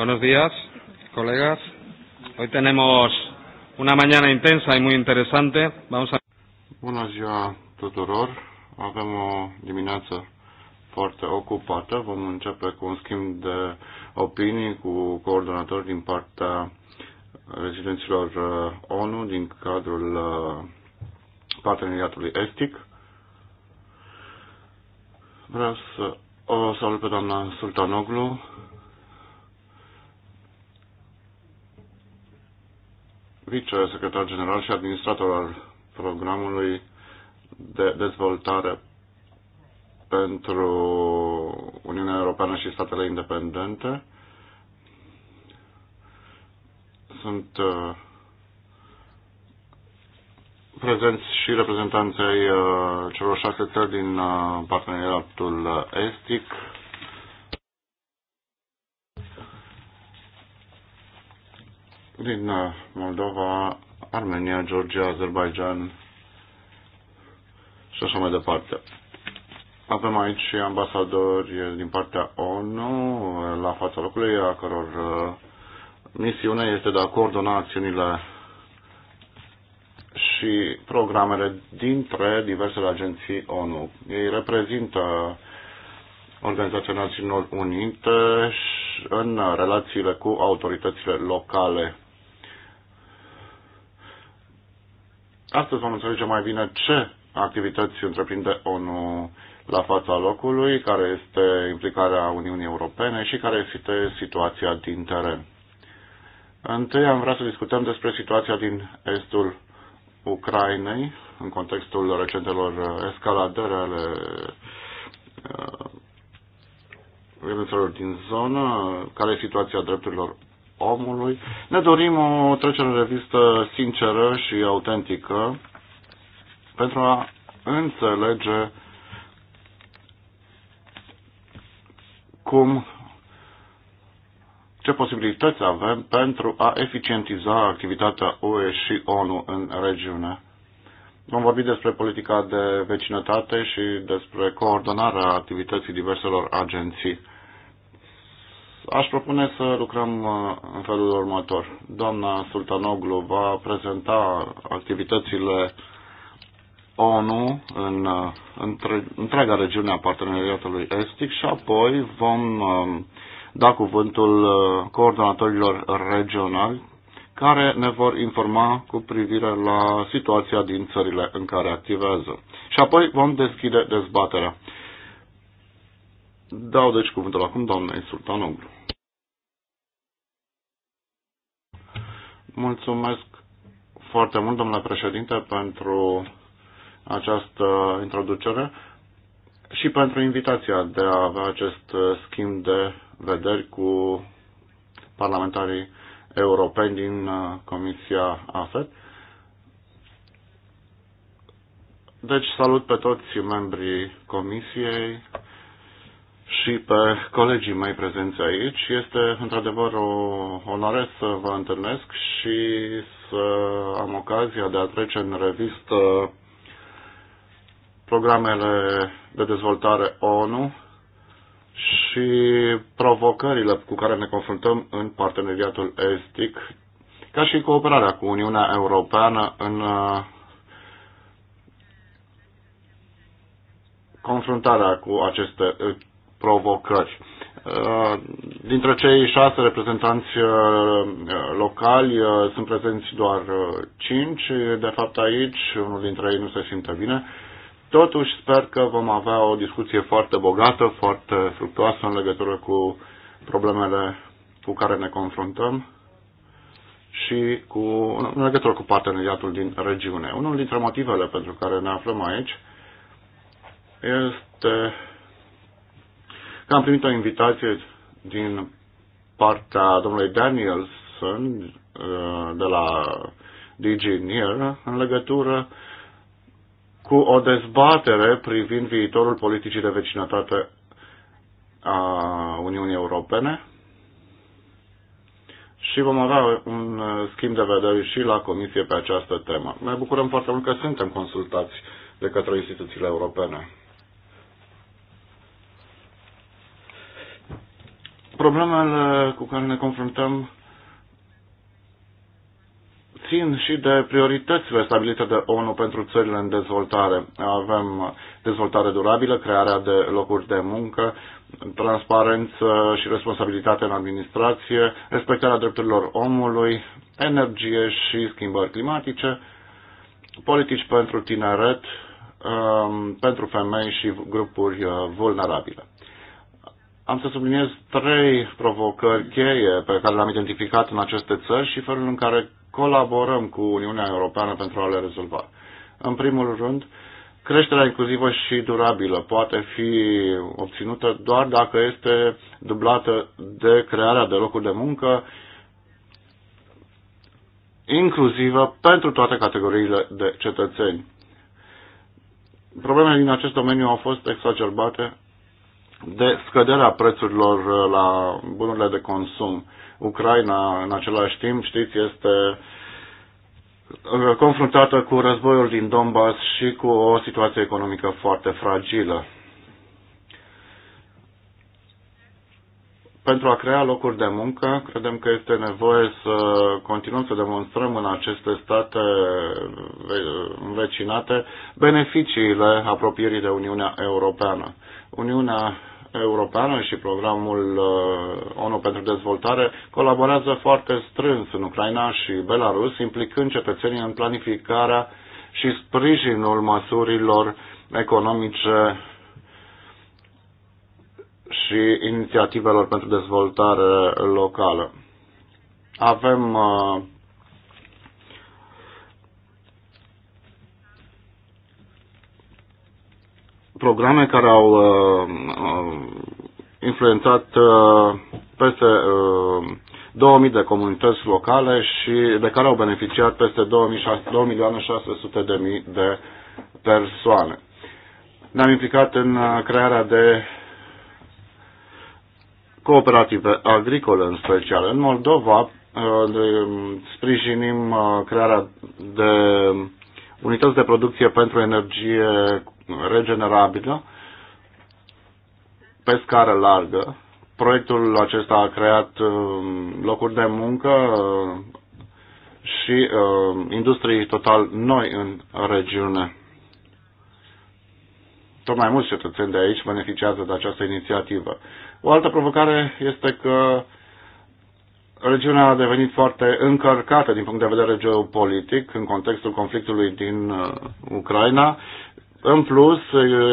Buenos días, colegas. Hoy tenemos una mañana intensa y muy interesante. Vamos a... Bună ziua tuturor. Avem o dimineață foarte ocupată. Vom începe cu un schimb de opinii cu coordonatori din partea rezidenților uh, ONU din cadrul uh, parteneriatului estic. Vreau să o salut pe doamna Sultanoglu, secretar general și administrator al programului de dezvoltare pentru Uniunea Europeană și statele independente. Sunt uh, prezenți și reprezentanței uh, celor șase țări din uh, parteneriatul estic din uh, Moldova, Armenia, Georgia, Azerbaijan și așa mai departe. Avem aici ambasadori din partea ONU uh, la fața locului, a căror uh, misiune este de a coordona acțiunile și programele dintre diversele agenții ONU. Ei reprezintă Organizația Națiunilor Unite în relațiile cu autoritățile locale Astăzi vom înțelege mai bine ce activități întreprinde ONU la fața locului, care este implicarea Uniunii Europene și care este situația din teren. Întâi am vrea să discutăm despre situația din estul Ucrainei, în contextul recentelor escaladări ale uh, violențelor din zonă, care e situația drepturilor omului. Ne dorim o trecere în revistă sinceră și autentică pentru a înțelege cum ce posibilități avem pentru a eficientiza activitatea UE și ONU în regiune. Vom vorbi despre politica de vecinătate și despre coordonarea activității diverselor agenții. Aș propune să lucrăm uh, în felul următor. Doamna Sultanoglu va prezenta activitățile ONU în uh, între, întreaga regiune a parteneriatului estic și apoi vom uh, da cuvântul coordonatorilor regionali care ne vor informa cu privire la situația din țările în care activează. Și apoi vom deschide dezbaterea. Dau deci cuvântul acum doamnei Sultanoglu. Mulțumesc foarte mult, domnule președinte, pentru această introducere și pentru invitația de a avea acest schimb de vederi cu parlamentarii europeni din uh, Comisia AFET. Deci salut pe toți membrii Comisiei și pe colegii mei prezenți aici. Este într-adevăr o onoare să vă întâlnesc și să am ocazia de a trece în revistă programele de dezvoltare ONU și provocările cu care ne confruntăm în parteneriatul estic, ca și cooperarea cu Uniunea Europeană în uh, confruntarea cu aceste provocări. Uh, dintre cei șase reprezentanți uh, locali uh, sunt prezenți doar cinci, de fapt aici unul dintre ei nu se simte bine. Totuși sper că vom avea o discuție foarte bogată, foarte fructuoasă în legătură cu problemele cu care ne confruntăm și cu, în legătură cu parteneriatul din regiune. Unul dintre motivele pentru care ne aflăm aici este am primit o invitație din partea domnului Danielson uh, de la DGNIR în legătură cu o dezbatere privind viitorul politicii de vecinătate a Uniunii Europene și vom avea un schimb de vedere și la Comisie pe această temă. Ne bucurăm foarte mult că suntem consultați de către instituțiile europene. Problemele cu care ne confruntăm țin și de prioritățile stabilite de ONU pentru țările în dezvoltare. Avem dezvoltare durabilă, crearea de locuri de muncă, transparență și responsabilitate în administrație, respectarea drepturilor omului, energie și schimbări climatice, politici pentru tineret, um, pentru femei și grupuri uh, vulnerabile. Am să subliniez trei provocări cheie pe care le-am identificat în aceste țări și felul în care colaborăm cu Uniunea Europeană pentru a le rezolva. În primul rând, creșterea inclusivă și durabilă poate fi obținută doar dacă este dublată de crearea de locuri de muncă inclusivă pentru toate categoriile de cetățeni. Problemele din acest domeniu au fost exacerbate de scăderea prețurilor uh, la bunurile de consum. Ucraina, în același timp, știți, este uh, confruntată cu războiul din Donbass și cu o situație economică foarte fragilă. Pentru a crea locuri de muncă, credem că este nevoie să continuăm să demonstrăm în aceste state uh, învecinate beneficiile apropierii de Uniunea Europeană. Uniunea Europeană și programul uh, ONU pentru Dezvoltare colaborează foarte strâns în Ucraina și Belarus, implicând cetățenii în planificarea și sprijinul măsurilor economice și inițiativelor pentru dezvoltare locală. Avem uh, programe care au uh, uh, influențat uh, peste uh, 2000 de comunități locale și de care au beneficiat peste 2 de mii de persoane. Ne-am implicat în uh, crearea de cooperative agricole în special. În Moldova uh, sprijinim crearea de unități de producție pentru energie regenerabilă, pe scară largă. Proiectul acesta a creat uh, locuri de muncă uh, și uh, industrii total noi în regiune. Tot mai mulți cetățeni de aici beneficiază de această inițiativă. O altă provocare este că regiunea a devenit foarte încărcată din punct de vedere geopolitic în contextul conflictului din Ucraina în plus,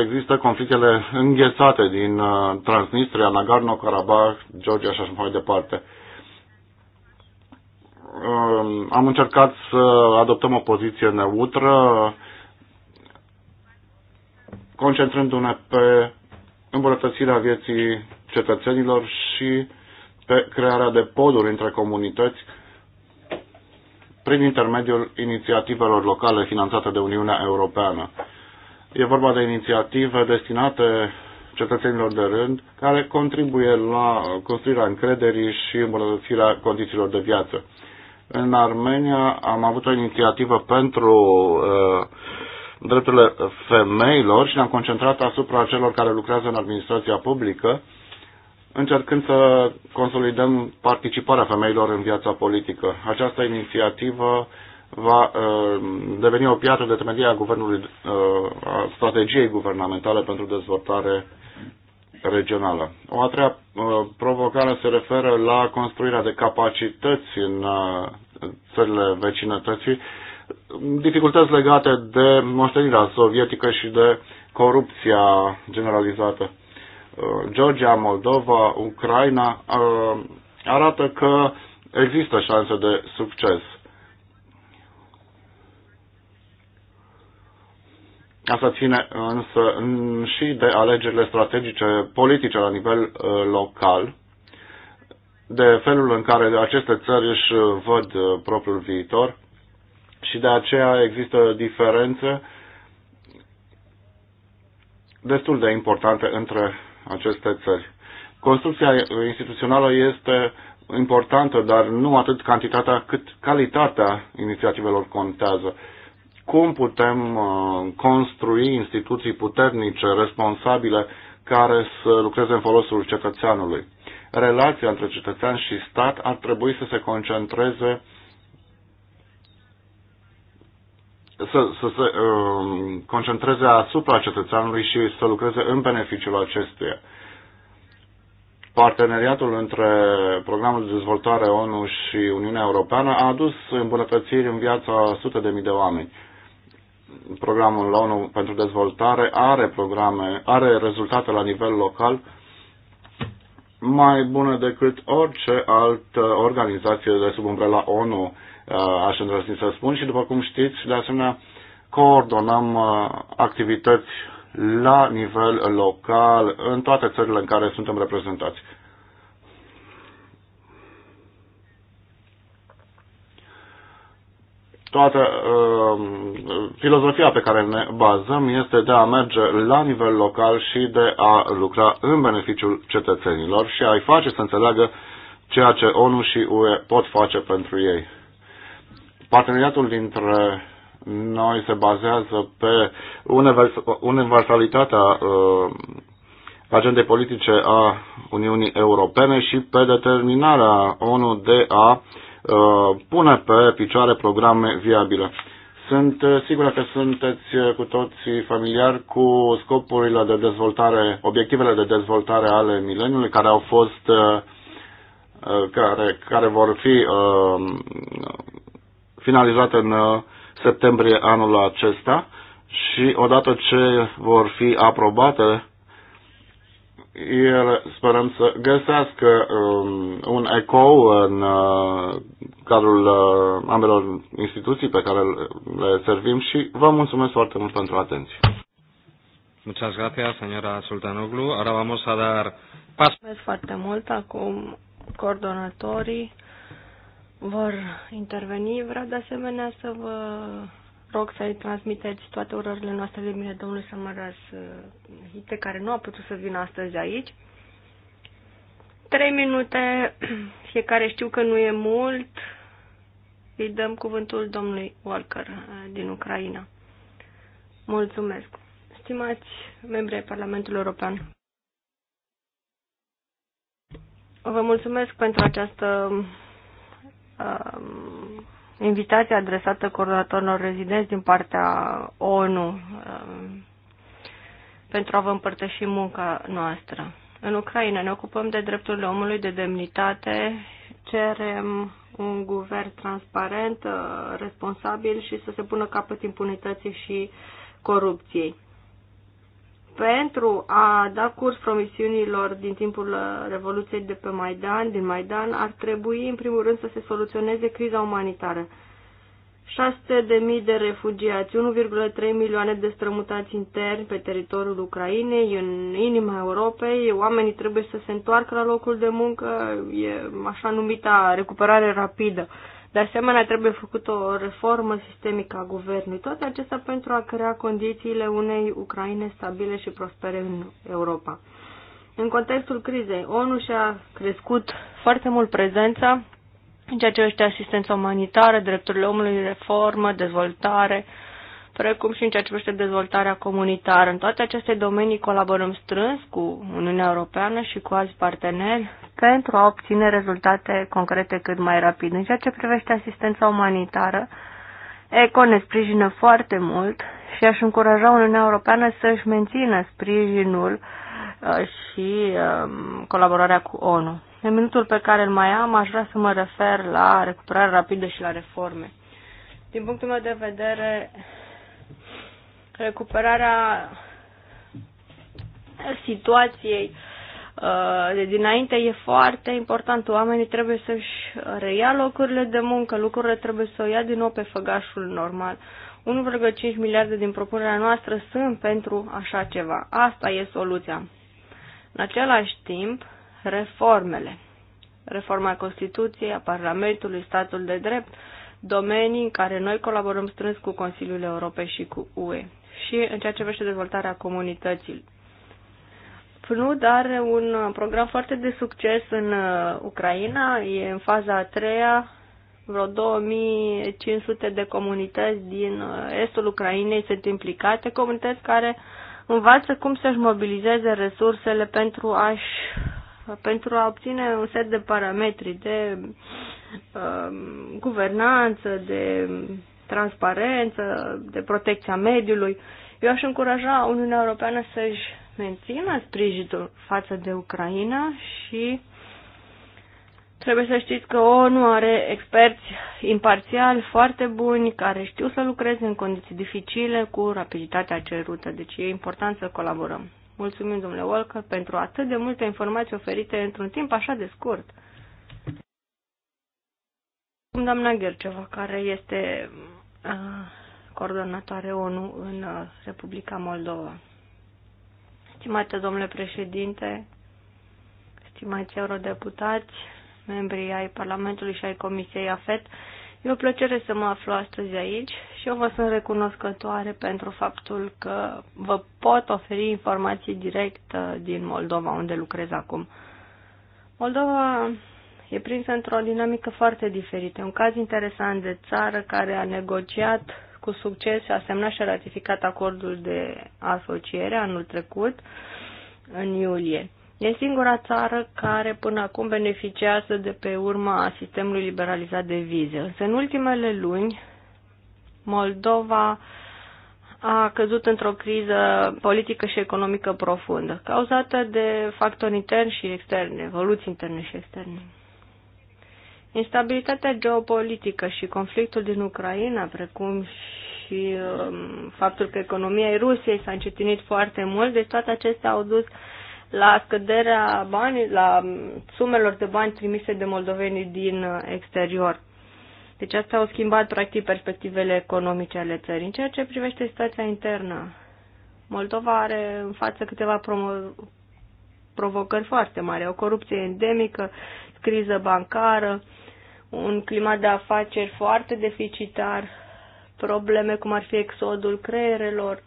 există conflictele înghețate din uh, Transnistria, Nagorno-Karabakh, Georgia și așa mai departe. Um, am încercat să adoptăm o poziție neutră, concentrându-ne pe îmbunătățirea vieții cetățenilor și pe crearea de poduri între comunități prin intermediul inițiativelor locale finanțate de Uniunea Europeană. E vorba de inițiative destinate cetățenilor de rând, care contribuie la construirea încrederii și îmbunătățirea condițiilor de viață. În Armenia am avut o inițiativă pentru uh, drepturile femeilor și ne-am concentrat asupra celor care lucrează în administrația publică, încercând să consolidăm participarea femeilor în viața politică. Această inițiativă va uh, deveni o piatră de temelie a, guvernului, uh, a strategiei guvernamentale pentru dezvoltare regională. O a treia uh, provocare se referă la construirea de capacități în țările vecinătății, dificultăți legate de moștenirea sovietică și de corupția generalizată. Georgia, Moldova, Ucraina arată că există șanse de succes. Asta ține însă și de alegerile strategice politice la nivel uh, local, de felul în care aceste țări își văd uh, propriul viitor și de aceea există diferențe destul de importante între aceste țări. Construcția instituțională este importantă, dar nu atât cantitatea cât calitatea inițiativelor contează cum putem uh, construi instituții puternice, responsabile, care să lucreze în folosul cetățeanului. Relația între cetățean și stat ar trebui să se concentreze să, să se um, concentreze asupra cetățeanului și să lucreze în beneficiul acestuia. Parteneriatul între programul de dezvoltare ONU și Uniunea Europeană a adus îmbunătățiri în viața sute de mii de oameni programul la ONU pentru dezvoltare are programe, are rezultate la nivel local mai bune decât orice altă uh, organizație de sub umbrela ONU, uh, aș îndrăzni să spun, și după cum știți, de asemenea, coordonăm uh, activități la nivel local în toate țările în care suntem reprezentați. toată uh, filozofia pe care ne bazăm este de a merge la nivel local și de a lucra în beneficiul cetățenilor și a-i face să înțeleagă ceea ce ONU și UE pot face pentru ei. Parteneriatul dintre noi se bazează pe universalitatea uh, agendei politice a Uniunii Europene și pe determinarea ONU de a uh, Uh, pune pe picioare programe viabile. Sunt uh, sigură că sunteți uh, cu toții familiari cu scopurile de dezvoltare, obiectivele de dezvoltare ale mileniului care au fost care, care vor fi finalizate în septembrie anul acesta și odată ce vor fi aprobate ir sperăm să găsească um, un eco în uh, cadrul uh, ambelor instituții pe care le servim și vă mulțumesc foarte mult pentru atenție. Muchas gracias, señora Sultanoglu. Ahora vamos a dar paso. Mulțumesc foarte mult. Acum coordonatorii vor interveni. Vreau de asemenea să vă rog să-i transmiteți toate urările noastre de mine domnului Samaras uh, Hite, care nu a putut să vină astăzi aici. Trei minute, fiecare știu că nu e mult. Îi dăm cuvântul domnului Walker uh, din Ucraina. Mulțumesc. Stimați membri ai Parlamentului European, vă mulțumesc pentru această um, invitație adresată coordonatorilor rezidenți din partea ONU um, pentru a vă împărtăși munca noastră. În Ucraina ne ocupăm de drepturile omului, de demnitate, cerem un guvern transparent, uh, responsabil și să se pună capăt impunității și corupției pentru a da curs promisiunilor din timpul uh, Revoluției de pe Maidan, din Maidan, ar trebui, în primul rând, să se soluționeze criza umanitară. 600.000 de mii de refugiați, 1,3 milioane de strămutați interni pe teritoriul Ucrainei, în inima Europei, oamenii trebuie să se întoarcă la locul de muncă, e așa numita recuperare rapidă. Uh, de asemenea, trebuie făcută o reformă sistemică a guvernului. Toate acestea pentru a crea condițiile unei Ucraine stabile și prospere în Europa. În contextul crizei, ONU și-a crescut foarte mult prezența în ceea ce este asistență umanitară, drepturile omului, reformă, dezvoltare, precum și în ceea ce privește dezvoltarea comunitară. În toate aceste domenii colaborăm strâns cu Uniunea Europeană și cu alți parteneri pentru a obține rezultate concrete cât mai rapid. În ceea ce privește asistența umanitară, ECO ne sprijină foarte mult și aș încuraja Uniunea Europeană să-și mențină sprijinul uh, și um, colaborarea cu ONU. În minutul pe care îl mai am, aș vrea să mă refer la recuperare rapidă și la reforme. Din punctul meu de vedere, recuperarea situației uh, de dinainte e foarte important. Oamenii trebuie să-și reia locurile de muncă, lucrurile trebuie să o ia din nou pe făgașul normal. 1,5 miliarde din propunerea noastră sunt pentru așa ceva. Asta e soluția. În același timp, reformele. Reforma Constituției, a Parlamentului, statul de drept, domenii în care noi colaborăm strâns cu Consiliul Europei și cu UE și în ceea ce privește dezvoltarea comunității. PNUD are un program foarte de succes în uh, Ucraina, e în faza a treia, vreo 2500 de comunități din uh, estul Ucrainei sunt implicate, comunități care învață cum să-și mobilizeze resursele pentru, a-și, pentru a obține un set de parametri de uh, guvernanță, de transparență, de protecția mediului. Eu aș încuraja Uniunea Europeană să-și mențină sprijinul față de Ucraina și trebuie să știți că ONU are experți imparțiali foarte buni care știu să lucreze în condiții dificile cu rapiditatea cerută, deci e important să colaborăm. Mulțumim, domnule Walker, pentru atât de multe informații oferite într-un timp așa de scurt. Acum doamna Gherceva, care este coordonatoare ONU în uh, Republica Moldova. Stimate domnule președinte, stimați eurodeputați, membrii ai Parlamentului și ai Comisiei AFET, e o plăcere să mă aflu astăzi aici și eu vă sunt recunoscătoare pentru faptul că vă pot oferi informații direct uh, din Moldova, unde lucrez acum. Moldova e prinsă într-o dinamică foarte diferită. Un caz interesant de țară care a negociat cu succes, a semnat și a ratificat acordul de asociere anul trecut, în iulie. E singura țară care până acum beneficiază de pe urma sistemului liberalizat de vize. Însă în ultimele luni, Moldova a căzut într-o criză politică și economică profundă, cauzată de factori interni și externi, evoluții interne și externe. Instabilitatea geopolitică și conflictul din Ucraina, precum și um, faptul că economia Rusiei s-a încetinit foarte mult, deci toate acestea au dus la scăderea banii, la sumelor de bani trimise de moldovenii din uh, exterior. Deci asta au schimbat practic perspectivele economice ale țării. În ceea ce privește situația internă, Moldova are în față câteva provocări foarte mari. O corupție endemică, criză bancară, un climat de afaceri foarte deficitar, probleme cum ar fi exodul creierelor,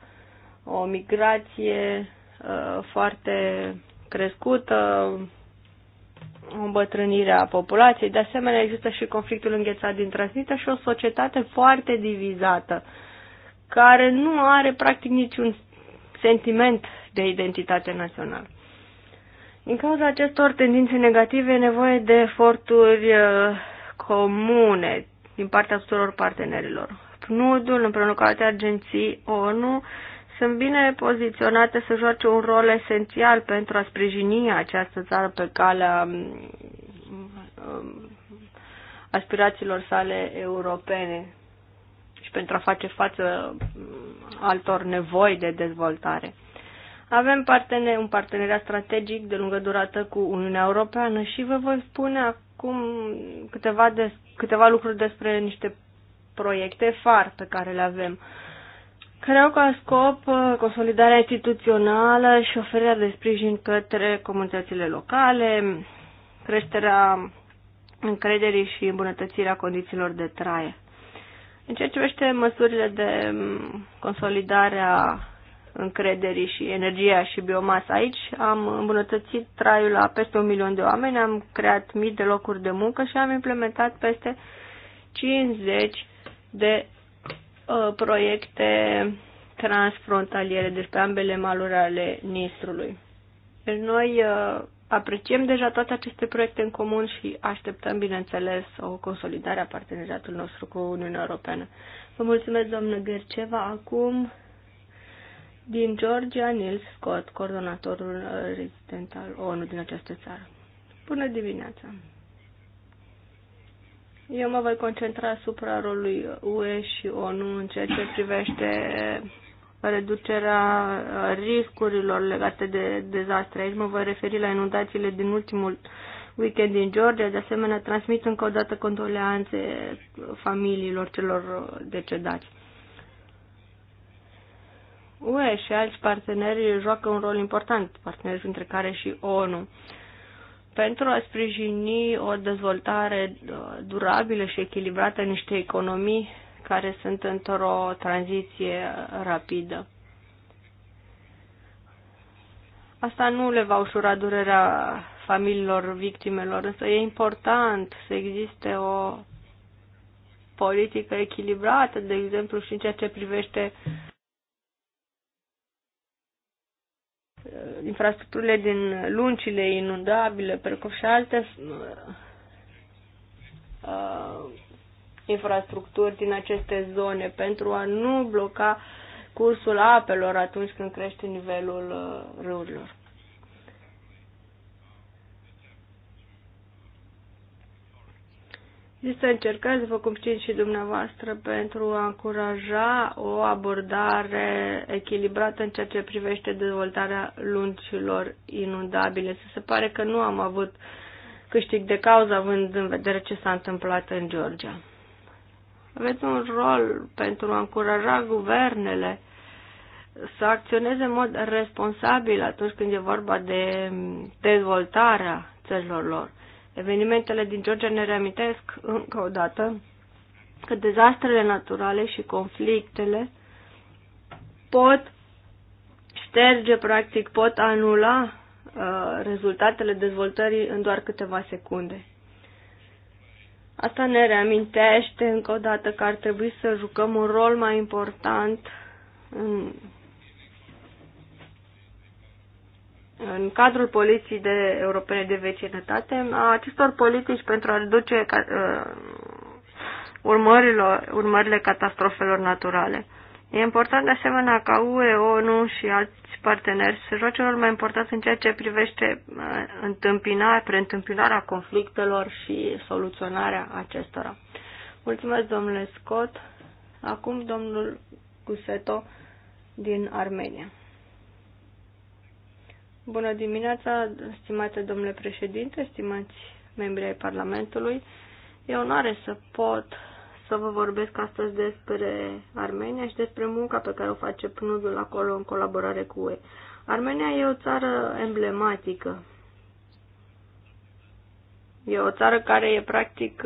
o migrație uh, foarte crescută, o îmbătrânire a populației. De asemenea, există și conflictul înghețat din Transnistria și o societate foarte divizată, care nu are practic niciun sentiment de identitate națională. Din cauza acestor tendințe negative e nevoie de eforturi uh, comune din partea tuturor partenerilor. PNUD-ul împreună cu alte agenții ONU sunt bine poziționate să joace un rol esențial pentru a sprijini această țară pe calea um, um, aspirațiilor sale europene și pentru a face față um, altor nevoi de dezvoltare. Avem un parteneriat strategic de lungă durată cu Uniunea Europeană și vă voi spune acum câteva, de câteva lucruri despre niște proiecte far pe care le avem. Care au ca scop uh, consolidarea instituțională și oferirea de sprijin către comunitățile locale, creșterea încrederii și îmbunătățirea condițiilor de trai. În ceea ce privește măsurile de mm, consolidare a încrederii și energia și biomasa. Aici am îmbunătățit traiul la peste un milion de oameni, am creat mii de locuri de muncă și am implementat peste 50 de uh, proiecte transfrontaliere, despre pe ambele maluri ale Nistrului. Deci noi uh, apreciem deja toate aceste proiecte în comun și așteptăm, bineînțeles, o consolidare a parteneriatului nostru cu Uniunea Europeană. Vă mulțumesc, doamnă Gerceva. Acum din Georgia, Nils Scott, coordonatorul rezident al ONU din această țară. Bună dimineața! Eu mă voi concentra asupra rolului UE și ONU în ceea ce privește reducerea riscurilor legate de dezastre. Aici mă voi referi la inundațiile din ultimul weekend din Georgia. De asemenea, transmit încă o dată condoleanțe familiilor celor decedați. UE și alți parteneri joacă un rol important, parteneri între care și ONU, pentru a sprijini o dezvoltare uh, durabilă și echilibrată în niște economii care sunt într-o tranziție rapidă. Asta nu le va ușura durerea familiilor victimelor, însă e important să existe o politică echilibrată, de exemplu, și în ceea ce privește uh, Uh, infrastructurile din luncile inundabile, precum și alte uh, infrastructuri din aceste zone pentru a nu bloca cursul apelor atunci când crește nivelul uh, râurilor. Există deci încercări, vă cum știți și dumneavoastră, pentru a încuraja o abordare echilibrată în ceea ce privește dezvoltarea lungilor inundabile. Să se pare că nu am avut câștig de cauză, având în vedere ce s-a întâmplat în Georgia. Aveți un rol pentru a încuraja guvernele să acționeze în mod responsabil atunci când e vorba de dezvoltarea țărilor lor Evenimentele din Georgia ne reamintesc încă o dată că dezastrele naturale și conflictele pot șterge, practic, pot anula uh, rezultatele dezvoltării în doar câteva secunde. Asta ne reamintește încă o dată că ar trebui să jucăm un rol mai important în în cadrul poliției de europene de vecinătate, a acestor politici pentru a reduce uh, urmărilor, urmările catastrofelor naturale. E important de asemenea ca UE, ONU și alți parteneri să joace un rol mai important în ceea ce privește uh, întâmpinarea, preîntâmpinarea conflictelor și soluționarea acestora. Mulțumesc, domnule Scott. Acum, domnul Guseto din Armenia. Bună dimineața, stimate domnule președinte, stimați membri ai Parlamentului. E onoare să pot să vă vorbesc astăzi despre Armenia și despre munca pe care o face PNUD-ul acolo în colaborare cu UE. Armenia e o țară emblematică. E o țară care e practic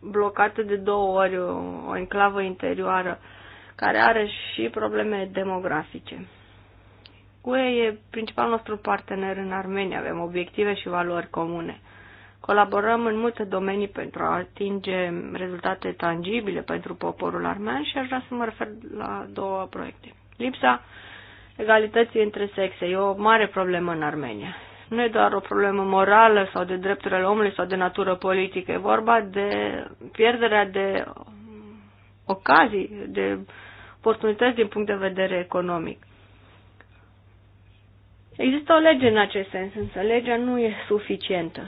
blocată de două ori, o enclavă interioară, care are și probleme demografice. UE e principalul nostru partener în Armenia, avem obiective și valori comune. Colaborăm în multe domenii pentru a atinge rezultate tangibile pentru poporul armean și aș vrea să mă refer la două proiecte. Lipsa egalității între sexe e o mare problemă în Armenia. Nu e doar o problemă morală sau de drepturile omului sau de natură politică, e vorba de pierderea de ocazii, de oportunități din punct de vedere economic. Există o lege în acest sens, însă legea nu e suficientă.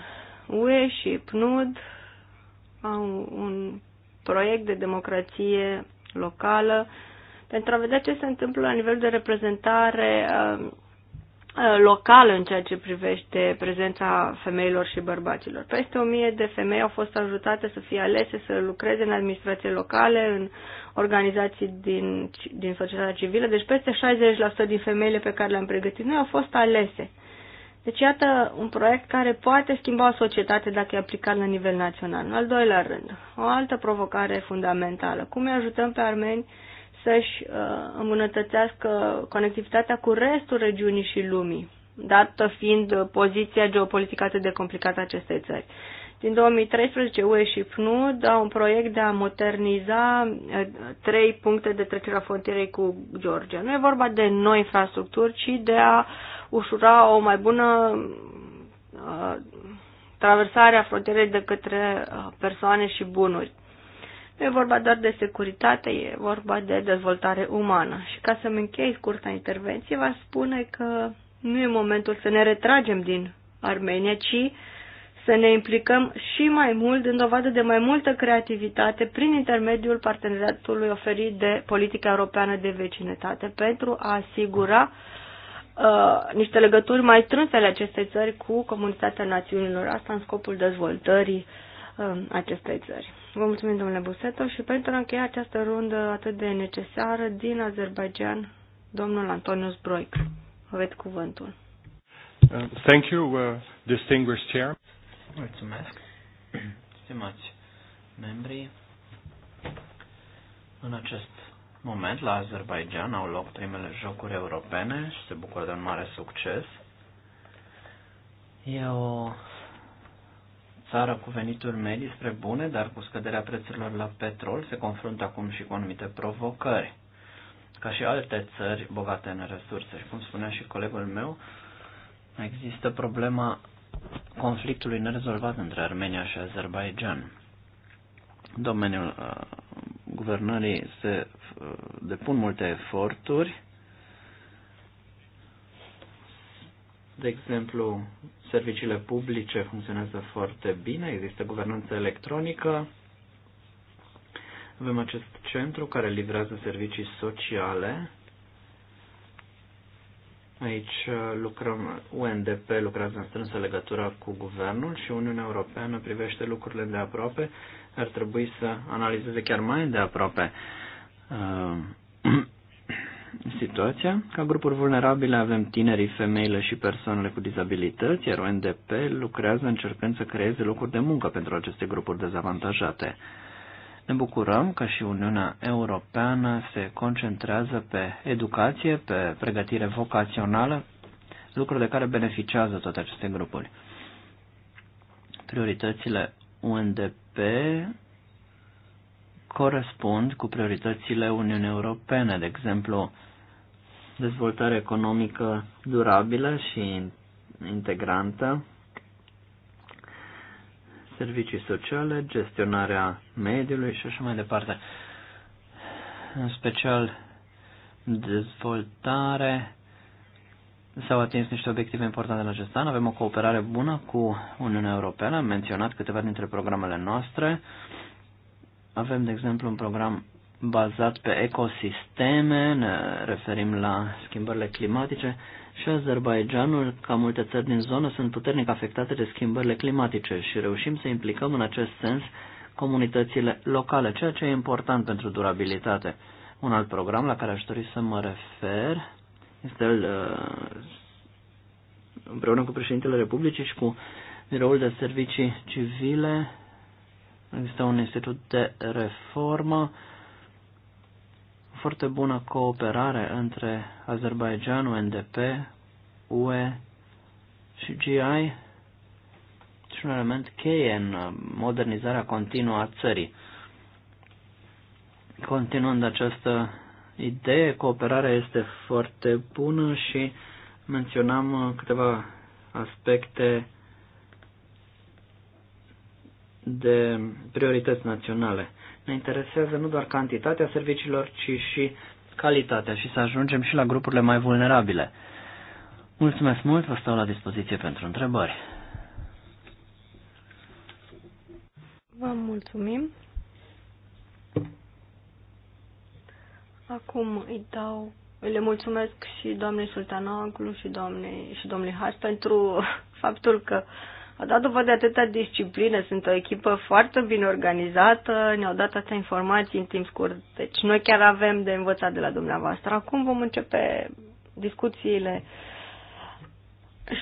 UE și PNUD au un proiect de democrație locală pentru a vedea ce se întâmplă la nivel de reprezentare uh, Uh, locală în ceea ce privește prezența femeilor și bărbaților. Peste o mie de femei au fost ajutate să fie alese să lucreze în administrații locale, în organizații din, din societatea civilă, deci peste 60% din femeile pe care le-am pregătit noi au fost alese. Deci iată un proiect care poate schimba o societate dacă e aplicat la nivel național. În al doilea rând, o altă provocare fundamentală. Cum îi ajutăm pe armeni să-și uh, îmbunătățească conectivitatea cu restul regiunii și lumii, dată fiind poziția geopolitică atât de complicată a acestei țări. Din 2013, UE și PNUD au un proiect de a moderniza uh, trei puncte de trecere a frontierei cu Georgia. Nu e vorba de noi infrastructuri, ci de a ușura o mai bună uh, traversare a frontierei de către persoane și bunuri. Nu e vorba doar de securitate, e vorba de dezvoltare umană. Și ca să-mi închei scurta intervenție, va spune că nu e momentul să ne retragem din Armenia, ci să ne implicăm și mai mult, în dovadă de mai multă creativitate prin intermediul parteneriatului oferit de politica europeană de vecinătate pentru a asigura uh, niște legături mai strânse ale acestei țări cu comunitatea națiunilor, asta în scopul dezvoltării uh, acestei țări. Vă mulțumim, domnule Buseto, și pentru a încheia această rundă atât de necesară din Azerbaijan, domnul Antonius Broic. Aveți cuvântul. Uh, thank you, uh, distinguished chair. Mulțumesc. Stimați membri. în acest moment la Azerbaijan au loc primele jocuri europene și se bucură de un mare succes. E o țară cu venituri medii spre bune, dar cu scăderea prețurilor la petrol, se confruntă acum și cu anumite provocări, ca și alte țări bogate în resurse. Și cum spunea și colegul meu, există problema conflictului nerezolvat între Armenia și Azerbaijan. Domeniul uh, guvernării se uh, depun multe eforturi, de exemplu, Serviciile publice funcționează foarte bine, există guvernanță electronică, avem acest centru care livrează servicii sociale. Aici uh, lucrăm, UNDP lucrează în strânsă legătură cu guvernul și Uniunea Europeană privește lucrurile de aproape. Ar trebui să analizeze chiar mai de aproape uh, situația. Ca grupuri vulnerabile avem tinerii, femeile și persoanele cu dizabilități, iar ONDP lucrează încercând să creeze locuri de muncă pentru aceste grupuri dezavantajate. Ne bucurăm că și Uniunea Europeană se concentrează pe educație, pe pregătire vocațională, lucruri de care beneficiază toate aceste grupuri. Prioritățile UNDP corespund cu prioritățile Uniunii Europene, de exemplu, dezvoltare economică durabilă și integrantă, servicii sociale, gestionarea mediului și așa mai departe. În special, dezvoltare s-au atins niște obiective importante în acest an. Avem o cooperare bună cu Uniunea Europeană, am menționat câteva dintre programele noastre. Uh, avem, de exemplu, un program bazat pe ecosisteme, ne referim la schimbările climatice și Azerbaijanul, ca multe țări din zonă, sunt puternic afectate de schimbările climatice și reușim să implicăm în acest sens comunitățile locale, ceea ce e important pentru durabilitate. Un alt program la care aș dori să mă refer este el, uh, împreună cu președintele Republicii și cu biroul de servicii civile Există un institut de reformă, foarte bună cooperare între Azerbaijan, U.N.D.P., UE și GI și un element cheie în modernizarea continuă a țării. Continuând această idee, cooperarea este foarte bună și menționam câteva aspecte de priorități naționale. Ne interesează nu doar cantitatea serviciilor, ci și calitatea și să ajungem și la grupurile mai vulnerabile. Mulțumesc mult, vă stau la dispoziție pentru întrebări. Vă mulțumim. Acum îi dau, le mulțumesc și doamnei Sultanoglu și doamnei și domnului Haș pentru faptul că au dat dovadă de atâta disciplină, sunt o echipă foarte bine organizată, ne-au dat atâtea informații în timp scurt. Deci noi chiar avem de învățat de la dumneavoastră. Acum vom începe discuțiile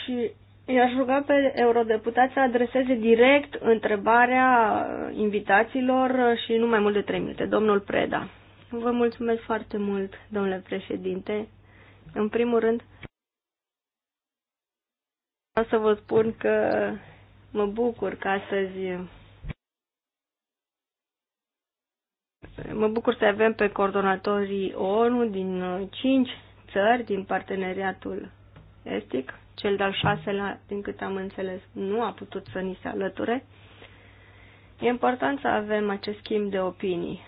și i-aș ruga pe eurodeputați să adreseze direct întrebarea invitațiilor și nu mai mult de 3 minute. Domnul Preda. Vă mulțumesc foarte mult, domnule președinte. În primul rând, Vreau să vă spun că mă bucur că astăzi mă bucur să avem pe coordonatorii ONU din uh, cinci țări din parteneriatul estic. Cel de-al șaselea, din cât am înțeles, nu a putut să ni se alăture. E important să avem acest schimb de opinii.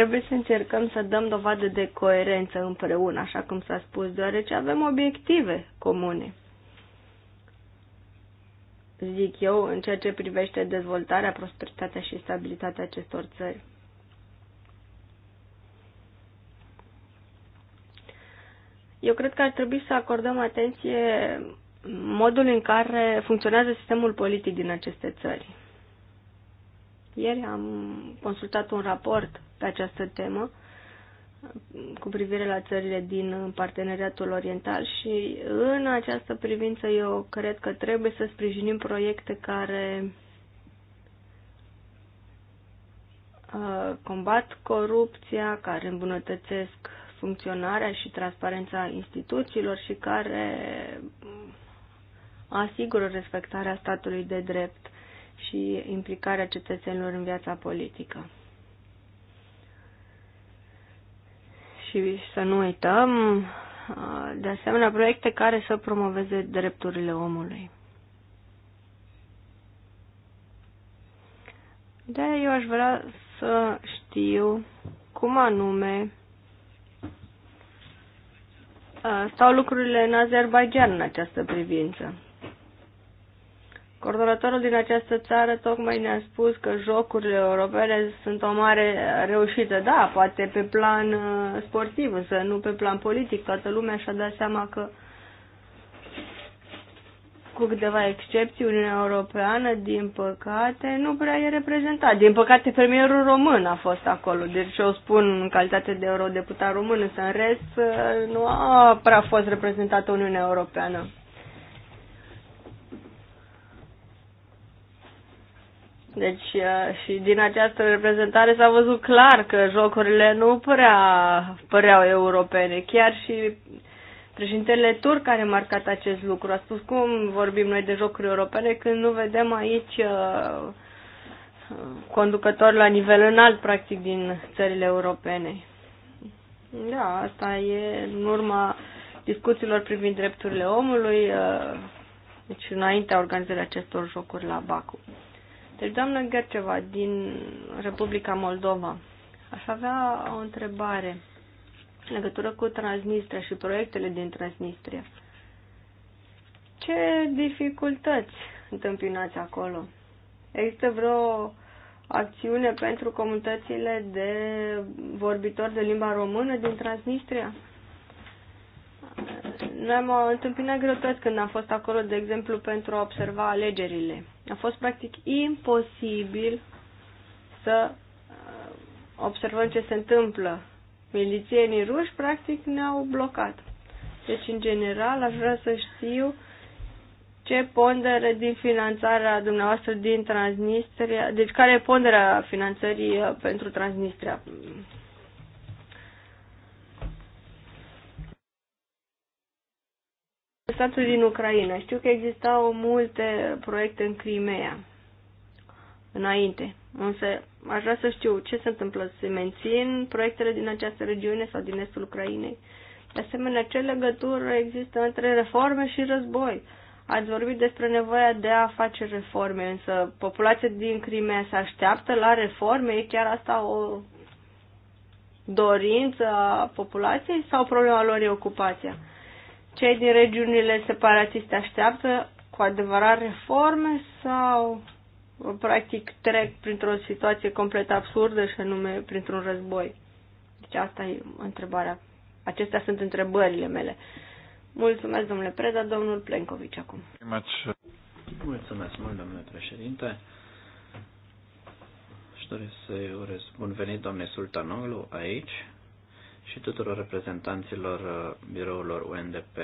Trebuie să încercăm să dăm dovadă de coerență împreună, așa cum s-a spus, deoarece avem obiective comune. Zic eu, în ceea ce privește dezvoltarea, prosperitatea și stabilitatea acestor țări. Eu cred că ar trebui să acordăm atenție modul în care funcționează sistemul politic din aceste țări. Ieri am consultat un raport pe această temă cu privire la țările din parteneriatul oriental și în această privință eu cred că trebuie să sprijinim proiecte care uh, combat corupția, care îmbunătățesc funcționarea și transparența instituțiilor și care asigură respectarea statului de drept și implicarea cetățenilor în viața politică. Și să nu uităm, de asemenea, proiecte care să promoveze drepturile omului. de eu aș vrea să știu cum anume uh, stau lucrurile în Azerbaijan în această privință. Coordonatorul din această țară tocmai ne-a spus că jocurile europene sunt o mare reușită. Da, poate pe plan uh, sportiv, însă nu pe plan politic. Toată lumea și-a dat seama că cu câteva excepții, Uniunea Europeană, din păcate, nu prea e reprezentat. Din păcate, premierul român a fost acolo, deci eu spun în calitate de eurodeputat român, însă în rest uh, nu a prea fost reprezentată Uniunea Europeană. Deci uh, și din această reprezentare s-a văzut clar că jocurile nu prea păreau europene. Chiar și președintele turc care a marcat acest lucru. A spus cum vorbim noi de jocuri europene când nu vedem aici uh, conducători la nivel înalt, practic, din țările europene. Da, asta e în urma discuțiilor privind drepturile omului, uh, deci înaintea organizării acestor jocuri la Baku. Deci, doamnă Gherceva, din Republica Moldova, aș avea o întrebare în legătură cu Transnistria și proiectele din Transnistria. Ce dificultăți întâmpinați acolo? Există vreo acțiune pentru comunitățile de vorbitori de limba română din Transnistria? Noi am întâmpinat greutăți când am fost acolo, de exemplu, pentru a observa alegerile. A fost practic imposibil să uh, observăm ce se întâmplă. Milițienii ruși, practic, ne-au blocat. Deci, în general, aș vrea să știu ce pondere din finanțarea dumneavoastră din Transnistria, deci care e ponderea finanțării uh, pentru Transnistria statul din Ucraina. Știu că existau multe proiecte în Crimea înainte, însă aș vrea să știu ce se întâmplă. Se mențin proiectele din această regiune sau din estul Ucrainei? De asemenea, ce legătură există între reforme și război? Ați vorbit despre nevoia de a face reforme, însă populația din Crimea se așteaptă la reforme? E chiar asta o dorință a populației sau problema lor e ocupația? cei din regiunile separatiste așteaptă cu adevărat reforme sau practic trec printr-o situație complet absurdă și anume printr-un război? Deci asta e întrebarea. Acestea sunt întrebările mele. Mulțumesc, domnule Preda, domnul Plencovici acum. Mulțumesc mult, domnule președinte. Și doresc să urez bun venit, domnule Sultanoglu, aici și tuturor reprezentanților uh, birourilor UNDP.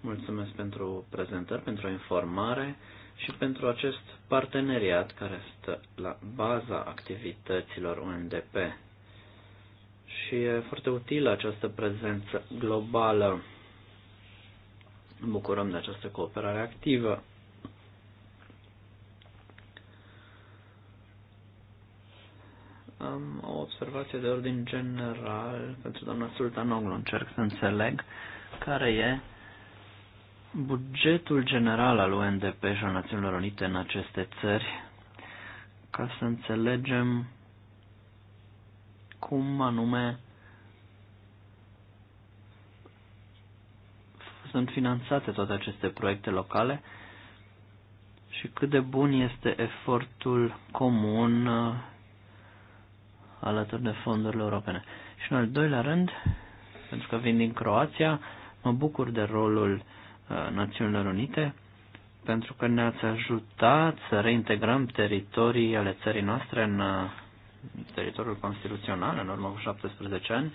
Mulțumesc pentru prezentări, pentru informare și pentru acest parteneriat care stă la baza activităților UNDP. Și e foarte utilă această prezență globală. Bucurăm de această cooperare activă. Am o observație de ordin general pentru doamna Sultanoglu. Încerc să înțeleg care e bugetul general al UNDP și al Națiunilor Unite în aceste țări ca să înțelegem cum anume sunt finanțate toate aceste proiecte locale și cât de bun este efortul comun alături de fondurile europene. Și în al doilea rând, pentru că vin din Croația, mă bucur de rolul uh, Națiunilor Unite, pentru că ne-ați ajutat să reintegrăm teritorii ale țării noastre în uh, teritoriul constituțional în urmă cu 17 ani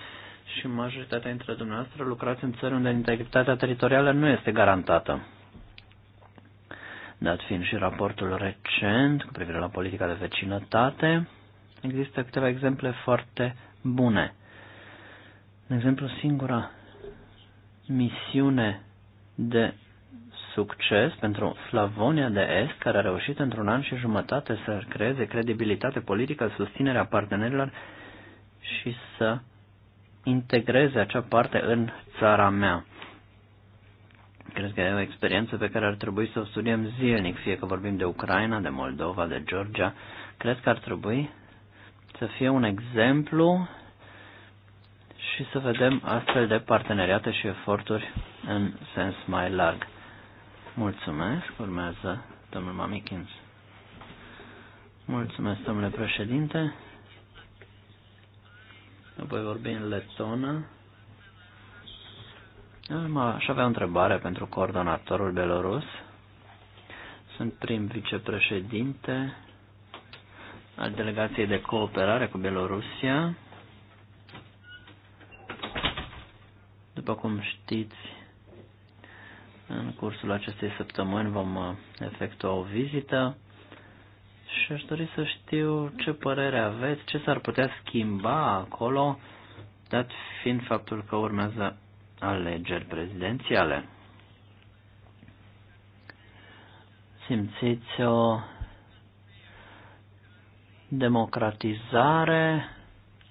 și majoritatea dintre dumneavoastră lucrați în țări unde integritatea teritorială nu este garantată. Dat fiind și raportul recent cu privire la politica de vecinătate, Există câteva exemple foarte bune. De exemplu, singura misiune de succes pentru Slavonia de Est, care a reușit într-un an și jumătate să creeze credibilitate politică, susținerea partenerilor și să integreze acea parte în țara mea. Cred că e o experiență pe care ar trebui să o studiem zilnic, fie că vorbim de Ucraina, de Moldova, de Georgia. Cred că ar trebui să fie un exemplu și să vedem astfel de parteneriate și eforturi în sens mai larg. Mulțumesc. Urmează domnul Mamikins. Mulțumesc, domnule președinte. Nu voi vorbi în letonă. Aș avea o întrebare pentru coordonatorul belorus. Sunt prim vicepreședinte al delegației de cooperare cu Belorusia. După cum știți, în cursul acestei săptămâni vom uh, efectua o vizită și aș dori să știu ce părere aveți, ce s-ar putea schimba acolo, dat fiind faptul că urmează alegeri prezidențiale. Simțiți o democratizare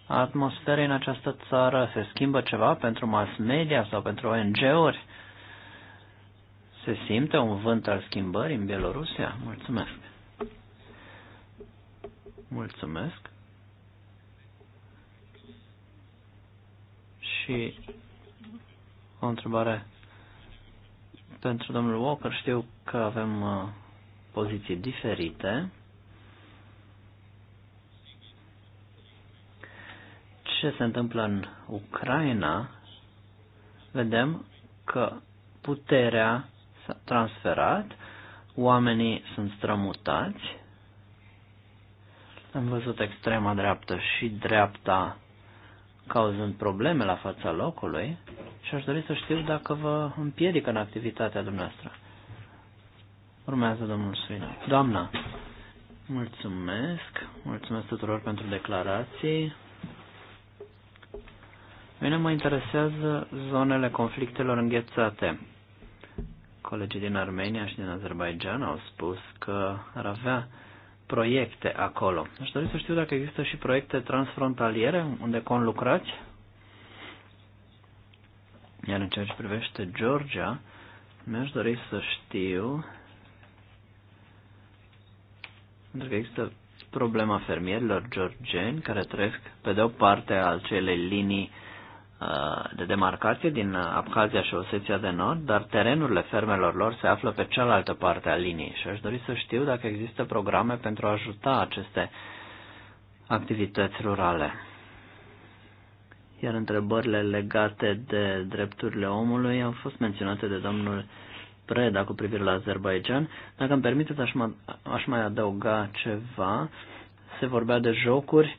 a atmosferei în această țară? Se schimbă ceva pentru mass media sau pentru ONG-uri? Se simte un vânt al schimbării în Bielorusia? Mulțumesc! Mulțumesc! Și o întrebare pentru domnul Walker. Știu că avem uh, poziții diferite. ce se întâmplă în Ucraina, vedem că puterea s-a transferat, oamenii sunt strămutați. Am văzut extrema dreaptă și dreapta cauzând probleme la fața locului și aș dori să știu dacă vă împiedică în activitatea dumneavoastră. Urmează domnul Suina. Doamna, mulțumesc, mulțumesc tuturor pentru declarații. Mine mă interesează zonele conflictelor înghețate. Colegii din Armenia și din Azerbaijan au spus că ar avea proiecte acolo. Aș dori să știu dacă există și proiecte transfrontaliere unde conlucrați. Iar în ceea ce privește Georgia, mi-aș dori să știu, pentru că există problema fermierilor georgeni care trăiesc pe de o parte al celei linii Uh, de demarcație din uh, Abhazia și Osetia de Nord, dar terenurile fermelor lor se află pe cealaltă parte a liniei și aș dori să știu dacă există programe pentru a ajuta aceste activități rurale. Iar întrebările legate de drepturile omului au fost menționate de domnul Preda cu privire la Azerbaijan. Dacă îmi permiteți, aș, mai adăuga ceva. Se vorbea de jocuri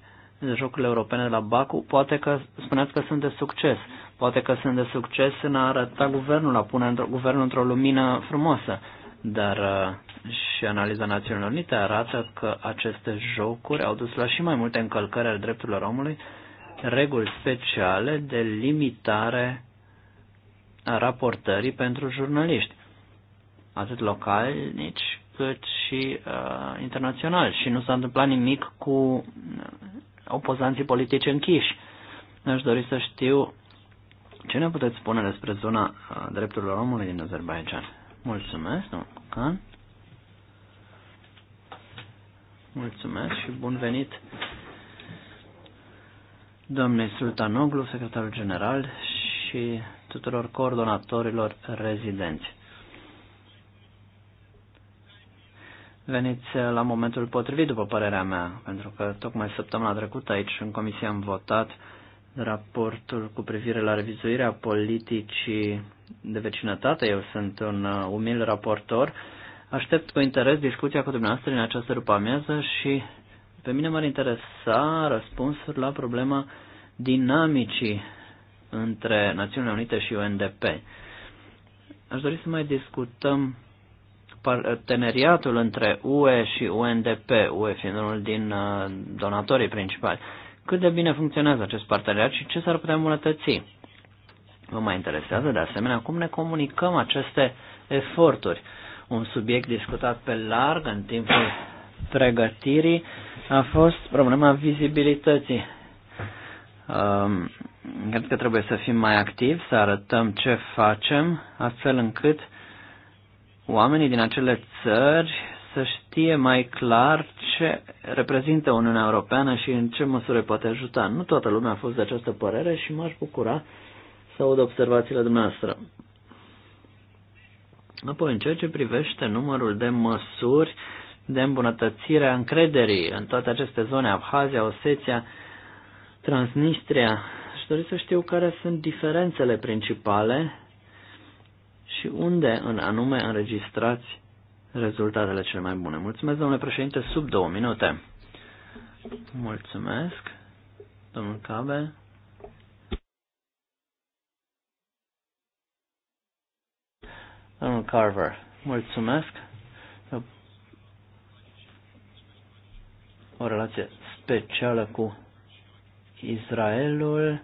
Jocurile Europene de la Baku, poate că spuneați că sunt de succes. Poate că sunt de succes în a arăta guvernul, a pune într guvernul într-o lumină frumoasă. Dar uh, și analiza Națiunilor Unite arată că aceste jocuri au dus la și mai multe încălcări ale drepturilor omului, reguli speciale de limitare a raportării pentru jurnaliști, atât localnici cât și uh, internațional. Și nu s-a întâmplat nimic cu uh, opozanții politici închiși. Aș dori să știu ce ne puteți spune despre zona uh, drepturilor omului din Azerbaijan. Mulțumesc, domnul Can. Mulțumesc și bun venit domnului Sultanoglu, secretarul general și tuturor coordonatorilor rezidenți. veniți uh, la momentul potrivit, după părerea mea, pentru că tocmai săptămâna trecută aici în comisie am votat raportul cu privire la revizuirea politicii de vecinătate. Eu sunt un uh, umil raportor. Aștept cu interes discuția cu dumneavoastră în această rupamează și pe mine m-ar interesa răspunsuri la problema dinamicii între Națiunile Unite și UNDP. Aș dori să mai discutăm parteneriatul între UE și UNDP, UE fiind unul din uh, donatorii principali. Cât de bine funcționează acest parteneriat și ce s-ar putea îmbunătăți? Vă mai interesează de asemenea cum ne comunicăm aceste eforturi. Un subiect discutat pe larg în timpul pregătirii a fost problema vizibilității. Um, cred că trebuie să fim mai activi, să arătăm ce facem, astfel încât oamenii din acele țări să știe mai clar ce reprezintă Uniunea Europeană și în ce măsură poate ajuta. Nu toată lumea a fost de această părere și m-aș bucura să aud observațiile dumneavoastră. Apoi, în ceea ce privește numărul de măsuri de îmbunătățire a încrederii în toate aceste zone, Abhazia, Oseția, Transnistria, aș dori să știu care sunt diferențele principale și unde în anume înregistrați rezultatele cele mai bune. Mulțumesc, domnule președinte, sub două minute. Mulțumesc, domnul Cabe. Domnul Carver, mulțumesc. O relație specială cu Israelul,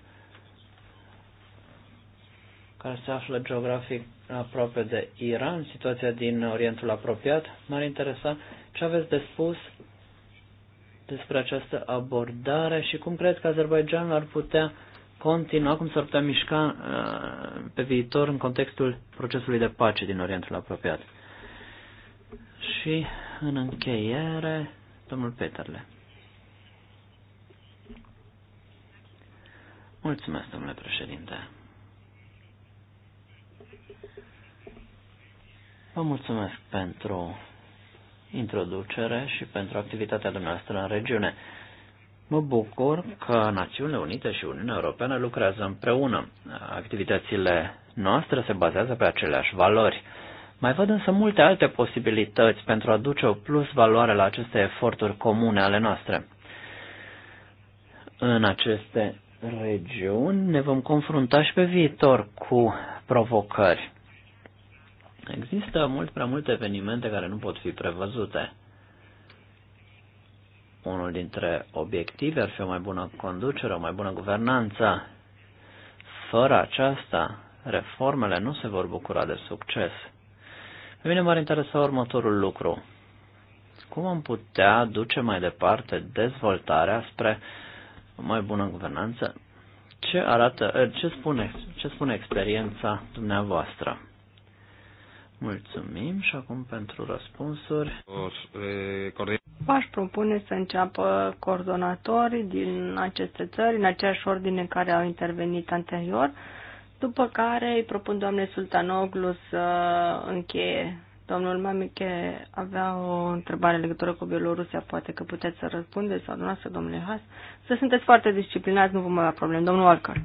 care se află geografic aproape de Iran, situația din Orientul apropiat. M-ar interesa ce aveți de spus despre această abordare și cum crezi că Azerbaijanul ar putea continua, cum s-ar putea mișca uh, pe viitor în contextul procesului de pace din Orientul apropiat. Și în încheiere, domnul Peterle. Mulțumesc, domnule președinte. Vă mulțumesc pentru introducere și pentru activitatea dumneavoastră în regiune. Mă bucur că Națiunile Unite și Uniunea Europeană lucrează împreună. Activitățile noastre se bazează pe aceleași valori. Mai văd însă multe alte posibilități pentru a aduce o plus valoare la aceste eforturi comune ale noastre. În aceste regiuni ne vom confrunta și pe viitor cu provocări. Există mult prea multe evenimente care nu pot fi prevăzute. Unul dintre obiective ar fi o mai bună conducere, o mai bună guvernanță. Fără aceasta, reformele nu se vor bucura de succes. Pe mine m-ar interesa următorul lucru. Cum am putea duce mai departe dezvoltarea spre o mai bună guvernanță? Ce arată, ce spune, ce spune experiența dumneavoastră? Mulțumim și acum pentru răspunsuri. Eh, V-aș propune să înceapă coordonatorii din aceste țări, în aceeași ordine în care au intervenit anterior, după care îi propun doamne Sultanoglu să încheie. Domnul Mamiche avea o întrebare legătură cu Bielorusia, poate că puteți să răspundeți sau dumneavoastră, domnule Has. Să sunteți foarte disciplinați, nu vom avea probleme. Domnul Alcar.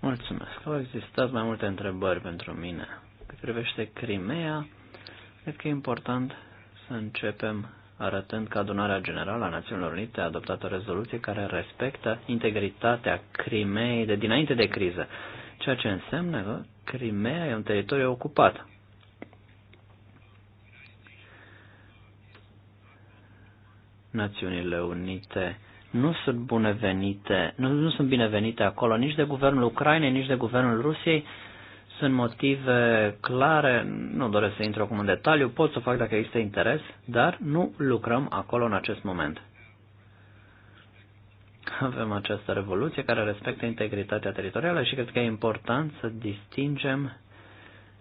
Mulțumesc. Au existat mai multe întrebări pentru mine. Cât privește Crimea, cred că e important să începem arătând că adunarea generală a Națiunilor Unite a adoptat o rezoluție care respectă integritatea Crimeei de dinainte de criză, ceea ce înseamnă că Crimea e un teritoriu ocupat. Națiunile Unite nu sunt binevenite, nu, nu sunt binevenite acolo nici de guvernul Ucrainei, nici de guvernul Rusiei, sunt motive clare, nu doresc să intru acum în detaliu, pot să fac dacă există interes, dar nu lucrăm acolo în acest moment. Avem această revoluție care respectă integritatea teritorială și cred că e important să distingem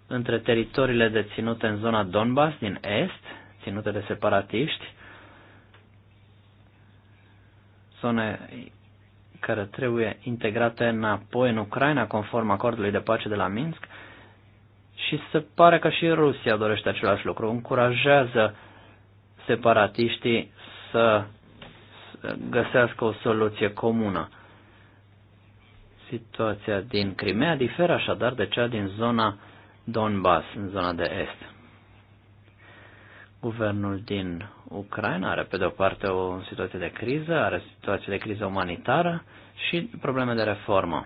între teritoriile deținute în zona Donbass din est, ținute de separatiști, zone care trebuie integrate înapoi în Ucraina conform acordului de pace de la Minsk și se pare că și Rusia dorește același lucru. Încurajează separatiștii să găsească o soluție comună. Situația din Crimea diferă așadar de cea din zona Donbass, în zona de est. Guvernul din Ucraina are pe de o parte o situație de criză, are situație de criză umanitară și probleme de reformă.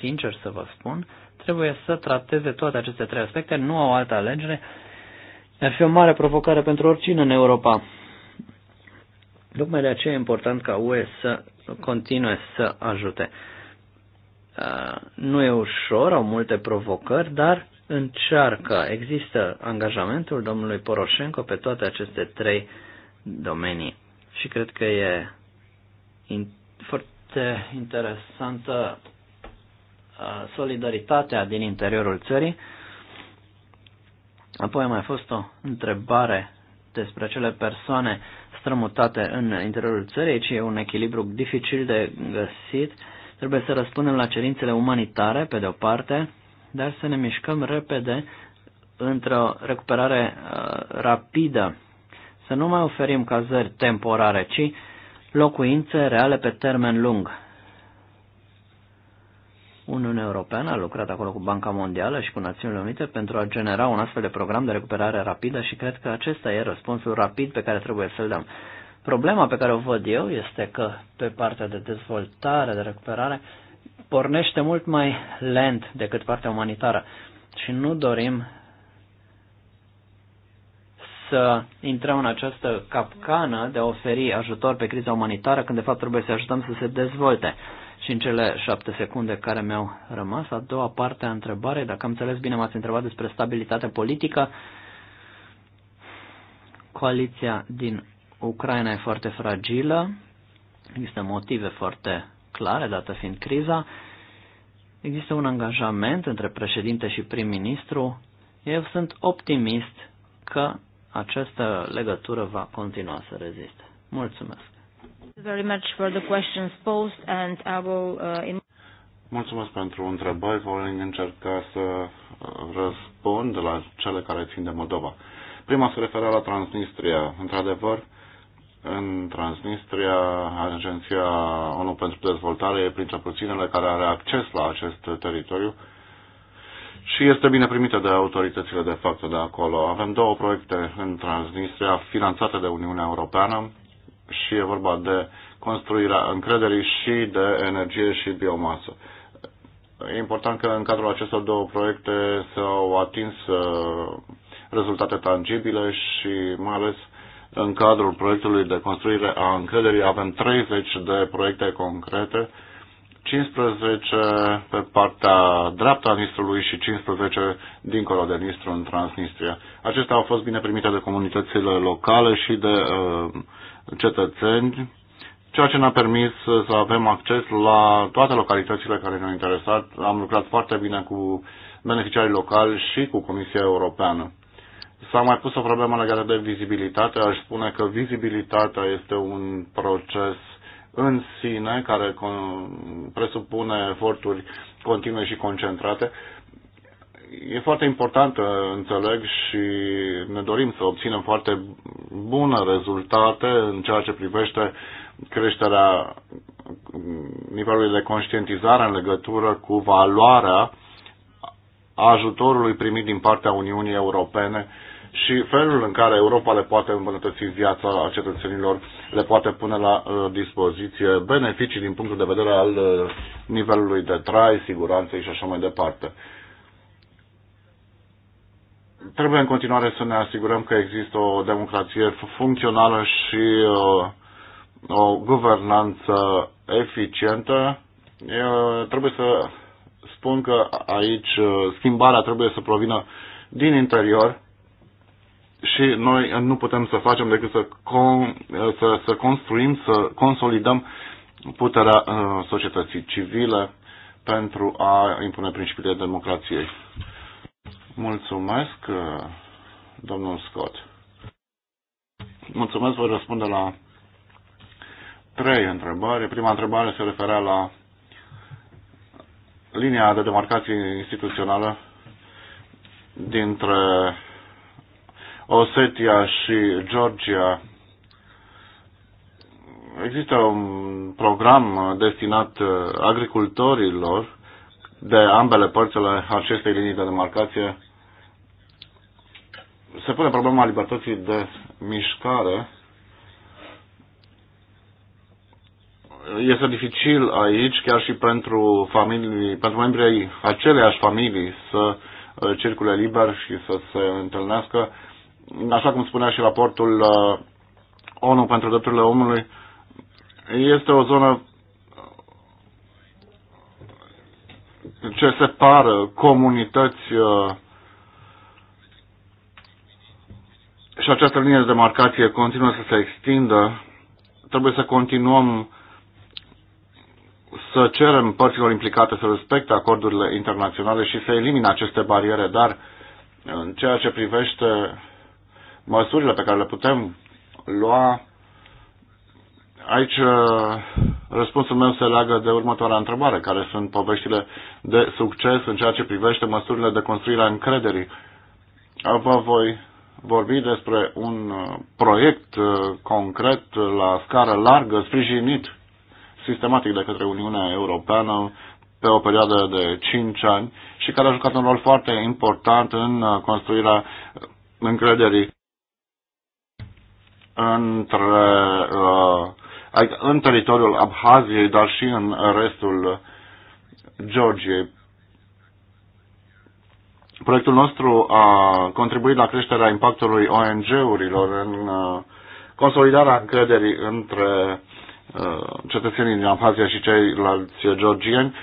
Sincer să vă spun, trebuie să trateze toate aceste trei aspecte, nu au altă alegere. Ar fi o mare provocare pentru oricine în Europa. Tocmai de aceea e important ca UE să continue să ajute. Nu e ușor, au multe provocări, dar încearcă. Există angajamentul domnului Poroșenko pe toate aceste trei domenii. Și cred că e in, foarte interesantă uh, solidaritatea din interiorul țării. Apoi a mai fost o întrebare despre acele persoane strămutate în interiorul țării. ci e un echilibru dificil de găsit. Trebuie să răspundem la cerințele umanitare, pe de o parte, dar să ne mișcăm repede într-o recuperare uh, rapidă să nu mai oferim cazări temporare, ci locuințe reale pe termen lung. Uniunea Europeană a lucrat acolo cu Banca Mondială și cu Națiunile Unite pentru a genera un astfel de program de recuperare rapidă și cred că acesta e răspunsul rapid pe care trebuie să-l dăm. Problema pe care o văd eu este că pe partea de dezvoltare, de recuperare, pornește mult mai lent decât partea umanitară și nu dorim să intrăm în această capcană de a oferi ajutor pe criza umanitară, când de fapt trebuie să ajutăm să se dezvolte. Și în cele șapte secunde care mi-au rămas, a doua parte a întrebare, dacă am înțeles bine, m-ați întrebat despre stabilitatea politică. Coaliția din Ucraina e foarte fragilă, există motive foarte clare, dată fiind criza. Există un angajament între președinte și prim-ministru. Eu sunt optimist că această legătură va continua să reziste. Mulțumesc! Uh, Mulțumesc pentru întrebări. Voi încerca să uh, răspund la cele care țin de Moldova. Prima se referă la Transnistria. Într-adevăr, în Transnistria, Agenția ONU pentru Dezvoltare e printre puținele care are acces la acest teritoriu și este bine primită de autoritățile de facto de acolo. Avem două proiecte în Transnistria finanțate de Uniunea Europeană și e vorba de construirea încrederii și de energie și biomasă. E important că în cadrul acestor două proiecte s-au atins uh, rezultate tangibile și mai ales în cadrul proiectului de construire a încrederii avem 30 de proiecte concrete 15 pe partea dreaptă a Nistrului și 15 dincolo de Nistru în Transnistria. Acestea au fost bine primite de comunitățile locale și de uh, cetățeni, ceea ce ne-a permis să avem acces la toate localitățile care ne-au interesat. Am lucrat foarte bine cu beneficiarii locali și cu Comisia Europeană. S-a mai pus o problemă legată de vizibilitate. Aș spune că vizibilitatea este un proces în sine, care presupune eforturi continue și concentrate, e foarte important, uh, înțeleg, și ne dorim să obținem foarte bune rezultate în ceea ce privește creșterea nivelului de conștientizare în legătură cu valoarea ajutorului primit din partea Uniunii Europene și felul în care Europa le poate îmbunătăți viața cetățenilor, le poate pune la uh, dispoziție beneficii din punctul de vedere al uh, nivelului de trai, siguranței și așa mai departe. Trebuie în continuare să ne asigurăm că există o democrație funcțională și uh, o guvernanță eficientă. Eu trebuie să spun că aici schimbarea trebuie să provină din interior și noi nu putem să facem decât să, con, să, să construim, să consolidăm puterea uh, societății civile pentru a impune principiile democrației. Mulțumesc, uh, domnul Scott. Mulțumesc, voi răspunde la trei întrebări. Prima întrebare se referea la linia de demarcație instituțională dintre Osetia și Georgia. Există un program destinat uh, agricultorilor de ambele părți ale acestei linii de demarcație. Se pune problema libertății de mișcare. Este dificil aici, chiar și pentru familii, pentru membrii aceleiași familii să uh, circule liber și să se întâlnească așa cum spunea și raportul uh, ONU pentru drepturile omului, este o zonă ce separă comunități uh, și această linie de demarcație continuă să se extindă, trebuie să continuăm să cerem părților implicate să respecte acordurile internaționale și să elimine aceste bariere, dar în ceea ce privește măsurile pe care le putem lua. Aici uh, răspunsul meu se leagă de următoarea întrebare, care sunt poveștile de succes în ceea ce privește măsurile de construire a încrederii. Vă voi vorbi despre un uh, proiect uh, concret la scară largă, sprijinit sistematic de către Uniunea Europeană pe o perioadă de 5 ani și care a jucat un rol foarte important în construirea încrederii între, uh, în teritoriul Abhaziei, dar și în restul Georgiei. Proiectul nostru a contribuit la creșterea impactului ONG-urilor în uh, consolidarea încrederii între uh, cetățenii din Abhazia și ceilalți georgieni.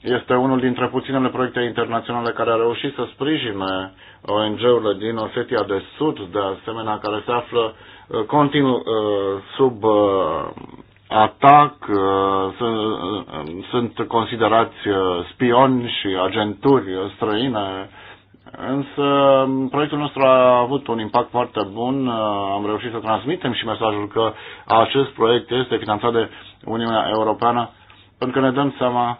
Este unul dintre puținele proiecte internaționale care a reușit să sprijine ONG-urile din Osetia de Sud, de asemenea, care se află continuu uh, sub uh, atac, uh, sunt sunt considerați spioni și agenturi străine, însă um, proiectul nostru a avut un impact foarte bun, am reușit să transmitem și mesajul că acest proiect este finanțat de Uniunea Europeană, pentru că ne dăm seama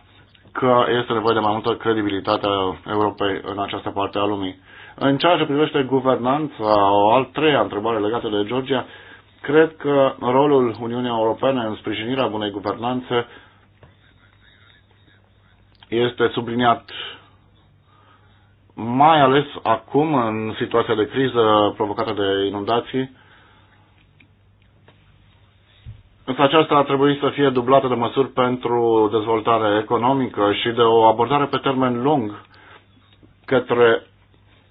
că este nevoie de mai multă credibilitate a Europei în această parte a lumii. În ceea ce privește guvernanța, o al treia întrebare legată de Georgia, cred că rolul Uniunii Europene în sprijinirea bunei guvernanțe este subliniat mai ales acum în situația de criză provocată de inundații. Însă aceasta ar trebui să fie dublată de măsuri pentru dezvoltare economică și de o abordare pe termen lung către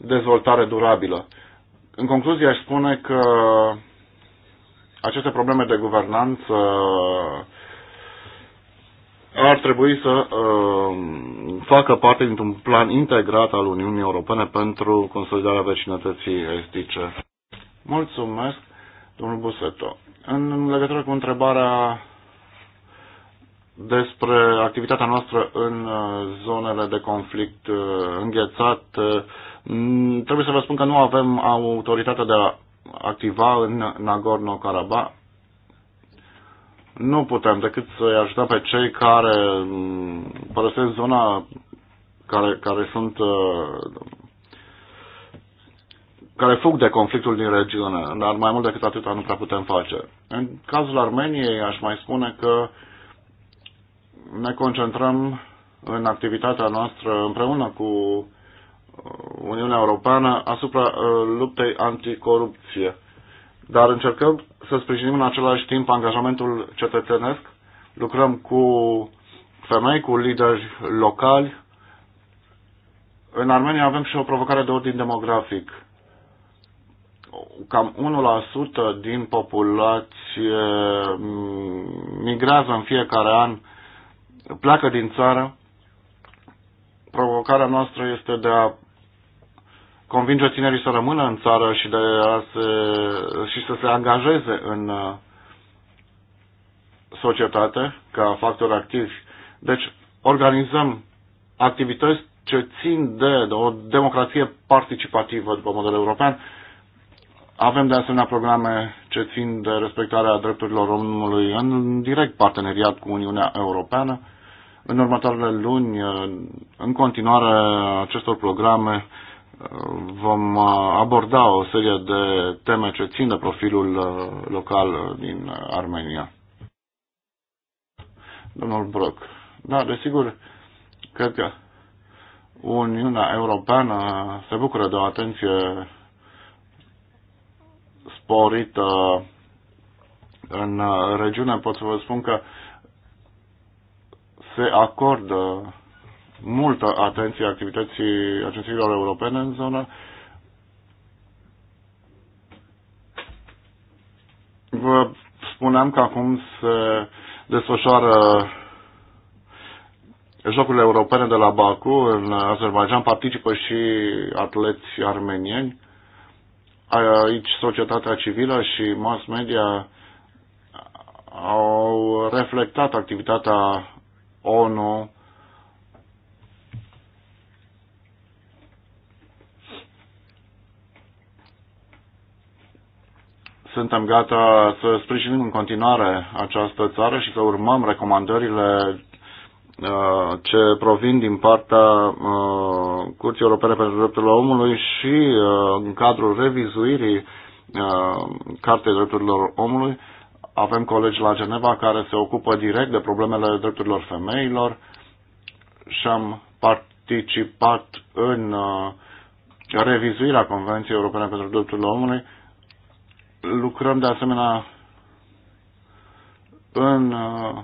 dezvoltare durabilă. În concluzie, aș spune că aceste probleme de guvernanță ar trebui să uh, facă parte dintr-un plan integrat al Uniunii Europene pentru consolidarea vecinătății estice. Mulțumesc, domnul Buseto. În legătură cu întrebarea despre activitatea noastră în uh, zonele de conflict uh, înghețat, Mm, trebuie să vă spun că nu avem autoritatea de a activa în Nagorno-Karabakh. Nu putem decât să-i ajutăm pe cei care mm, părăsesc zona, care, care sunt uh, care fug de conflictul din regiune, dar mai mult decât atât nu prea putem face. În cazul Armeniei aș mai spune că ne concentrăm în activitatea noastră împreună cu Uniunea Europeană asupra uh, luptei anticorupție. Dar încercăm să sprijinim în același timp angajamentul cetățenesc. Lucrăm cu femei, cu lideri locali. În Armenia avem și o provocare de ordin demografic. Cam 1% din populație mm, migrează în fiecare an, pleacă din țară. Provocarea noastră este de a convinge tinerii să rămână în țară și, de a se, și să se angajeze în uh, societate ca factori activi. Deci organizăm activități ce țin de o democrație participativă după model european. Avem de asemenea programe ce țin de respectarea drepturilor omului în direct parteneriat cu Uniunea Europeană. În următoarele luni, uh, în continuare, acestor programe vom uh, aborda o serie de teme ce țin de profilul uh, local uh, din Armenia. Domnul Brock. Da, desigur, cred că Uniunea Europeană se bucură de o atenție sporită în regiune. Pot să vă spun că se acordă multă atenție activității agențiilor europene în zonă. Vă spuneam că acum se desfășoară Jocurile europene de la Baku, în Azerbaijan, participă și atleți armenieni. Aici societatea civilă și mass media au reflectat activitatea ONU suntem gata să sprijinim în continuare această țară și să urmăm recomandările uh, ce provin din partea uh, Curții Europene pentru Drepturile Omului și uh, în cadrul revizuirii Cartei Drepturilor Omului avem colegi la Geneva care se ocupă direct de problemele drepturilor femeilor și am participat în revizuirea Convenției Europene pentru Drepturile Omului Lucrăm de asemenea în uh,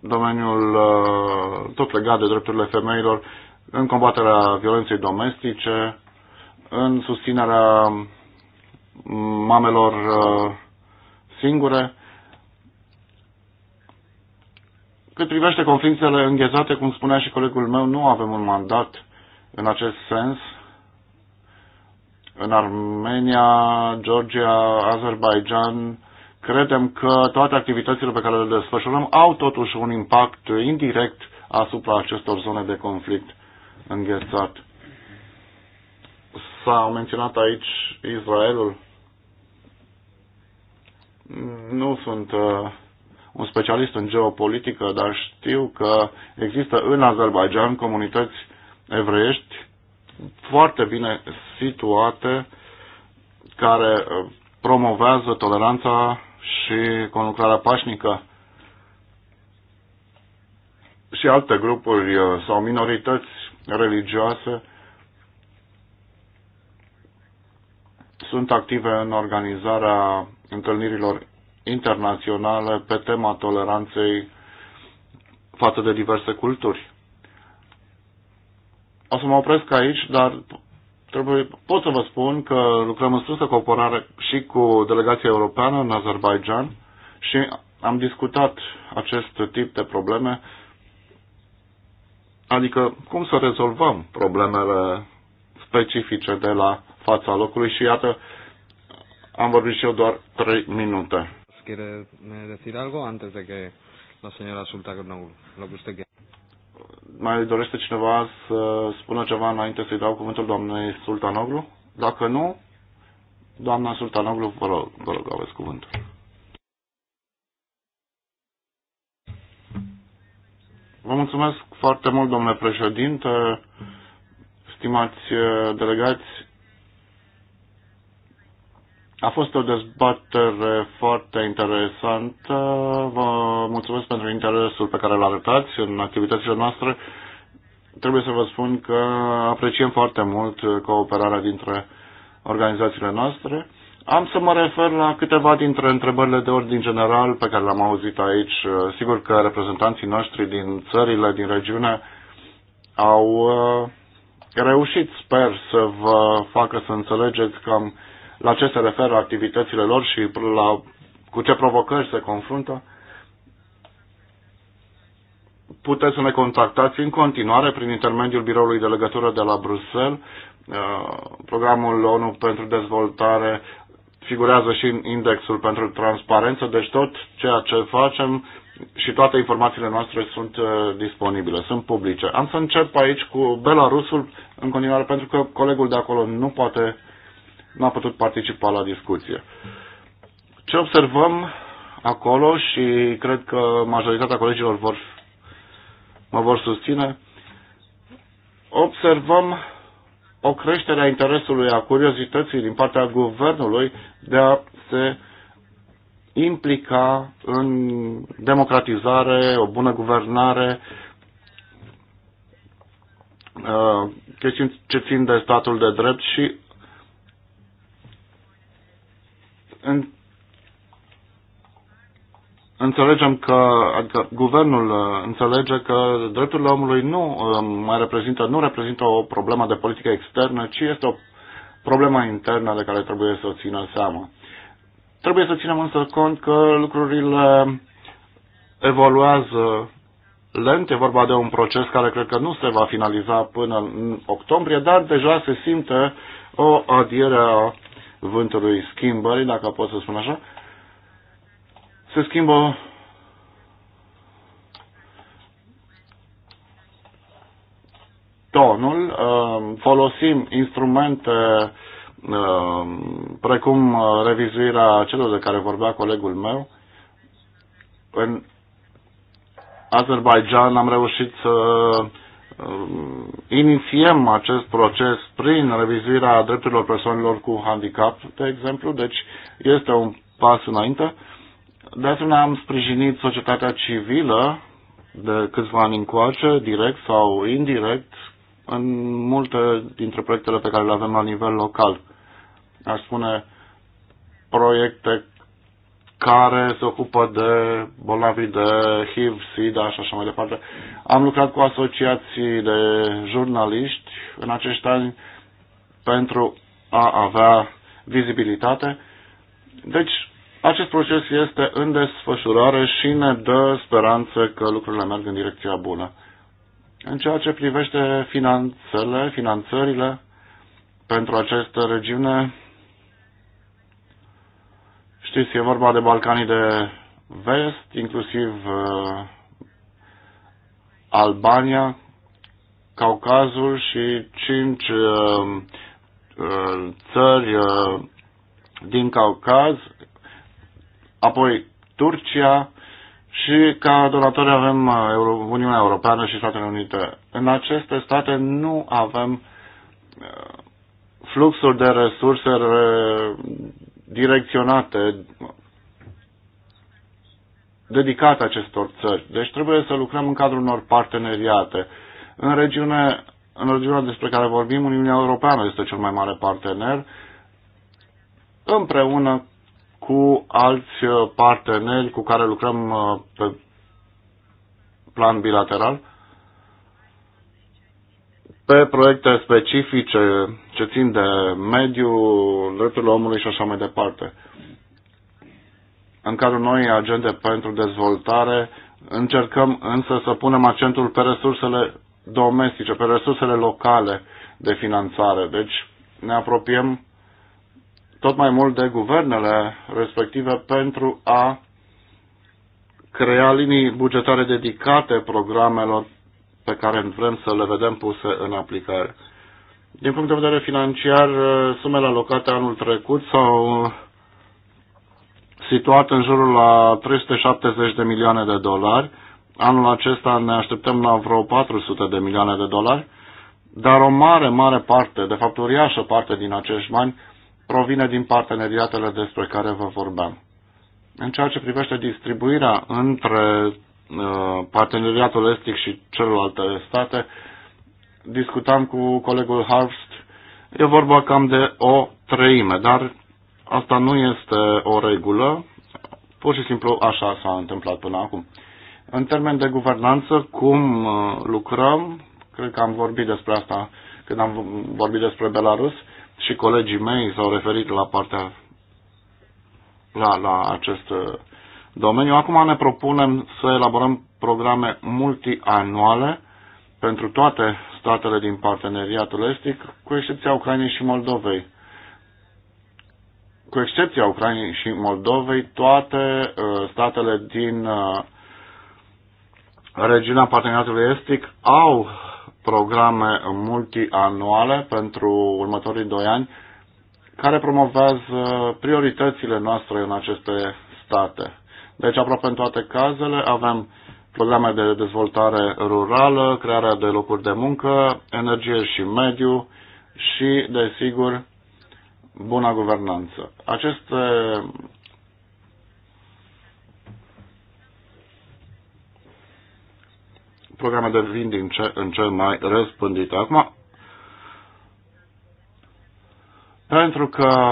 domeniul uh, tot legat de drepturile femeilor, în combaterea violenței domestice, în susținerea mamelor uh, singure. Cât privește conflictele înghezate, cum spunea și colegul meu, nu avem un mandat în acest sens în Armenia, Georgia, Azerbaijan, credem că toate activitățile pe care le desfășurăm au totuși un impact indirect asupra acestor zone de conflict înghețat. S-a menționat aici Israelul. Nu sunt uh, un specialist în geopolitică, dar știu că există în Azerbaijan comunități evreiești foarte bine situate care uh, promovează toleranța și conlucrarea pașnică și alte grupuri uh, sau minorități religioase sunt active în organizarea întâlnirilor internaționale pe tema toleranței față de diverse culturi. O să mă opresc aici, dar trebuie, pot să vă spun că lucrăm în strânsă cooperare și cu delegația europeană în Azerbaijan și am discutat acest tip de probleme, adică cum să rezolvăm problemele specifice de la fața locului și iată, am vorbit și eu doar 3 minute. ¿Quiere decir algo antes de que la señora Sulta lo que usted mai dorește cineva să spună ceva înainte să-i dau cuvântul doamnei Sultanoglu? Dacă nu, doamna Sultanoglu, vă rog, vă rog aveți cuvântul. Vă mulțumesc foarte mult, domnule președinte, stimați eh, delegați, a fost o dezbatere foarte interesantă. Vă mulțumesc pentru interesul pe care l arătați în activitățile noastre. Trebuie să vă spun că apreciem foarte mult cooperarea dintre organizațiile noastre. Am să mă refer la câteva dintre întrebările de ordin general pe care le-am auzit aici. Sigur că reprezentanții noștri din țările din regiune au uh, reușit, sper, să vă facă să înțelegeți cam la ce se referă activitățile lor și la, cu ce provocări se confruntă, puteți să ne contactați în continuare prin intermediul biroului de legătură de la Bruxelles. Uh, programul ONU pentru dezvoltare figurează și în indexul pentru transparență, deci tot ceea ce facem și toate informațiile noastre sunt uh, disponibile, sunt publice. Am să încep aici cu Belarusul în continuare pentru că colegul de acolo nu poate n-a putut participa la discuție. Ce observăm acolo și cred că majoritatea colegilor vor, mă vor susține, observăm o creștere a interesului, a curiozității din partea guvernului de a se implica în democratizare, o bună guvernare, uh, chestiuni ce țin de statul de drept și în, înțelegem că, adică guvernul uh, înțelege că drepturile omului nu um, mai reprezintă, nu reprezintă o problemă de politică externă, ci este o problemă internă de care trebuie să o țină seama. Trebuie să ținem însă cont că lucrurile evoluează lent, e vorba de un proces care cred că nu se va finaliza până în octombrie, dar deja se simte o adiere a vântului schimbării, dacă pot să spun așa, se schimbă tonul, ehm, folosim instrumente ehm, precum eh, revizuirea celor de care vorbea colegul meu. În Azerbaijan am reușit să Um, inițiem acest proces prin revizuirea drepturilor persoanelor cu handicap, de exemplu, deci este un pas înainte. De asemenea, am sprijinit societatea civilă de câțiva ani încoace, direct sau indirect, în multe dintre proiectele pe care le avem la nivel local. Aș spune proiecte care se ocupă de bolnavi de HIV, SIDA și așa mai departe. Am lucrat cu asociații de jurnaliști în acești ani pentru a avea vizibilitate. Deci, acest proces este în desfășurare și ne dă speranță că lucrurile merg în direcția bună. În ceea ce privește finanțele, finanțările pentru această regiune, Știți, deci, e vorba de Balcanii de Vest, inclusiv uh, Albania, Caucazul și cinci uh, uh țări uh, din Caucaz, apoi Turcia și ca donatori avem uh, Uniunea Europeană și Statele Unite. În aceste state nu avem uh, fluxuri de resurse direcționate, dedicată acestor țări. Deci trebuie să lucrăm în cadrul unor parteneriate. În regiune, în regiunea despre care vorbim, Uniunea Europeană este cel mai mare partener, împreună cu alți uh, parteneri cu care lucrăm uh, pe plan bilateral pe proiecte specifice ce țin de mediu, drepturile omului și așa mai departe. În cadrul noi agende pentru dezvoltare, încercăm însă să punem accentul pe resursele domestice, pe resursele locale de finanțare. Deci ne apropiem tot mai mult de guvernele respective pentru a crea linii bugetare dedicate programelor pe care vrem să le vedem puse în aplicare. Din punct de vedere financiar, uh, sumele alocate anul trecut s-au uh, situat în jurul la 370 de milioane de dolari. Anul acesta ne așteptăm la vreo 400 de milioane de dolari, dar o mare, mare parte, de fapt uriașă parte din acești bani, provine din parteneriatele despre care vă vorbeam. În ceea ce privește distribuirea între Uh, parteneriatul estic și celelalte state, discutam cu colegul Harvst, e vorba cam de o treime, dar asta nu este o regulă, pur și simplu așa s-a întâmplat până acum. În termen de guvernanță, cum uh, lucrăm, cred că am vorbit despre asta când am vorbit despre Belarus și colegii mei s-au referit la partea la, la acest uh, domeniu. Acum ne propunem să elaborăm programe multianuale pentru toate statele din parteneriatul estic, cu excepția Ucrainei și Moldovei. Cu excepția Ucrainei și Moldovei, toate uh, statele din uh, regiunea parteneriatului estic au programe multianuale pentru următorii doi ani care promovează prioritățile noastre în aceste state. Deci aproape în toate cazele avem programe de dezvoltare rurală, crearea de locuri de muncă, energie și mediu și, desigur, buna guvernanță. Aceste programe vin din ce în ce mai răspândit. Acum, pentru că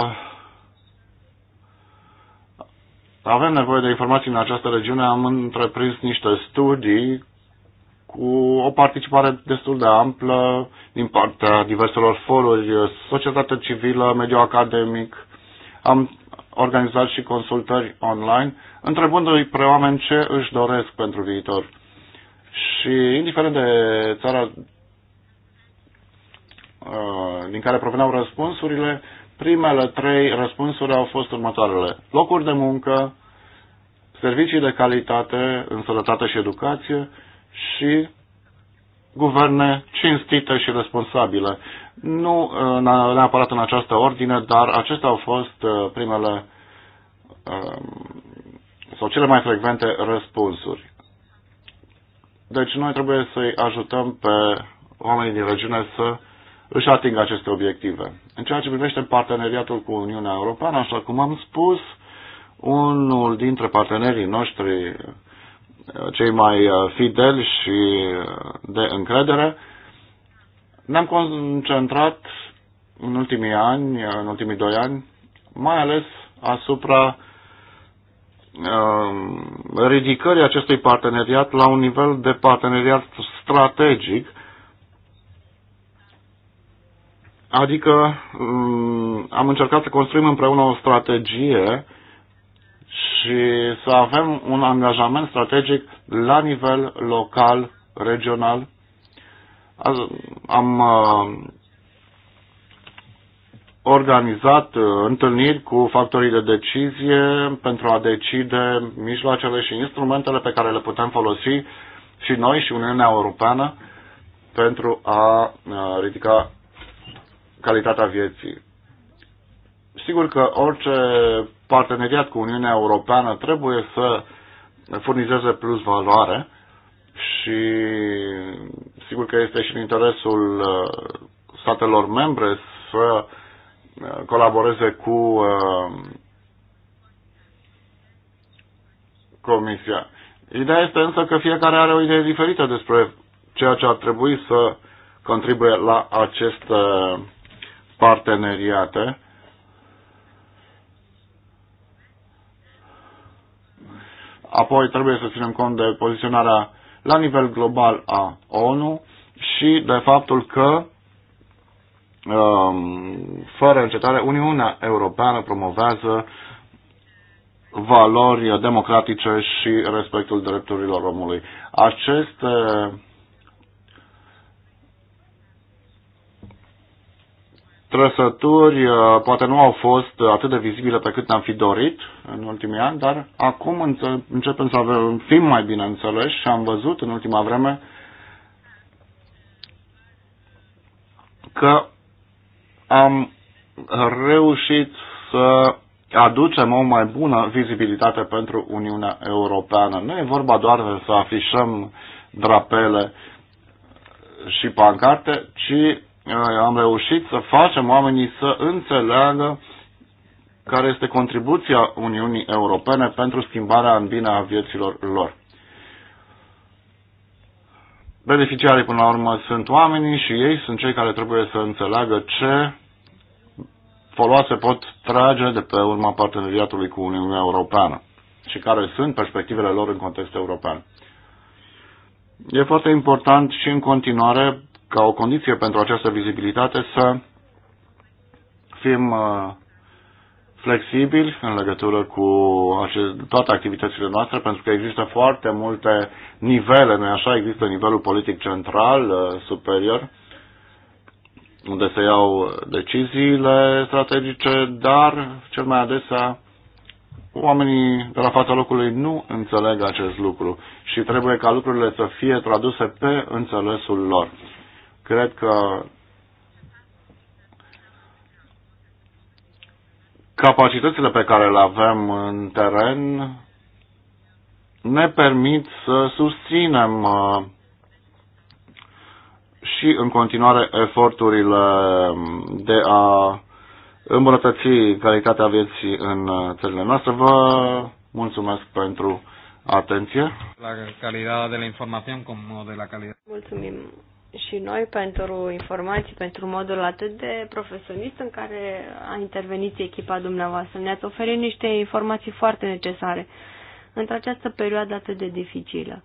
avem nevoie de informații în această regiune, am întreprins niște studii cu o participare destul de amplă din partea diverselor foruri, societate civilă, mediu academic. Am organizat și consultări online, întrebându-i pre oameni ce își doresc pentru viitor. Și indiferent de țara uh, din care proveneau răspunsurile, Primele trei răspunsuri au fost următoarele. Locuri de muncă, servicii de calitate în sănătate și educație și guverne cinstite și responsabile. Nu uh, neapărat în această ordine, dar acestea au fost uh, primele uh, sau cele mai frecvente răspunsuri. Deci noi trebuie să-i ajutăm pe oamenii din regiune să își atingă aceste obiective. În ceea ce privește parteneriatul cu Uniunea Europeană, așa cum am spus, unul dintre partenerii noștri cei mai uh, fideli și uh, de încredere, ne-am concentrat în ultimii ani, în ultimii doi ani, mai ales asupra uh, ridicării acestui parteneriat la un nivel de parteneriat strategic Adică mm, am încercat să construim împreună o strategie și să avem un angajament strategic la nivel local, regional. Am uh, organizat uh, întâlniri cu factorii de decizie pentru a decide mijloacele și instrumentele pe care le putem folosi și noi și Uniunea Europeană pentru a uh, ridica calitatea vieții. Sigur că orice parteneriat cu Uniunea Europeană trebuie să furnizeze plus valoare și sigur că este și în interesul uh, statelor membre să uh, colaboreze cu uh, Comisia. Ideea este însă că fiecare are o idee diferită despre ceea ce ar trebui să contribuie la acest parteneriate. Apoi trebuie să ținem cont de poziționarea la nivel global a ONU și de faptul că um, fără încetare, Uniunea Europeană promovează valori democratice și respectul drepturilor omului. Aceste trăsături uh, poate nu au fost atât de vizibile pe cât ne-am fi dorit în ultimii ani, dar acum începem să avem, fim mai bine înțeleși și am văzut în ultima vreme că am reușit să aducem o mai bună vizibilitate pentru Uniunea Europeană. Nu e vorba doar de să afișăm drapele și pancarte, ci am reușit să facem oamenii să înțeleagă care este contribuția Uniunii Europene pentru schimbarea în bine a vieților lor. Beneficiarii, până la urmă, sunt oamenii și ei sunt cei care trebuie să înțeleagă ce foloase pot trage de pe urma parteneriatului cu Uniunea Europeană și care sunt perspectivele lor în context european. E foarte important și în continuare ca o condiție pentru această vizibilitate să fim uh, flexibili în legătură cu toate activitățile noastre, pentru că există foarte multe nivele, nu așa? Există nivelul politic central, uh, superior, unde se iau deciziile strategice, dar cel mai adesea oamenii de la fața locului nu înțeleg acest lucru și trebuie ca lucrurile să fie traduse pe înțelesul lor. Cred că capacitățile pe care le avem în teren ne permit să susținem uh, și în continuare eforturile de a îmbunătăți calitatea vieții în uh, țările noastre. Vă mulțumesc pentru atenție. La calitatea de la informație, cum de la calitate. Mulțumim și noi pentru informații, pentru modul atât de profesionist în care a intervenit echipa dumneavoastră. Ne-ați oferit niște informații foarte necesare într această perioadă atât de dificilă.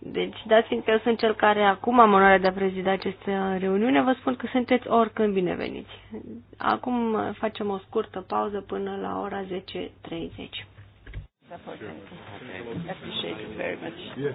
Deci, dați fiindcă eu sunt cel care acum am onoarea de a prezida această reuniune, vă spun că sunteți oricând bineveniți. Acum facem o scurtă pauză până la ora 10.30. Appreciate it very much. Yes.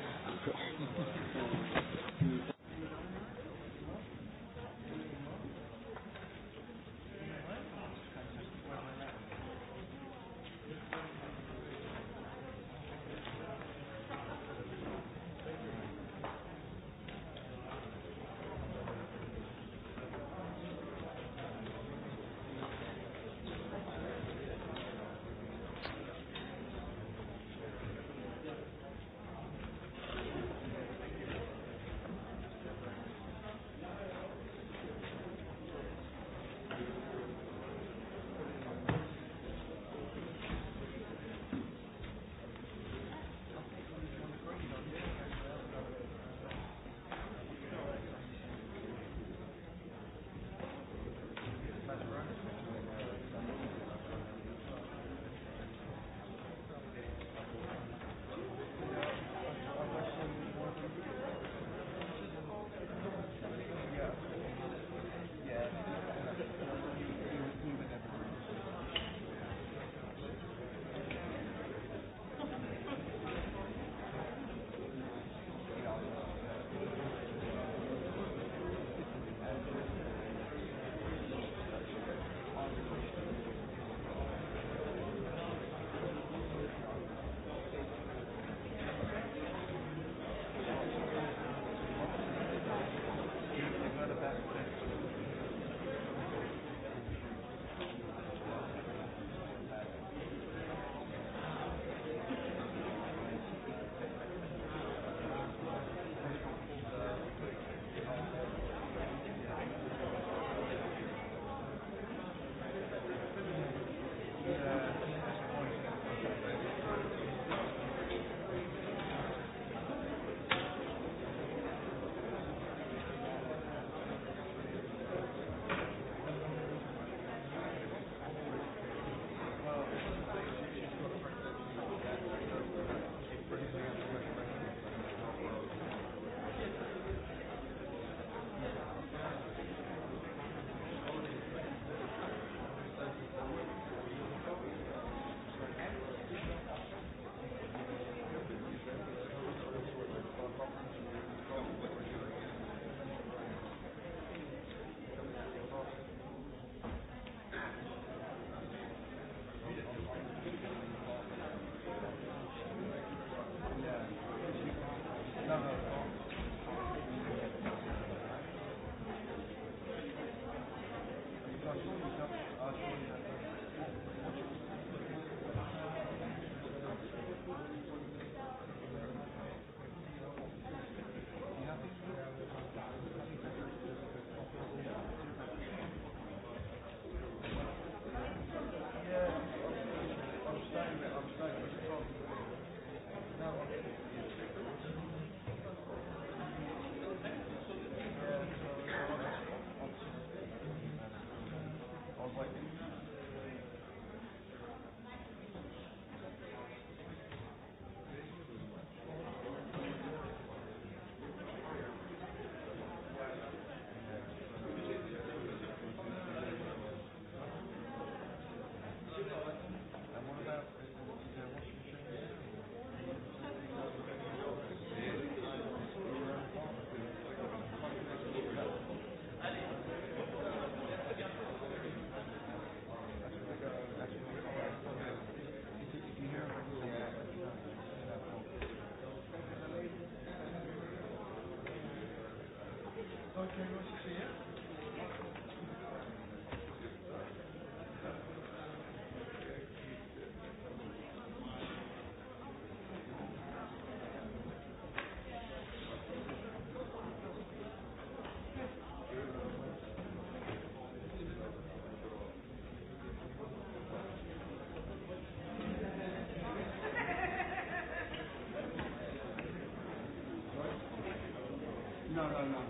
no, no, no.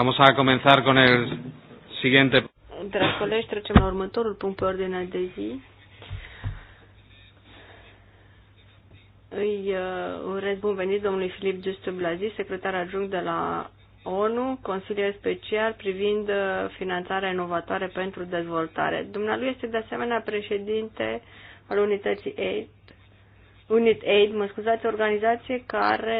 Vamos a comenzar con el siguiente. Dragi colegi, trecem la următorul punct pe ordinea de zi. Îi uh, urez bun venit domnului Filip Giustu Blazi, secretar adjunct de la ONU, consilier special privind uh, finanțarea inovatoare pentru dezvoltare. Dumnealui este de asemenea președinte al unității AID, Unit Aid, mă scuzați, organizație care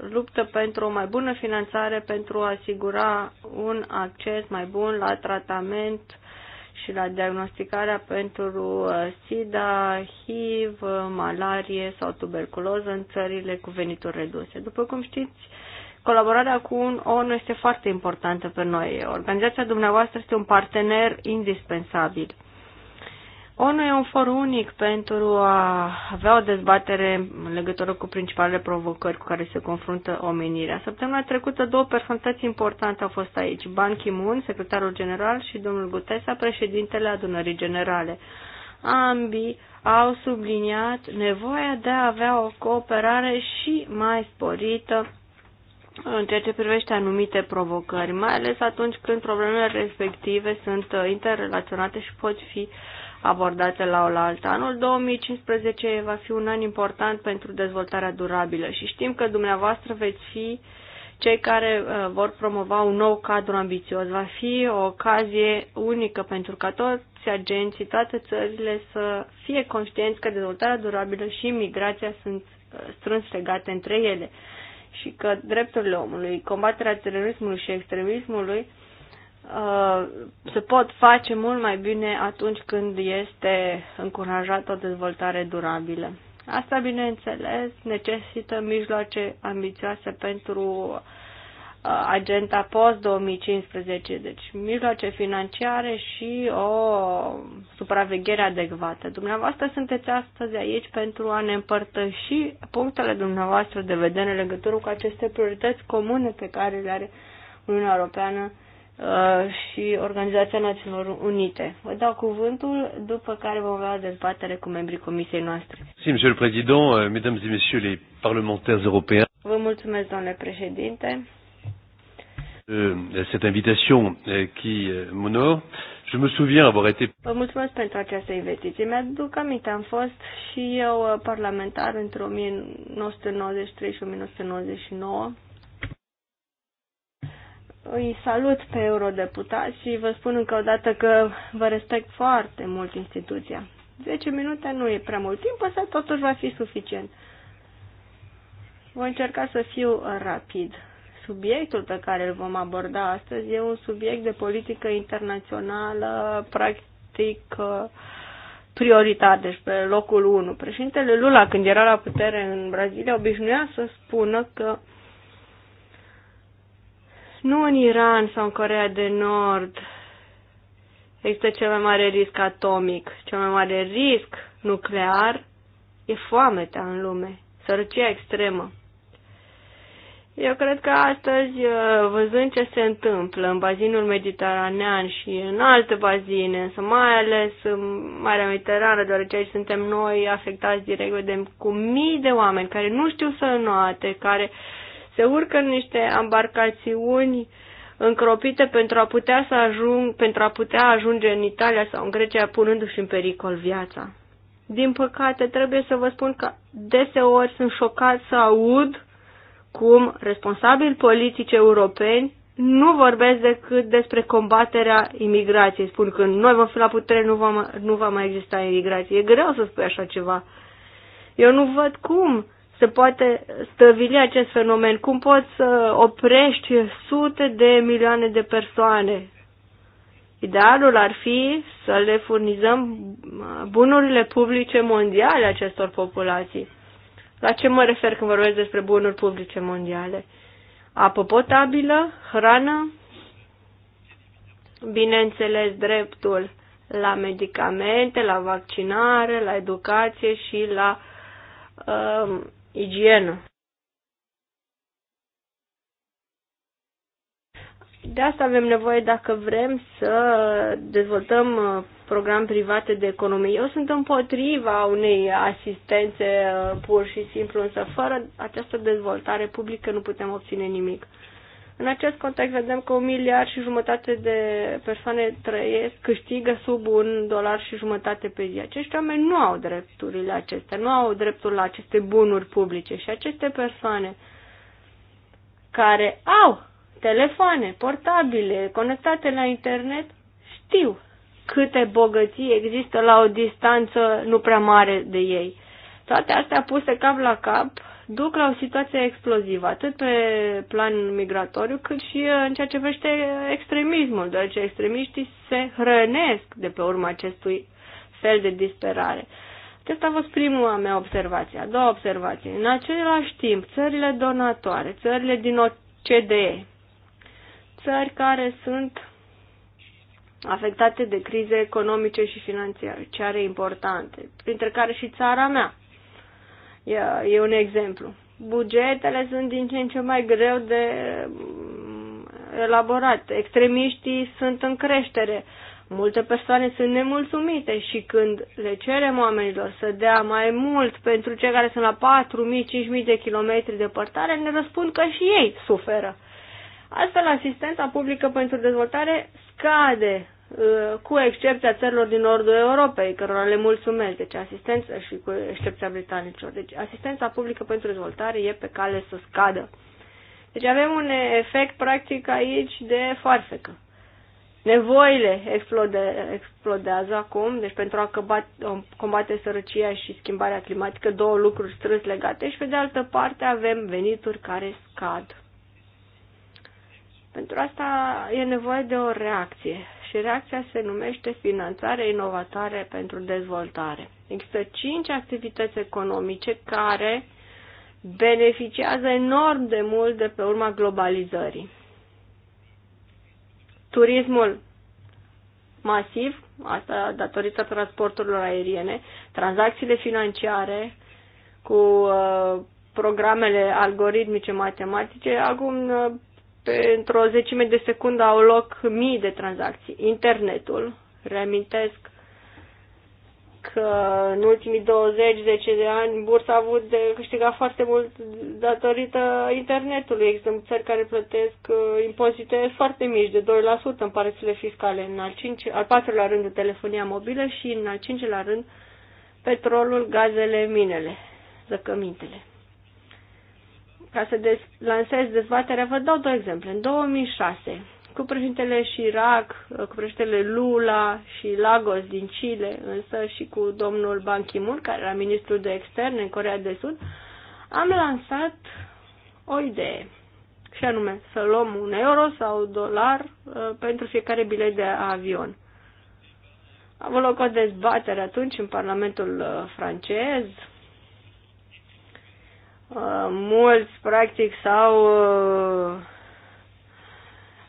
luptă pentru o mai bună finanțare pentru a asigura un acces mai bun la tratament și la diagnosticarea pentru uh, SIDA, HIV, malarie sau tuberculoză în țările cu venituri reduse. După cum știți, colaborarea cu un ONU este foarte importantă pentru noi. Organizația dumneavoastră este un partener indispensabil. ONU e un for unic pentru a avea o dezbatere în legătură cu principalele provocări cu care se confruntă omenirea. Săptămâna trecută două personalități importante au fost aici, Ban Ki-moon, secretarul general, și domnul Gutesa, președintele adunării generale. Ambii au subliniat nevoia de a avea o cooperare și mai sporită în ceea ce privește anumite provocări, mai ales atunci când problemele respective sunt uh, interrelaționate și pot fi uh, abordate la oaltă. Anul 2015 va fi un an important pentru dezvoltarea durabilă și știm că dumneavoastră veți fi cei care uh, vor promova un nou cadru ambițios. Va fi o ocazie unică pentru ca toți agenții, toate țările să fie conștienți că dezvoltarea durabilă și migrația sunt uh, strâns legate între ele și că drepturile omului, combaterea terorismului și extremismului uh, Uh, se pot face mult mai bine atunci când este încurajată o dezvoltare durabilă. Asta, bineînțeles, necesită mijloace ambițioase pentru uh, agenda post-2015, deci mijloace financiare și o supraveghere adecvată. Dumneavoastră sunteți astăzi aici pentru a ne împărtăși punctele dumneavoastră de vedere în legătură cu aceste priorități comune pe care le are Uniunea Europeană Uh, și Organizația Națiunilor Unite. Vă dau cuvântul, după care vom avea dezbatere cu membrii comisiei noastre. Si, monsieur le président, euh, mesdames et messieurs les parlementaires européens. Vă mulțumesc, domnule președinte. Euh, cette invitation euh, qui m'honore. Je me souviens avoir été... Vă mulțumesc pentru această invitație. Mi-aduc aminte, am fost și eu uh, parlamentar între 1993 și 1999 îi salut pe eurodeputați și vă spun încă o dată că vă respect foarte mult instituția. 10 minute nu e prea mult timp, însă totuși va fi suficient. Voi încerca să fiu rapid. Subiectul pe care îl vom aborda astăzi e un subiect de politică internațională, practic prioritar, deci pe locul 1. Președintele Lula, când era la putere în Brazilia, obișnuia să spună că nu în Iran sau în Corea de Nord există cel mai mare risc atomic, cel mai mare risc nuclear e foametea în lume, sărăcia extremă. Eu cred că astăzi, uh, văzând ce se întâmplă în bazinul mediteranean și în alte bazine, însă mai ales în Marea Mediterană, deoarece aici suntem noi afectați direct, vedem cu mii de oameni care nu știu să înoate, care uh, se urcă în niște ambarcațiuni încropite pentru a putea să ajung, pentru a putea ajunge în Italia sau în Grecia, punându-și în pericol viața. Din păcate, trebuie să vă spun că deseori sunt șocat să aud cum responsabili politici europeni nu vorbesc decât despre combaterea imigrației. Spun că noi vom fi la putere, nu va, nu va mai exista imigrație. E greu să spui așa ceva. Eu nu văd cum se poate stăvili acest fenomen? Cum poți să oprești sute de milioane de persoane? Idealul ar fi să le furnizăm bunurile publice mondiale acestor populații. La ce mă refer când vorbesc despre bunuri publice mondiale? Apă potabilă, hrană, bineînțeles dreptul la medicamente, la vaccinare, la educație și la um, igienă. De asta avem nevoie dacă vrem să dezvoltăm uh, program private de economie. Eu sunt împotriva unei asistențe uh, pur și simplu, însă fără această dezvoltare publică nu putem obține nimic. În acest context vedem că un miliard și jumătate de persoane trăiesc, câștigă sub un dolar și jumătate pe zi. Acești oameni nu au drepturile acestea, nu au dreptul la aceste bunuri publice și aceste persoane care au telefoane portabile conectate la internet știu câte bogății există la o distanță nu prea mare de ei. Toate astea puse cap la cap duc la o situație explozivă, atât pe plan migratoriu, cât și uh, în ceea ce vrește extremismul, deoarece extremiștii se hrănesc de pe urma acestui fel de disperare. Acesta a fost prima mea observație. A doua observație. În același timp, țările donatoare, țările din OCDE, țări care sunt afectate de crize economice și financiare importante, printre care și țara mea, e un exemplu. Bugetele sunt din ce în ce mai greu de mm, elaborat. Extremiștii sunt în creștere. Multe persoane sunt nemulțumite și când le cerem oamenilor să dea mai mult pentru cei care sunt la 4.000-5.000 de kilometri de departare, ne răspund că și ei suferă. Astfel, asistența publică pentru dezvoltare scade Uh, cu excepția țărilor din nordul Europei, cărora le mulțumesc, deci asistența și cu excepția britanicilor. Deci asistența publică pentru dezvoltare e pe cale să scadă. Deci avem un efect practic aici de farfecă. Nevoile explode, explodează acum, deci pentru a combate sărăcia și schimbarea climatică, două lucruri strâns legate și pe de altă parte avem venituri care scad. Pentru asta e nevoie de o reacție și reacția se numește finanțare inovatoare pentru dezvoltare. Există cinci activități economice care beneficiază enorm de mult de pe urma globalizării. Turismul masiv, asta datorită transporturilor aeriene, tranzacțiile financiare cu uh, programele algoritmice matematice, acum uh, într-o zecime de secundă au loc mii de tranzacții. Internetul, reamintesc că în ultimii 20-10 de ani bursa a avut de câștigat foarte mult datorită internetului. Există țări care plătesc uh, impozite foarte mici, de 2% în părțile fiscale, în al, 5, al patrulea rând de telefonia mobilă și în al cincelea rând petrolul, gazele, minele, zăcămintele ca să des- lansez dezbaterea, vă dau două exemple. În 2006, cu președintele Chirac, cu președintele Lula și Lagos din Chile, însă și cu domnul Ban Ki-moon, care era ministrul de externe în Corea de Sud, am lansat o idee. Și anume, să luăm un euro sau un dolar uh, pentru fiecare bilet de avion. Am avut loc o dezbatere atunci în Parlamentul uh, francez, Uh, mulți, practic, s-au uh,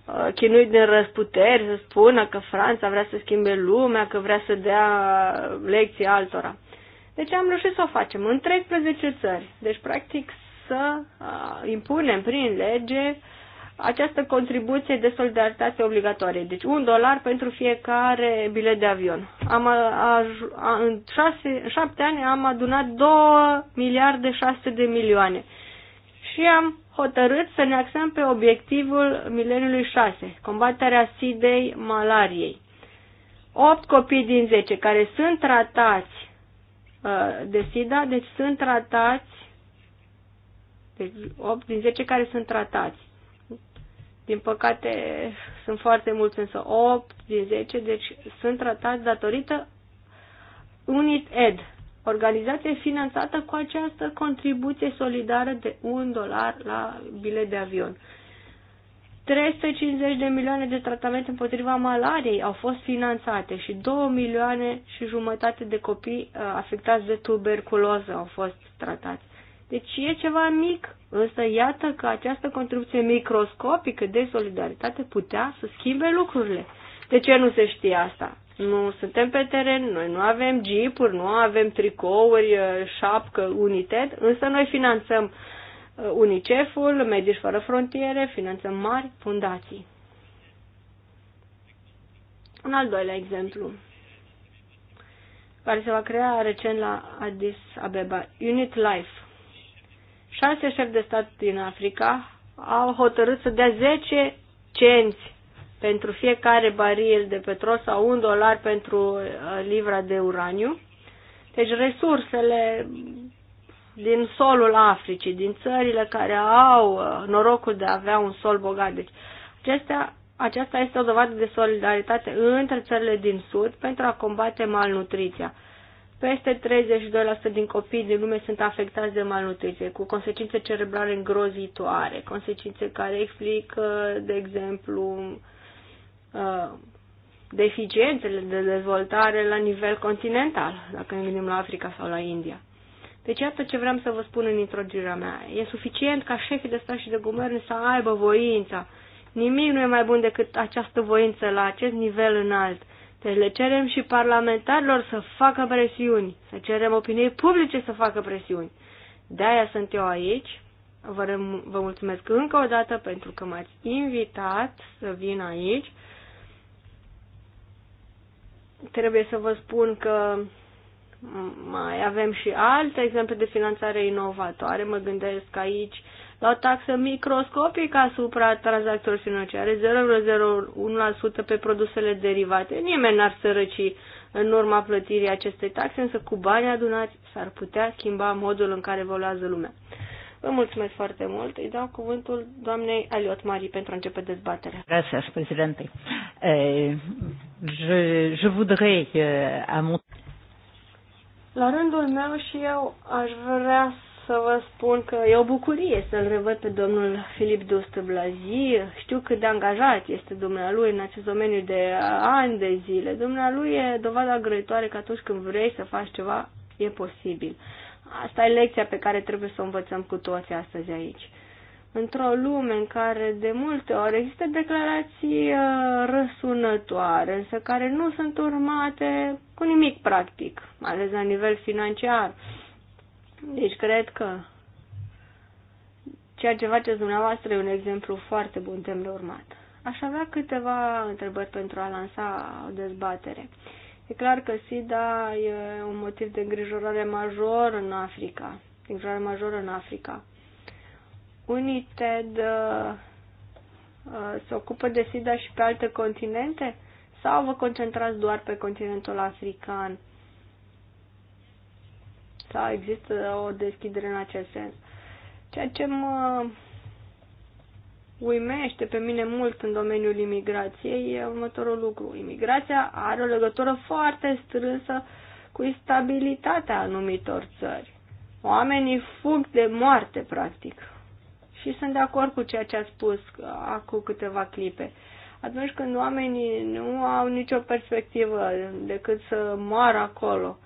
uh, chinuit din răsputeri să spună că Franța vrea să schimbe lumea, că vrea să dea lecții altora. Deci am reușit să o facem în 13 țări. Deci, practic, să impunem prin lege uh, această contribuție de solidaritate obligatorie. Deci un dolar pentru fiecare bilet de avion. Am a, a, a, în șase, în șapte ani am adunat 2 miliarde 600 de milioane și am hotărât să ne axăm pe obiectivul mileniului 6, combaterea sidei malariei. 8 copii din 10 care sunt tratați uh, de SIDA, deci sunt tratați, deci 8 din 10 care sunt tratați din păcate, sunt foarte mulți, însă 8 din 10, deci sunt tratați datorită Unit Ed, organizație finanțată cu această contribuție solidară de 1 dolar la bilet de avion. 350 de milioane de tratamente împotriva malariei au fost finanțate și 2 milioane și jumătate de copii uh, afectați de tuberculoză au fost tratați. Deci e ceva mic, însă iată că această contribuție microscopică de solidaritate putea să schimbe lucrurile. De ce nu se știe asta? Nu suntem pe teren, noi nu avem jeep-uri, nu avem tricouri, uh, șapcă, unitet, însă noi finanțăm uh, UNICEF-ul, Medici Fără Frontiere, finanțăm mari fundații. Un al doilea exemplu care se va crea recent la Addis Abeba, Unit Life șase șefi de stat din Africa au hotărât să dea 10 cenți pentru fiecare baril de petrol sau un dolar pentru uh, livra de uraniu. Deci resursele din solul Africii, din țările care au uh, norocul de a avea un sol bogat. Deci acestea, aceasta este o dovadă de solidaritate între țările din Sud pentru a combate malnutriția. Peste 32% din copiii din lume sunt afectați de malnutriție, cu consecințe cerebrale îngrozitoare, consecințe care explică, de exemplu, uh, deficiențele de dezvoltare la nivel continental, dacă ne gândim la Africa sau la India. Deci iată ce vreau să vă spun în introducerea mea. E suficient ca șefii de stat și de guvern să aibă voința. Nimic nu e mai bun decât această voință la acest nivel înalt deci le cerem și parlamentarilor să facă presiuni, să cerem opiniei publice să facă presiuni. De-aia sunt eu aici. Vă, vă mulțumesc încă o dată pentru că m-ați invitat să vin aici. Trebuie să vă spun că mai avem și alte exemple de finanțare inovatoare. Mă gândesc aici la o taxă microscopică asupra tranzacțiilor financiare, 0,01% pe produsele derivate. Nimeni n-ar sărăci în urma plătirii acestei taxe, însă cu banii adunați s-ar putea schimba modul în care evoluează lumea. Vă mulțumesc foarte mult. Îi dau cuvântul doamnei Aliot Mari pentru a începe dezbaterea. Gracias, președinte. Eh, je, je voudrais, uh, à mon... La rândul meu și eu aș vrea să vă spun că e o bucurie să-l revăd pe domnul Filip Dostăblazi. Știu cât de angajat este dumnealui în acest domeniu de ani de zile. Dumnealui e dovada grăitoare că atunci când vrei să faci ceva, e posibil. Asta e lecția pe care trebuie să o învățăm cu toții astăzi aici. Într-o lume în care de multe ori există declarații uh, răsunătoare, însă care nu sunt urmate cu nimic practic, mai ales la nivel financiar deci cred că ceea ce faceți dumneavoastră e un exemplu foarte bun de urmat. Aș avea câteva întrebări pentru a lansa o dezbatere. E clar că SIDA e un motiv de îngrijorare major în Africa. Îngrijorare majoră în Africa. UNITED uh, uh, se ocupă de SIDA și pe alte continente? Sau vă concentrați doar pe continentul african? sau da, există o deschidere în acest sens. Ceea ce mă uimește pe mine mult în domeniul imigrației e următorul lucru. Imigrația are o legătură foarte strânsă cu instabilitatea anumitor țări. Oamenii fug de moarte, practic. Și sunt de acord cu ceea ce a spus acum câteva clipe. Atunci când oamenii nu au nicio perspectivă decât să moară acolo,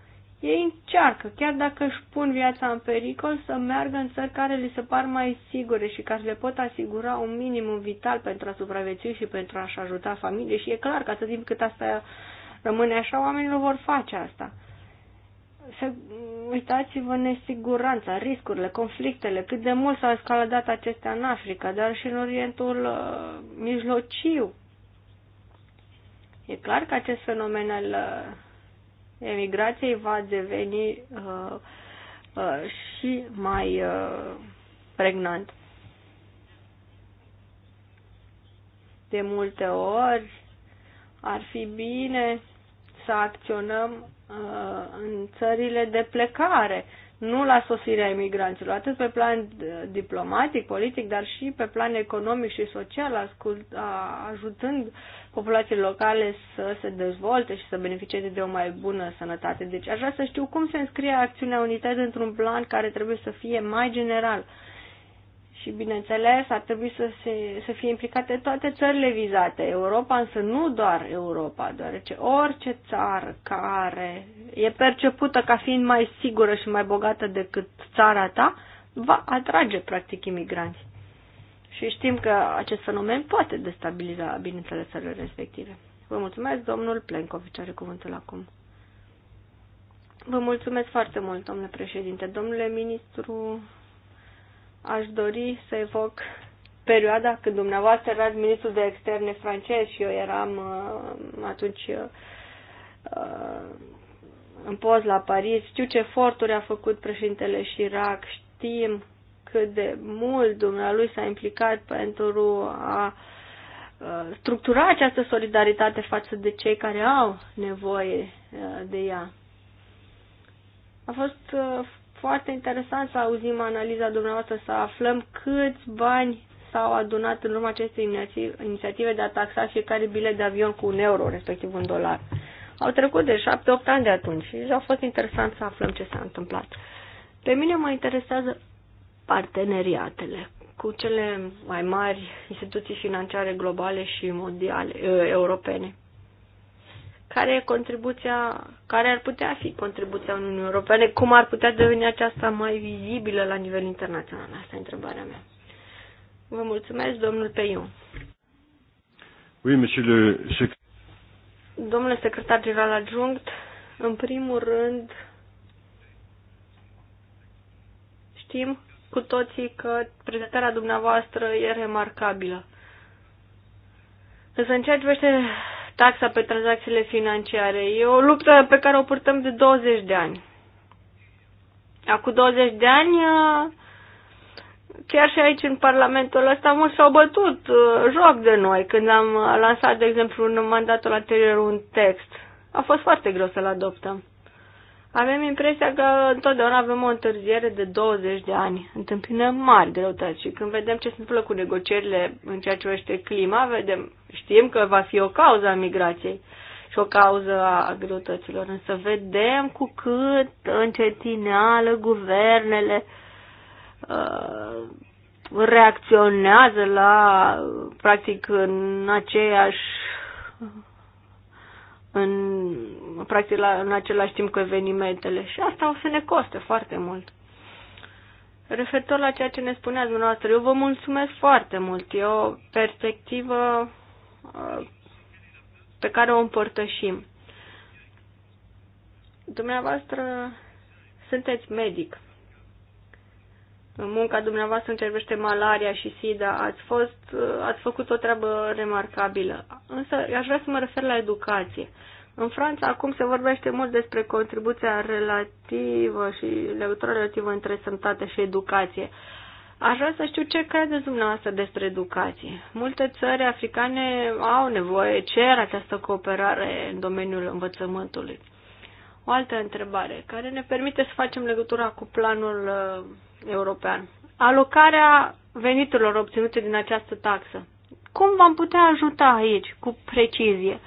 ei încearcă, chiar dacă își pun viața în pericol, să meargă în țări care li se par mai sigure și care le pot asigura un minimum vital pentru a supraviețui și pentru a-și ajuta familie. Și e clar că atât timp cât asta rămâne așa, oamenii nu vor face asta. Să uitați-vă nesiguranța, riscurile, conflictele, cât de mult s-au escaladat acestea în Africa, dar și în Orientul uh, Mijlociu. E clar că acest fenomen al uh, emigrației va deveni uh, uh, și mai uh, pregnant. De multe ori ar fi bine să acționăm uh, în țările de plecare nu la sosirea imigranților, atât pe plan uh, diplomatic, politic, dar și pe plan economic și social, ajutând populațiile locale să se dezvolte și să beneficieze de o mai bună sănătate. Deci aș vrea să știu cum se înscrie acțiunea unității într-un plan care trebuie să fie mai general și, bineînțeles, ar trebui să, se, să fie implicate toate țările vizate, Europa, însă nu doar Europa, deoarece orice țară care e percepută ca fiind mai sigură și mai bogată decât țara ta, va atrage, practic, imigranți. Și știm că acest fenomen poate destabiliza, bineînțeles, țările respective. Vă mulțumesc, domnul Plencovici, are cuvântul acum. Vă mulțumesc foarte mult, domnule președinte. Domnule ministru, aș dori să evoc perioada când dumneavoastră erați ministru de externe francez și eu eram uh, atunci uh, uh, în post la Paris. Știu ce eforturi a făcut președintele Chirac, știm cât de mult dumnealui s-a implicat pentru a uh, structura această solidaritate față de cei care au nevoie uh, de ea. A fost foarte interesant să auzim analiza dumneavoastră, să aflăm câți bani s-au adunat în urma acestei inițiative de a taxa fiecare bilet de avion cu un euro, respectiv un dolar. Au trecut de 7-8 ani de atunci și a fost interesant să aflăm ce s-a întâmplat. Pe mine mă interesează parteneriatele cu cele mai mari instituții financiare globale și mondiale, ă, europene care e contribuția, care ar putea fi contribuția Uniunii Europene, cum ar putea deveni aceasta mai vizibilă la nivel internațional? Asta e întrebarea mea. Vă mulțumesc, domnul Peiu. Oui, monsieur le sec... Domnule secretar general adjunct, în primul rând, știm cu toții că prezentarea dumneavoastră e remarcabilă. Însă în ceea ce privește taxa pe tranzacțiile financiare. E o luptă pe care o purtăm de 20 de ani. Acum 20 de ani, ă, chiar și aici în Parlamentul ăsta, mulți s-au bătut ă, joc de noi când am lansat, de exemplu, în mandatul anterior un text. A fost foarte greu să-l adoptăm. Avem impresia că întotdeauna avem o întârziere de 20 de ani. Întâmpinăm mari greutăți și când vedem ce se întâmplă cu negocierile în ceea ce este clima, vedem, știm că va fi o cauză a migrației și o cauză a greutăților. Însă vedem cu cât încetineală guvernele uh, reacționează la, practic, în aceeași în, practic la, în același timp cu evenimentele și asta o să ne coste foarte mult. Referitor la ceea ce ne spuneați dumneavoastră, eu vă mulțumesc foarte mult. E o perspectivă uh, pe care o împărtășim. Dumneavoastră sunteți medic în munca dumneavoastră în malaria și SIDA, ați, fost, ați făcut o treabă remarcabilă. Însă aș vrea să mă refer la educație. În Franța acum se vorbește mult despre contribuția relativă și legătura relativă între sănătate și educație. Aș vrea să știu ce credeți dumneavoastră despre educație. Multe țări africane au nevoie, cer această cooperare în domeniul învățământului. O altă întrebare care ne permite să facem legătura cu planul uh, european. Alocarea veniturilor obținute din această taxă. Cum v-am putea ajuta aici cu precizie?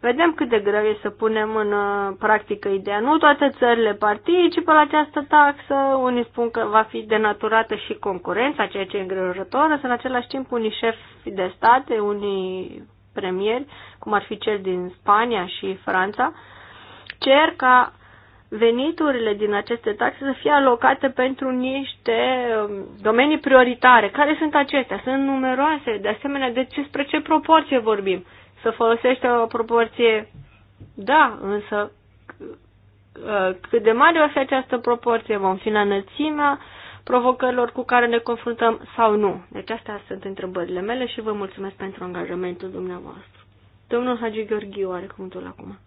Vedem cât de greu e să punem în uh, practică ideea. Nu toate țările participă la această taxă, unii spun că va fi denaturată și concurența, ceea ce e îngrijorător, însă în același timp unii șefi de state, unii premieri, cum ar fi cel din Spania și Franța, cer ca veniturile din aceste taxe să fie alocate pentru niște um, domenii prioritare. Care sunt acestea? Sunt numeroase. De asemenea, de ce spre ce proporție vorbim? Să folosește o proporție? Da, însă uh, cât de mare va fi această proporție? Vom fi la înălțimea provocărilor cu care ne confruntăm sau nu? Deci astea sunt întrebările mele și vă mulțumesc pentru angajamentul dumneavoastră. Domnul Hagi Gheorghiu are cuvântul acum.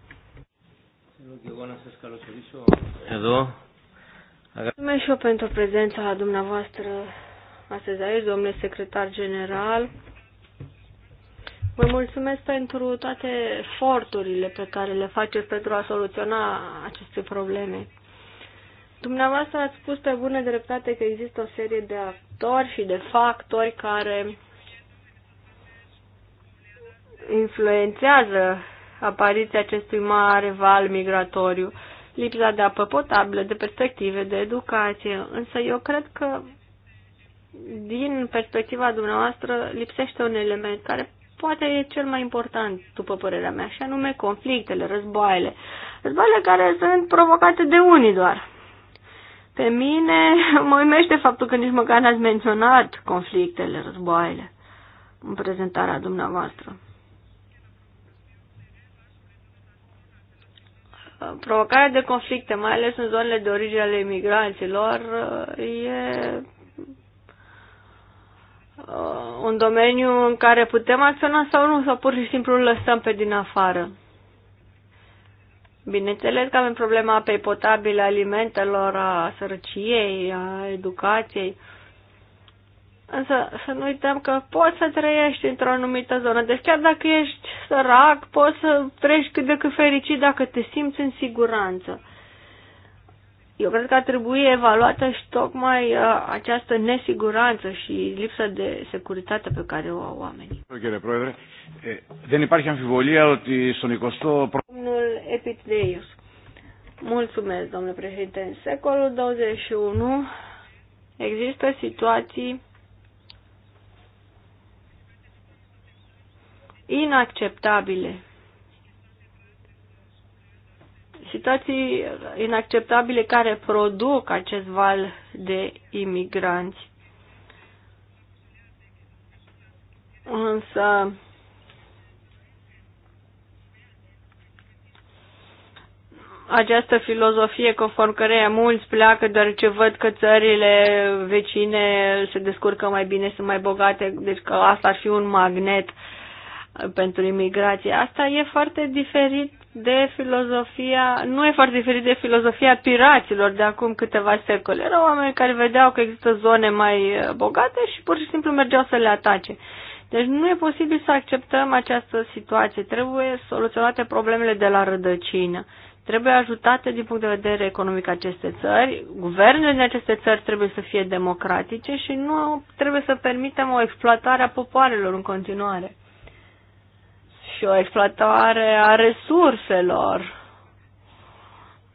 Εδώ. Mulțumesc și eu pentru prezența dumneavoastră astăzi aici, domnule secretar general. Vă mulțumesc pentru toate eforturile pe care le faceți pentru a soluționa aceste probleme. Dumneavoastră ați spus pe bună dreptate că există o serie de actori și de factori care influențează apariția acestui mare val migratoriu, lipsa de apă potabilă, de perspective, de educație. Însă eu cred că din perspectiva dumneavoastră lipsește un element care poate e cel mai important, după părerea mea, și anume conflictele, războaiele. Războaiele care sunt provocate de unii doar. Pe mine mă uimește faptul că nici măcar n-ați menționat conflictele, războaiele în prezentarea dumneavoastră. Provocarea de conflicte, mai ales în zonele de origine ale imigranților, e uh, un domeniu în care putem acționa sau nu, sau pur și simplu îl lăsăm pe din afară. Bineînțeles că avem problema apei potabile, alimentelor, a sărăciei, a educației, Însă să nu uităm că poți să trăiești într-o anumită zonă. Deci chiar dacă ești sărac, poți să trăiești cât de cât fericit dacă te simți în siguranță. Eu cred că ar trebui evaluată și tocmai uh, această nesiguranță și lipsa de securitate pe care o au oamenii. Domnul Epitleius. Mulțumesc, domnule președinte. În secolul 21 există situații inacceptabile. Situații inacceptabile care produc acest val de imigranți. Însă, această filozofie conform căreia mulți pleacă ce văd că țările vecine se descurcă mai bine, sunt mai bogate, deci că asta ar fi un magnet pentru imigrație. Asta e foarte diferit de filozofia, nu e foarte diferit de filozofia piraților de acum câteva secole. Erau oameni care vedeau că există zone mai uh, bogate și pur și simplu mergeau să le atace. Deci nu e posibil să acceptăm această situație. Trebuie soluționate problemele de la rădăcină. Trebuie ajutate din punct de vedere economic aceste țări. Guvernele din aceste țări trebuie să fie democratice și nu trebuie să permitem o exploatare a popoarelor în continuare și o exploatare a resurselor,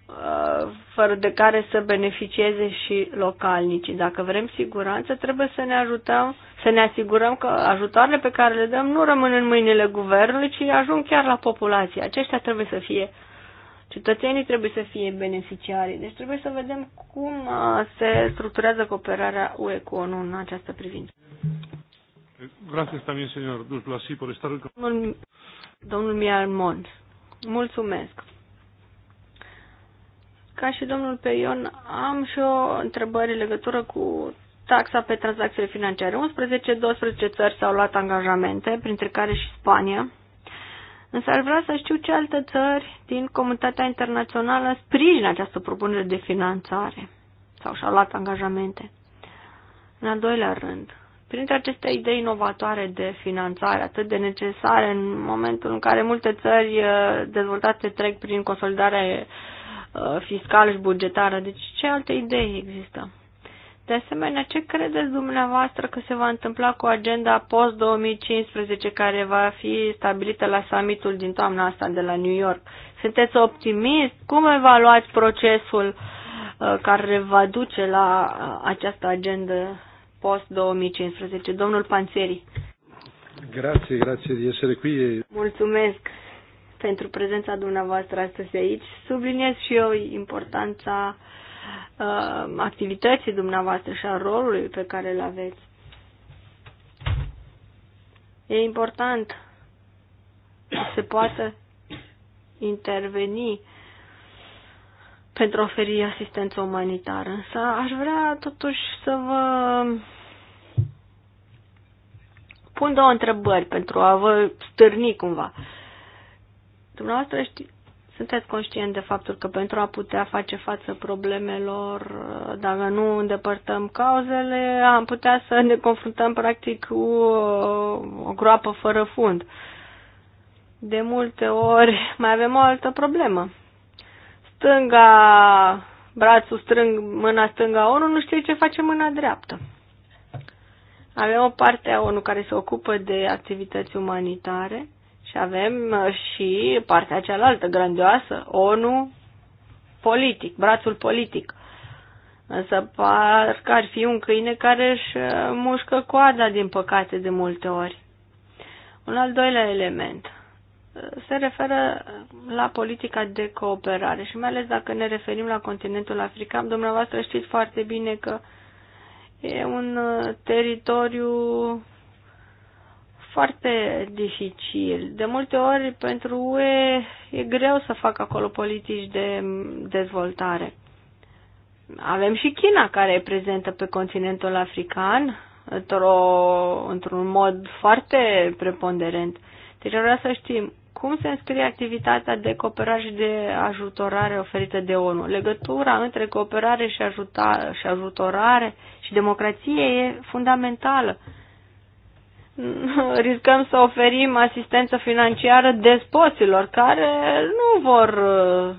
uh, fără de care să beneficieze și localnicii. Dacă vrem siguranță, trebuie să ne ajutăm, să ne asigurăm că ajutoarele pe care le dăm nu rămân în mâinile guvernului, ci ajung chiar la populație. Aceștia trebuie să fie Cetățenii trebuie să fie beneficiari, deci trebuie să vedem cum uh, se structurează cooperarea UE cu ONU în această privință. mulțumesc, también, señor Domnul Mialmon, mulțumesc. Ca și domnul Peion, am și o întrebare în legătură cu taxa pe tranzacțiile financiare. 11-12 țări s-au luat angajamente, printre care și Spania. Însă ar vrea să știu ce alte țări din comunitatea internațională sprijină această propunere de finanțare sau și-au luat angajamente. În al doilea rând, Printre aceste idei inovatoare de finanțare, atât de necesare în momentul în care multe țări uh, dezvoltate trec prin consolidare uh, fiscală și bugetară, deci ce alte idei există? De asemenea, ce credeți dumneavoastră că se va întâmpla cu agenda post-2015 care va fi stabilită la summitul din toamna asta de la New York? Sunteți optimist? Cum evaluați procesul uh, care va duce la această agendă post-2015. Domnul Panțeri. Grazie, grazie di essere qui. Mulțumesc pentru prezența dumneavoastră astăzi aici. Subliniez și eu importanța uh, activității dumneavoastră și a rolului pe care îl aveți. E important să se poată interveni uh, pentru a oferi asistență umanitară. Însă aș vrea totuși să vă pun două întrebări pentru a vă stârni cumva. Dumneavoastră știți, sunteți conștient de faptul că pentru a putea face față problemelor, dacă nu îndepărtăm cauzele, am putea să ne confruntăm practic cu o groapă fără fund. De multe ori mai avem o altă problemă stânga, brațul strâng, mâna stânga ONU, nu știe ce face mâna dreaptă. Avem o parte a ONU care se ocupă de activități umanitare și avem uh, și partea cealaltă grandioasă, ONU politic, brațul politic. Însă parcă ar fi un câine care își uh, mușcă coada, din păcate, de multe ori. Un al doilea element se referă la politica de cooperare și mai ales dacă ne referim la continentul african, dumneavoastră știți foarte bine că e un uh, teritoriu foarte dificil. De multe ori pentru UE e greu să facă acolo politici de dezvoltare. Avem și China care e prezentă pe continentul african într-un într mod foarte preponderent. Deci vreau să știm cum se înscrie activitatea de cooperare și de ajutorare oferită de ONU? Legătura între cooperare și, ajuta, și ajutorare și democrație e fundamentală. Riscăm să oferim asistență financiară despoților care nu vor uh,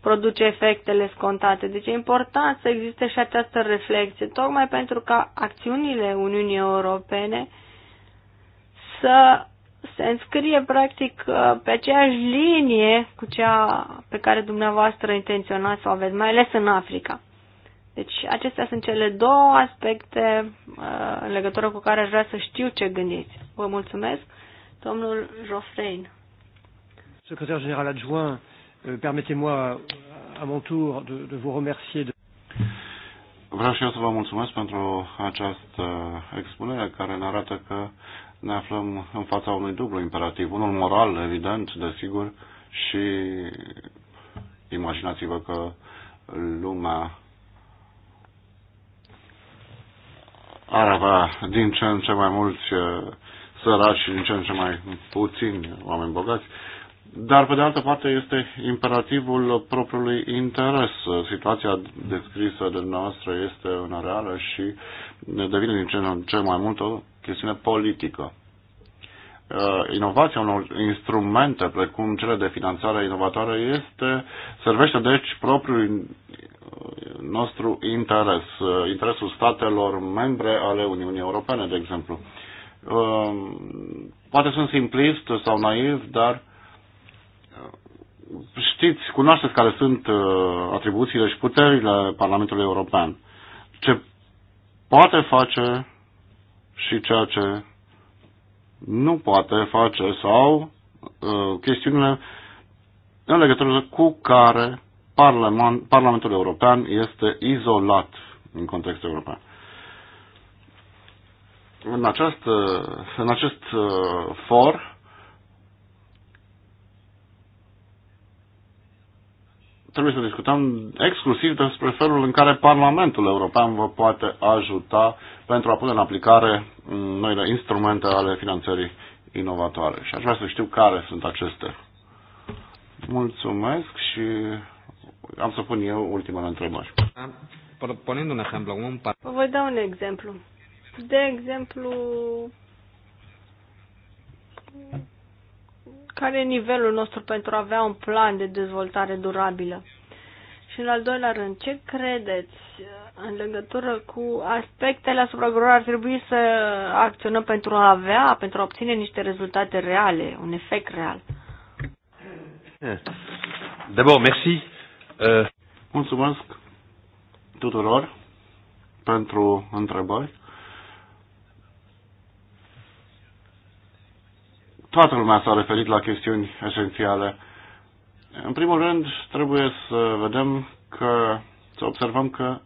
produce efectele scontate. Deci e important să existe și această reflexie, tocmai pentru ca acțiunile Uniunii Europene să se înscrie practic pe aceeași linie cu cea pe care dumneavoastră intenționați să o aveți, mai ales în Africa. Deci acestea sunt cele două aspecte uh, în legătură cu care aș vrea să știu ce gândiți. Vă mulțumesc, domnul Joffrein. Secretar general adjoint, euh, permettez-moi euh, à mon tour de, de vous remercier de Vreau și eu să vă mulțumesc pentru această uh, expunere care ne arată că ne aflăm în fața unui dublu imperativ, unul moral, evident, desigur, și imaginați-vă că lumea ar avea din ce în ce mai mulți uh, săraci și din ce în ce mai puțini oameni bogați, dar pe de altă parte este imperativul propriului interes. Situația descrisă de noastră este una reală și devine din ce în ce mai mult o chestiune politică. Uh, inovația unor instrumente precum cele de finanțare inovatoare este, servește deci propriul nostru interes, uh, interesul statelor membre ale Uniunii Europene, de exemplu. Uh, poate sunt simplist sau naiv, dar știți, cunoașteți care sunt atribuțiile și puterile Parlamentului European. Ce poate face și ceea ce nu poate face sau uh, chestiunile în legătură cu care Parlament, Parlamentul European este izolat în contextul european. În acest, în acest uh, for trebuie să discutăm exclusiv despre felul în care Parlamentul European vă poate ajuta pentru a pune în aplicare mm, noile instrumente ale finanțării inovatoare. Și aș vrea să știu care sunt acestea. Mulțumesc și am să pun eu ultimele întrebări. Punând un exemplu, un par... Vă voi da un exemplu. De exemplu, care e nivelul nostru pentru a avea un plan de dezvoltare durabilă? Și în al doilea rând, ce credeți uh, în legătură cu aspectele asupra cărora ar trebui să acționăm pentru a avea, pentru a obține niște rezultate reale, un efect real? D'abord, merci. Uh... Mulțumesc tuturor pentru întrebări. Toată lumea s-a referit la chestiuni esențiale. În primul rând, trebuie să vedem că, să observăm că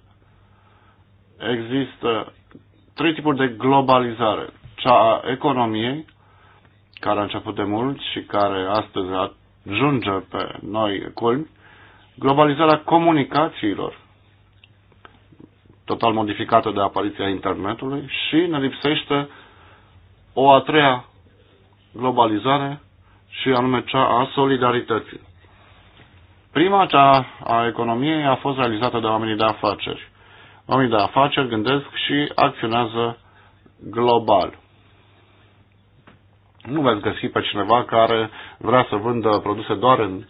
există trei tipuri de globalizare. Cea a economiei, care a început de mult și care astăzi ajunge pe noi culmi, globalizarea comunicațiilor, total modificată de apariția internetului și ne lipsește o a treia globalizare și anume cea a solidarității. Prima, cea a economiei, a fost realizată de oamenii de afaceri. Oamenii de afaceri gândesc și acționează global. Nu veți găsi pe cineva care vrea să vândă produse doar în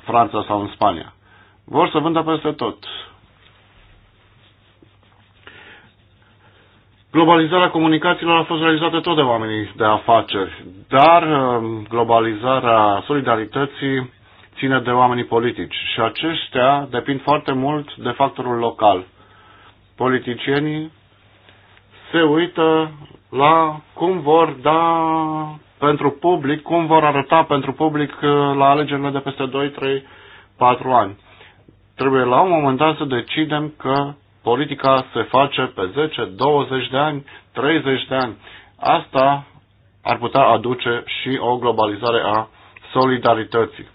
Franța sau în Spania. Vor să vândă peste tot. Globalizarea comunicațiilor a fost realizată tot de oamenii de afaceri, dar um, globalizarea solidarității ține de oamenii politici și aceștia depind foarte mult de factorul local. Politicienii se uită la cum vor da pentru public, cum vor arăta pentru public uh, la alegerile de peste 2, 3, 4 ani. Trebuie la un moment dat să decidem că politica se face pe 10, 20 de ani, 30 de ani. Asta ar putea aduce și o globalizare a solidarității.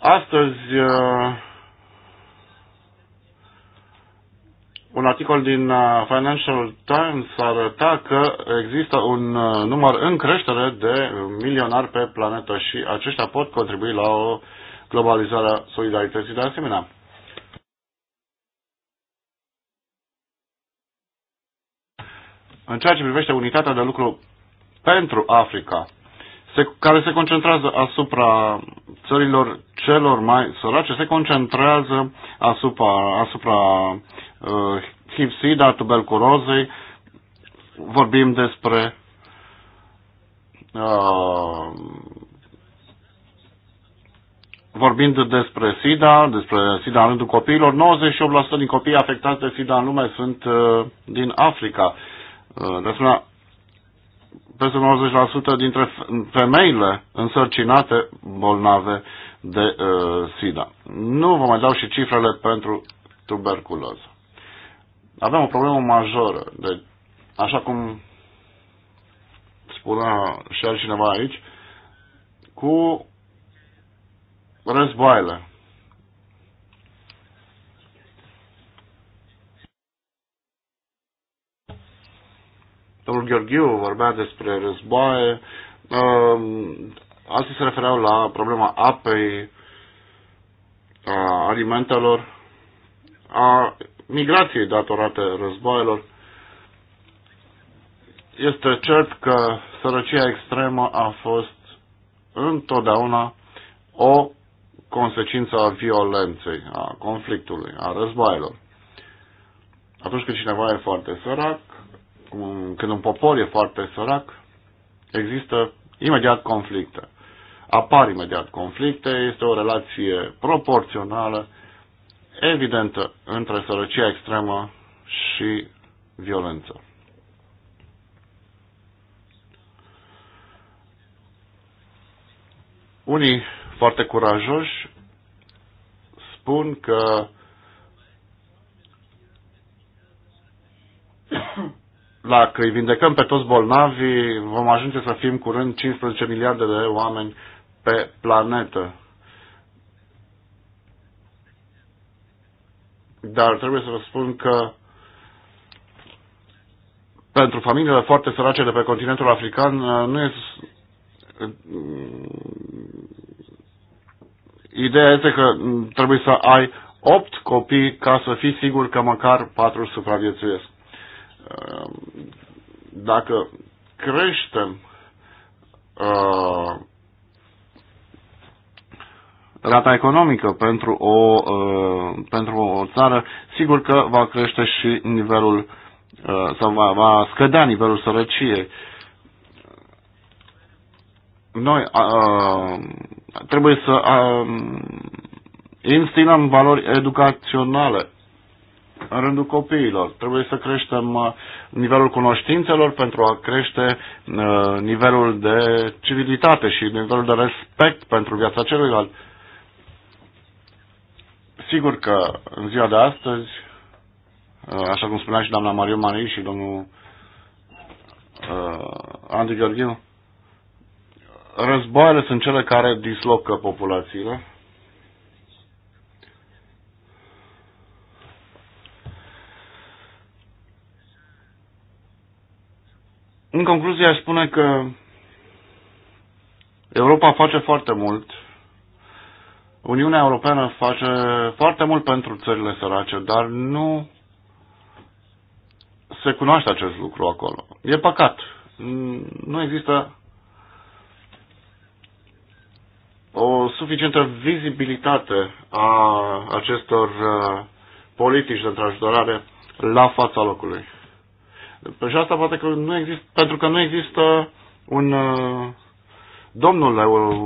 Astăzi, uh, un articol din uh, Financial Times arăta că există un uh, număr în creștere de milionari pe planetă și aceștia pot contribui la o uh, globalizarea solidarității de asemenea. În ceea ce privește unitatea de lucru pentru Africa, se, care se concentrează asupra țărilor celor mai sărace, se concentrează asupra, asupra uh, HIV-SIDA, tuberculozei, vorbim despre uh, vorbind despre SIDA, despre SIDA în rândul copiilor, 98% din copiii afectați de SIDA în lume sunt uh, din Africa. Uh, de asemenea, peste 90% dintre femeile însărcinate bolnave de uh, SIDA. Nu vă mai dau și cifrele pentru tuberculoză. Avem o problemă majoră. De, așa cum spunea și altcineva aici, cu războaiele. Domnul Gheorghiu vorbea despre războaie, ehm, alții se refereau la problema apei, a alimentelor, a migrației datorate războaielor. Este cert că sărăcia extremă a fost întotdeauna o consecință a violenței, a conflictului, a războaielor. Atunci când cineva e foarte sărac, când un popor e foarte sărac, există imediat conflicte. Apar imediat conflicte, este o relație proporțională, evidentă, între sărăcia extremă și violență. Unii foarte curajoși spun că dacă îi vindecăm pe toți bolnavii, vom ajunge să fim curând 15 miliarde de oameni pe planetă. Dar trebuie să vă spun că pentru familiile foarte sărace de pe continentul african uh, nu este Ideea este că trebuie să ai 8 copii ca să fii sigur că măcar 4 supraviețuiesc. Ehm, dacă creștem uh, rata economică pentru o, uh, pentru o țară, sigur că va crește și nivelul uh, sau va, va scădea nivelul sărăciei. Noi uh, Trebuie să um, instilăm valori educaționale în rândul copiilor. Trebuie să creștem uh, nivelul cunoștințelor pentru a crește uh, nivelul de civilitate și nivelul de respect pentru viața celuilalt. Sigur că în ziua de astăzi, uh, așa cum spunea și doamna Mariu Marie și domnul Andrei Gheorghiu, războaiele sunt cele care dislocă populațiile. În concluzie, aș spune că Europa face foarte mult. Uniunea Europeană face foarte mult pentru țările sărace, dar nu se cunoaște acest lucru acolo. E păcat. Nu există o suficientă vizibilitate a acestor uh, politici de întrajutorare la fața locului. Și asta poate că nu există, pentru că nu există un uh, domnul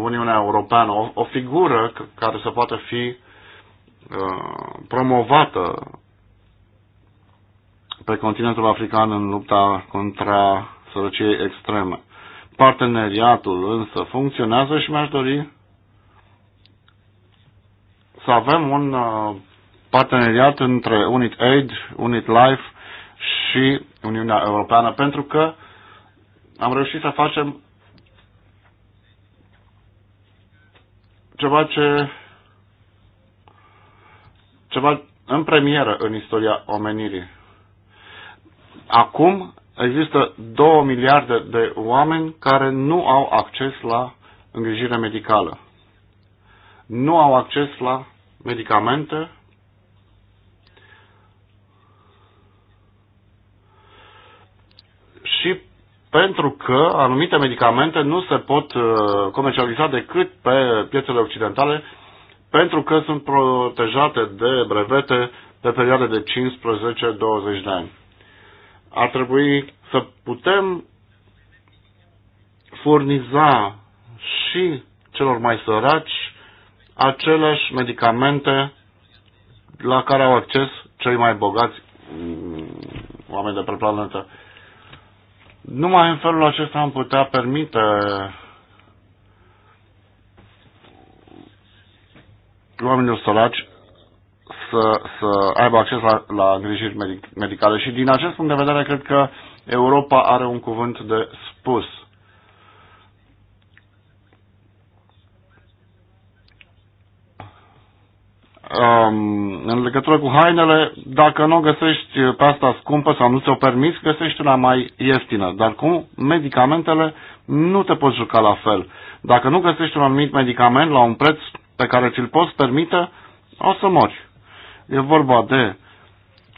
Uniunea Europeană, o, o figură care să poată fi uh, promovată pe continentul african în lupta contra sărăciei extreme. Parteneriatul însă funcționează și mi-aș dori să avem un uh, parteneriat între Unit Aid, Unit Life și Uniunea Europeană, pentru că am reușit să facem ceva ce ceva în premieră în istoria omenirii. Acum există 2 miliarde de oameni care nu au acces la îngrijire medicală. Nu au acces la medicamente și pentru că anumite medicamente nu se pot uh, comercializa decât pe piețele occidentale pentru că sunt protejate de brevete pe perioade de 15-20 de ani. Ar trebui să putem furniza și celor mai săraci aceleași medicamente la care au acces cei mai bogați mm, oameni de pe planetă. Numai în felul acesta am putea permite oamenilor săraci să, să aibă acces la, la îngrijiri medicale și din acest punct de vedere cred că Europa are un cuvânt de spus. um, în legătură cu hainele, dacă nu o găsești pe asta scumpă sau nu ți-o permiți, găsești una mai ieftină. Dar cu medicamentele nu te poți juca la fel. Dacă nu găsești un anumit medicament la un preț pe care ți-l poți permite, o să mori. E vorba de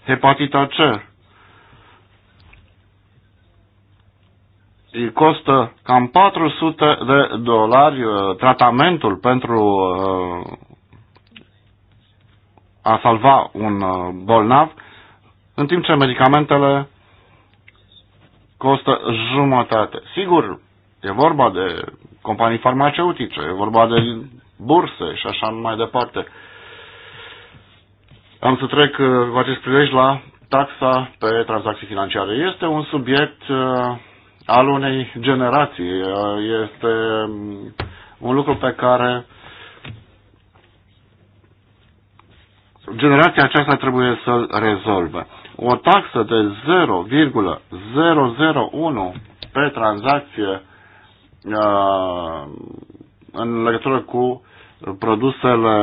hepatita C. Îi costă cam 400 de dolari uh, tratamentul pentru uh, a salva un uh, bolnav, în timp ce medicamentele costă jumătate. Sigur, e vorba de companii farmaceutice, e vorba de burse și așa mai departe. Am să trec uh, cu acest prilej la taxa pe tranzacții financiare. Este un subiect uh, al unei generații. Este um, un lucru pe care generația aceasta trebuie să-l rezolve. O taxă de 0,001 pe tranzacție uh, în legătură cu produsele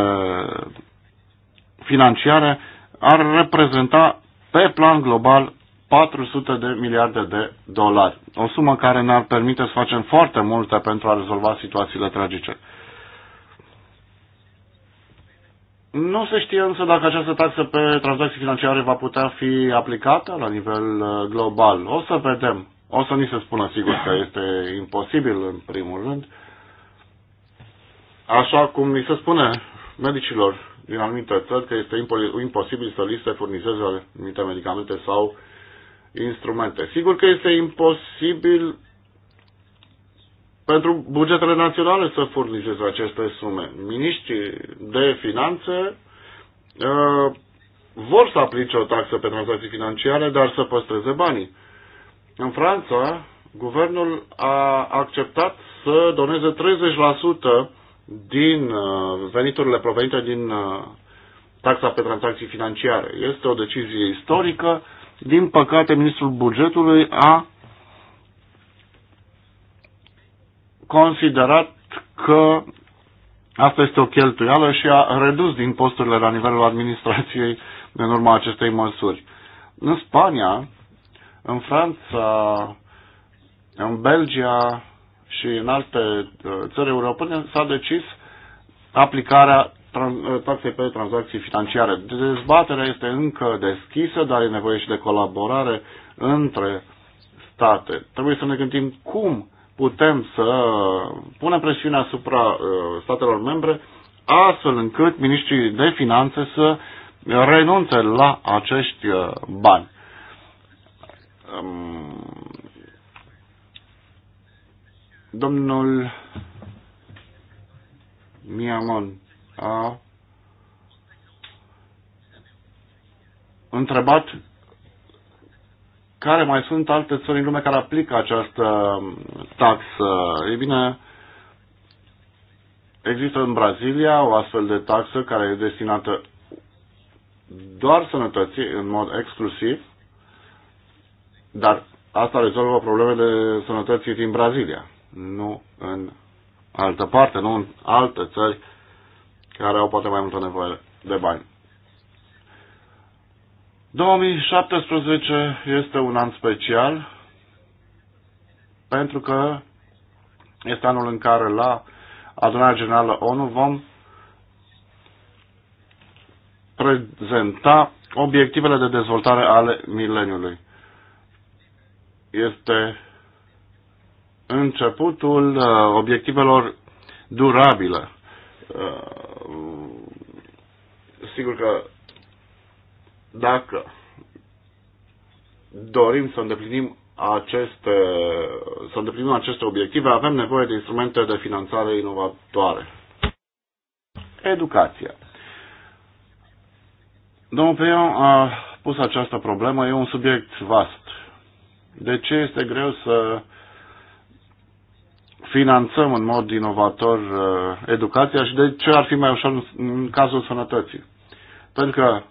financiare ar reprezenta pe plan global 400 de miliarde de dolari. O sumă care ne-ar permite să facem foarte multe pentru a rezolva situațiile tragice. Nu se știe însă dacă această taxă pe tranzacții financiare va putea fi aplicată la nivel uh, global. O să vedem. O să ni se spună sigur că este imposibil în primul rând. Așa cum ni se spune medicilor din anumite țări că este imposibil să li se furnizeze anumite medicamente sau instrumente. Sigur că este imposibil pentru bugetele naționale să furnizeze aceste sume. Miniștrii de finanțe uh, vor să aplice o taxă pe tranzacții financiare, dar să păstreze banii. În Franța, guvernul a acceptat să doneze 30% din uh, veniturile provenite din uh, taxa pe tranzacții financiare. Este o decizie istorică. Din păcate, ministrul bugetului a considerat că asta este o cheltuială și a redus din posturile la nivelul administrației în urma acestei măsuri. În Spania, în Franța, în Belgia și în alte uh, țări europene s-a decis aplicarea uh, taxei pe tranzacții financiare. Dezbaterea este încă deschisă, dar e nevoie și de colaborare între state. Trebuie să ne gândim cum putem să punem presiune asupra uh, statelor membre astfel încât ministrii de finanțe să renunțe la acești uh, bani. Um, domnul Miamon a întrebat care mai sunt alte țări în lume care aplică această um, taxă? Ei bine, există în Brazilia o astfel de taxă care e destinată doar sănătății în mod exclusiv, dar asta rezolvă problemele sănătății din Brazilia, nu în altă parte, nu în alte țări care au poate mai multă nevoie de bani. 2017 este un an special pentru că este anul în care la adunarea generală ONU vom prezenta obiectivele de dezvoltare ale mileniului. Este începutul uh, obiectivelor durabile. Uh, sigur că dacă dorim să îndeplinim aceste, să îndeplinim aceste obiective, avem nevoie de instrumente de finanțare inovatoare. Educația. Domnul Peion a pus această problemă, e un subiect vast. De ce este greu să finanțăm în mod inovator uh, educația și de ce ar fi mai ușor în cazul sănătății? Pentru că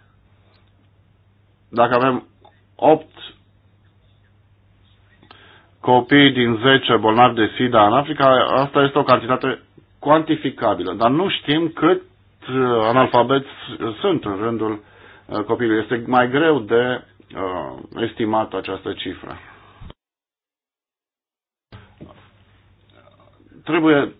dacă avem 8 copii din 10 bolnavi de SIDA în Africa, asta este o cantitate cuantificabilă, dar nu știm cât uh, analfabeti sunt în rândul uh, copiilor. Este mai greu de uh, estimat această cifră. Trebuie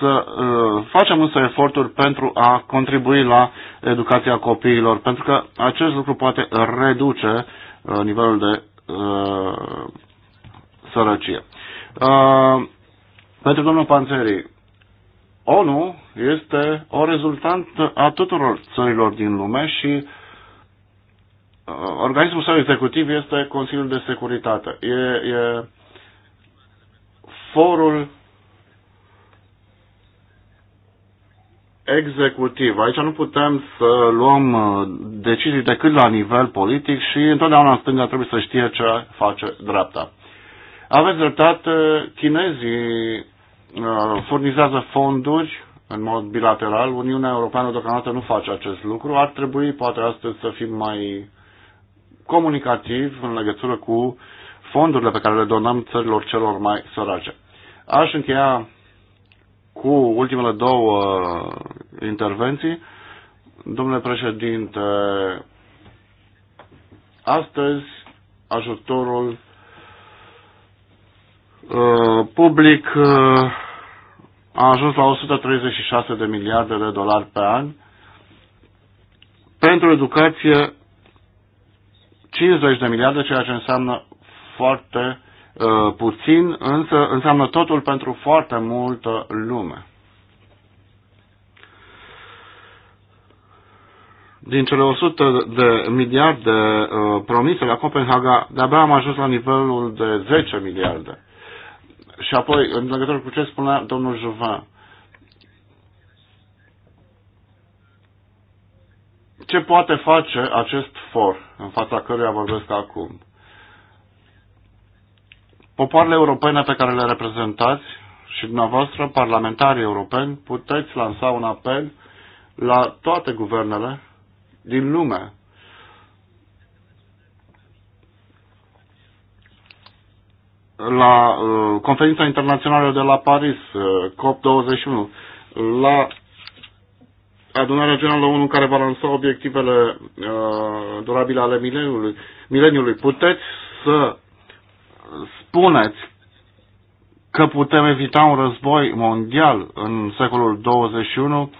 să uh, facem însă eforturi pentru a contribui la educația copiilor, pentru că acest lucru poate reduce uh, nivelul de uh, sărăcie. Pentru domnul Panțerii, ONU este o rezultantă a tuturor țărilor din lume și organismul său executiv este Consiliul de Securitate. E, e forul executiv. Aici nu putem să luăm uh, decizii decât la nivel politic și întotdeauna stânga trebuie să știe ce face dreapta. Aveți dreptate, chinezii uh, furnizează fonduri în mod bilateral. Uniunea Europeană deocamdată nu face acest lucru. Ar trebui poate astăzi să fim mai comunicativi în legătură cu fondurile pe care le donăm țărilor celor mai sărace. Aș încheia cu ultimele două intervenții. Domnule președinte, astăzi ajutorul uh, public uh, a ajuns la 136 de miliarde de dolari pe an. Pentru educație 50 de miliarde, ceea ce înseamnă foarte uh, puțin, însă înseamnă totul pentru foarte multă lume. Din cele 100 de miliarde uh, promise la Copenhaga, de-abia am ajuns la nivelul de 10 miliarde. Și apoi, în legătură cu ce spunea domnul Juvin, ce poate face acest for în fața căruia vorbesc acum? Popoarele europene pe care le reprezentați și dumneavoastră, parlamentarii europeni, puteți lansa un apel la toate guvernele din lume. La uh, conferința internațională de la Paris, uh, COP21, la adunarea generală 1 care va lansa obiectivele uh, durabile ale mileniului, mileniului, puteți să spuneți că putem evita un război mondial în secolul 21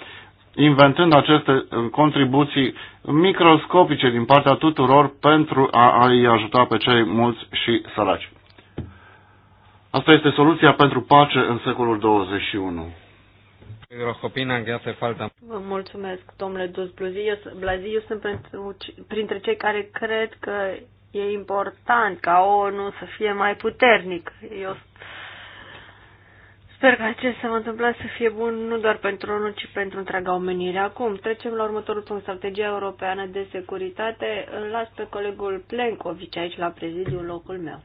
inventând aceste uh, contribuții microscopice din partea tuturor pentru a îi ajuta pe cei mulți și săraci. Asta este soluția pentru pace în secolul 21. Vă mulțumesc, domnule Dus Blazi. Eu sunt pentru, printre cei care cred că e important ca ONU să fie mai puternic. Eu Sper că acest s va întâmpla să fie bun nu doar pentru ONU, ci pentru întreaga omenire. Acum trecem la următorul punct, strategia europeană de securitate. Îl las pe colegul Plenkovici aici la prezidiul locul meu.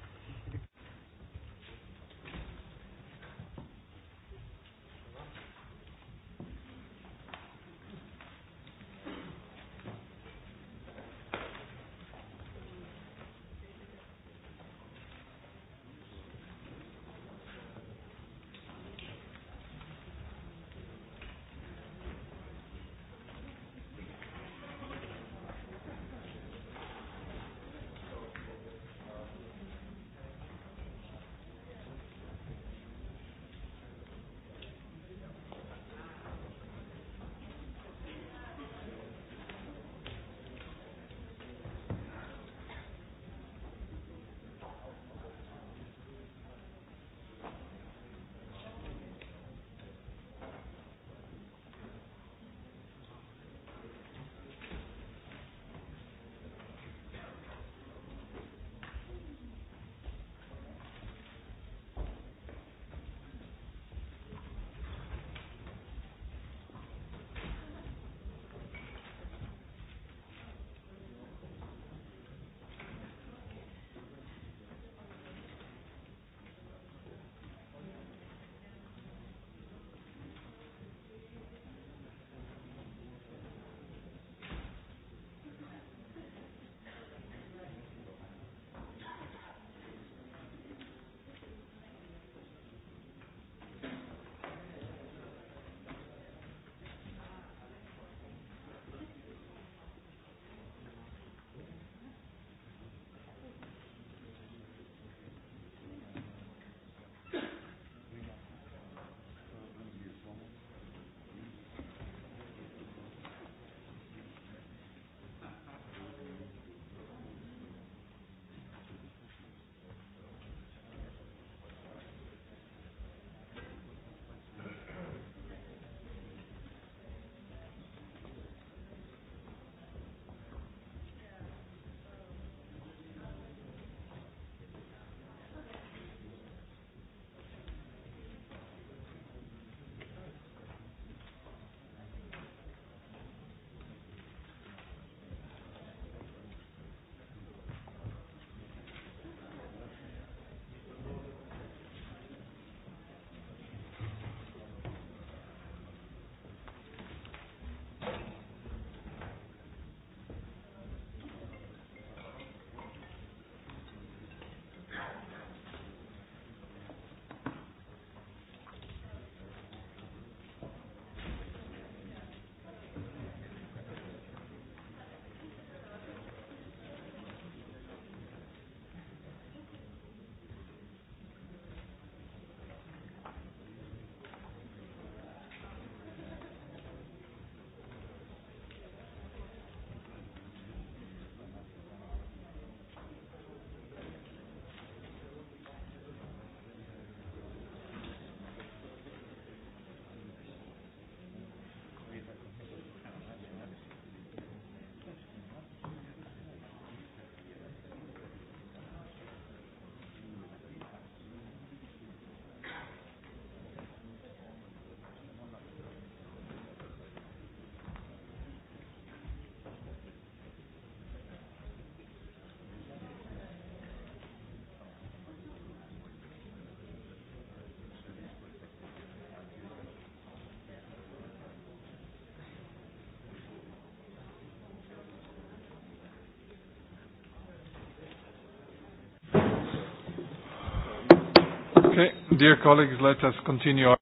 Dear colleagues, let us continue.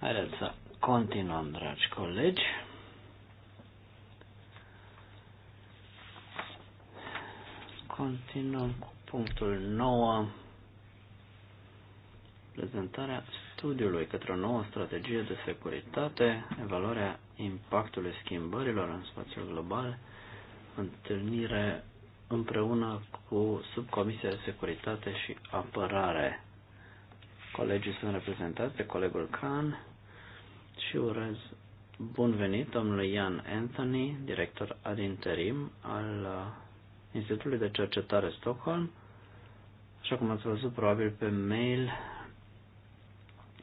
Haideți să continuăm, dragi colegi. Continuăm cu punctul 9, prezentarea studiului către o nouă strategie de securitate, evaluarea impactului schimbărilor în spațiul global, întâlnire împreună cu Subcomisia de Securitate și Apărare. Colegii sunt reprezentați de colegul Khan și urez bun venit domnului Ian Anthony, director ad interim al uh, Institutului de Cercetare Stockholm. Așa cum ați văzut probabil pe mail,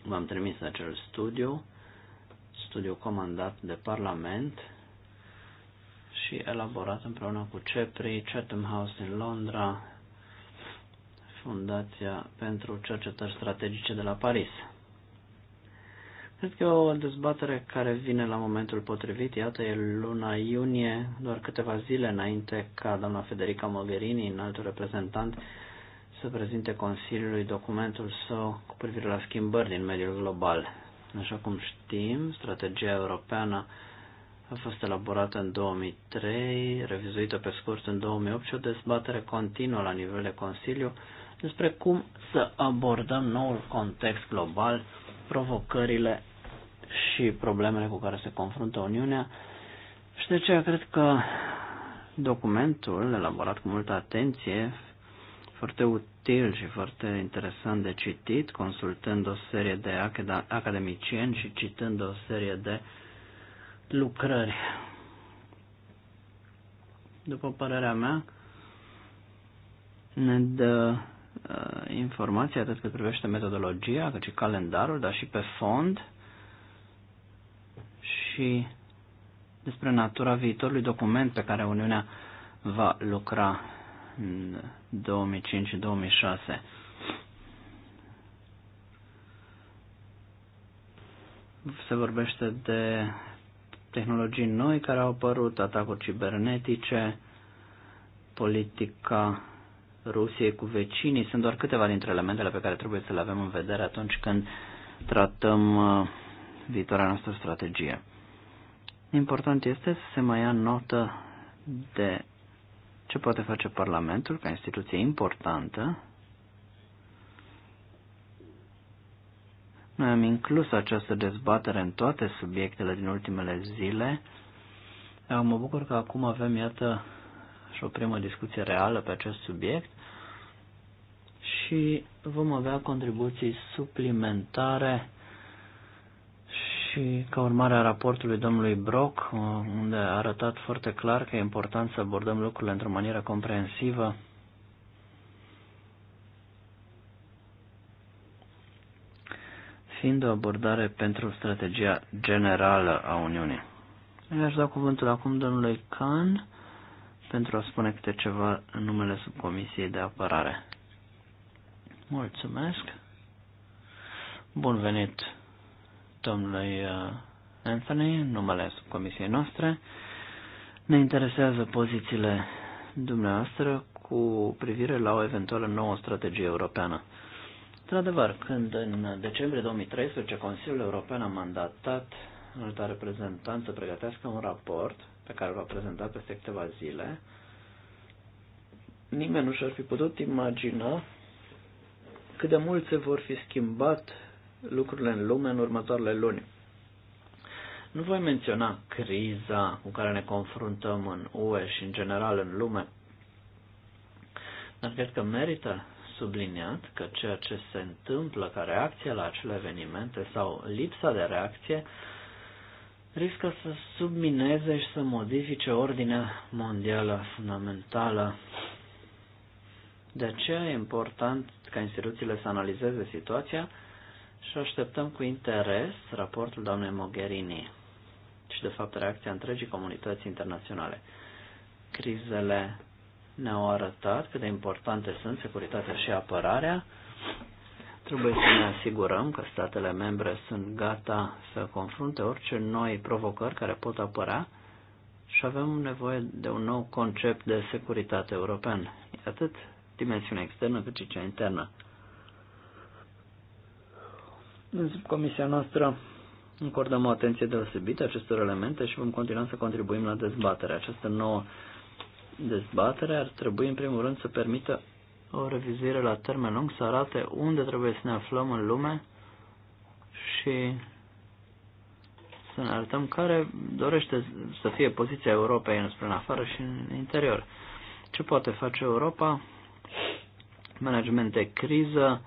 v-am trimis acel studiu, studiu comandat de Parlament și elaborat împreună cu CEPRI, Chatham House din Londra, Fundația pentru Cercetări Strategice de la Paris. Cred că e o dezbatere care vine la momentul potrivit. Iată, e luna iunie, doar câteva zile înainte ca doamna Federica Mogherini, înaltul reprezentant, să prezinte Consiliului documentul său cu privire la schimbări din mediul global. Așa cum știm, strategia europeană a fost elaborată în 2003, revizuită pe scurt în 2008 și o dezbatere continuă la nivel de Consiliu despre cum să abordăm noul context global, provocările și problemele cu care se confruntă Uniunea. Și de aceea cred că documentul elaborat cu multă atenție, foarte util și foarte interesant de citit, consultând o serie de academicieni și citând o serie de lucrări. După părerea mea, ne dă Uh, informații atât cât privește metodologia, cât și calendarul, dar și pe fond și despre natura viitorului document pe care Uniunea va lucra în 2005-2006. Se vorbește de tehnologii noi care au apărut, atacuri cibernetice, politica Rusiei cu vecinii. Sunt doar câteva dintre elementele pe care trebuie să le avem în vedere atunci când tratăm uh, viitoarea noastră strategie. Important este să se mai ia notă de ce poate face Parlamentul ca instituție importantă. Noi am inclus această dezbatere în toate subiectele din ultimele zile. Eu mă bucur că acum avem, iată, o primă discuție reală pe acest subiect și vom avea contribuții suplimentare și ca urmare a raportului domnului Brock, unde a arătat foarte clar că e important să abordăm lucrurile într-o manieră comprehensivă, fiind o abordare pentru strategia generală a Uniunii. I-aș da cuvântul acum domnului Khan pentru a spune câte ceva în numele subcomisiei de apărare. Mulțumesc. Bun venit, domnului uh, Anthony, în numele subcomisiei noastre. Ne interesează pozițiile dumneavoastră cu privire la o eventuală nouă strategie europeană. Într-adevăr, când în decembrie 2013 Consiliul European a mandatat reprezentant să pregătească un raport pe care l-a prezentat peste câteva zile, nimeni nu și-ar fi putut imagina cât de mult se vor fi schimbat lucrurile în lume în următoarele luni. Nu voi menționa criza cu care ne confruntăm în UE și în general în lume, dar cred că merită subliniat că ceea ce se întâmplă ca reacție la acele evenimente sau lipsa de reacție riscă să submineze și să modifice ordinea mondială fundamentală. De aceea e important ca instituțiile să analizeze situația și așteptăm cu interes raportul doamnei Mogherini și, de fapt, reacția întregii comunități internaționale. Crizele ne-au arătat cât de importante sunt securitatea și apărarea Trebuie să ne asigurăm că statele membre sunt gata să confrunte orice noi provocări care pot apărea și avem nevoie de un nou concept de securitate european, atât dimensiunea externă cât și cea internă. În subcomisia noastră încordăm o atenție deosebită acestor elemente și vom continua să contribuim la dezbatere. Această nouă dezbatere ar trebui, în primul rând, să permită o revizuire la termen lung să arate unde trebuie să ne aflăm în lume și să ne arătăm care dorește să fie poziția Europei înspre în afară și în interior. Ce poate face Europa? Management de criză,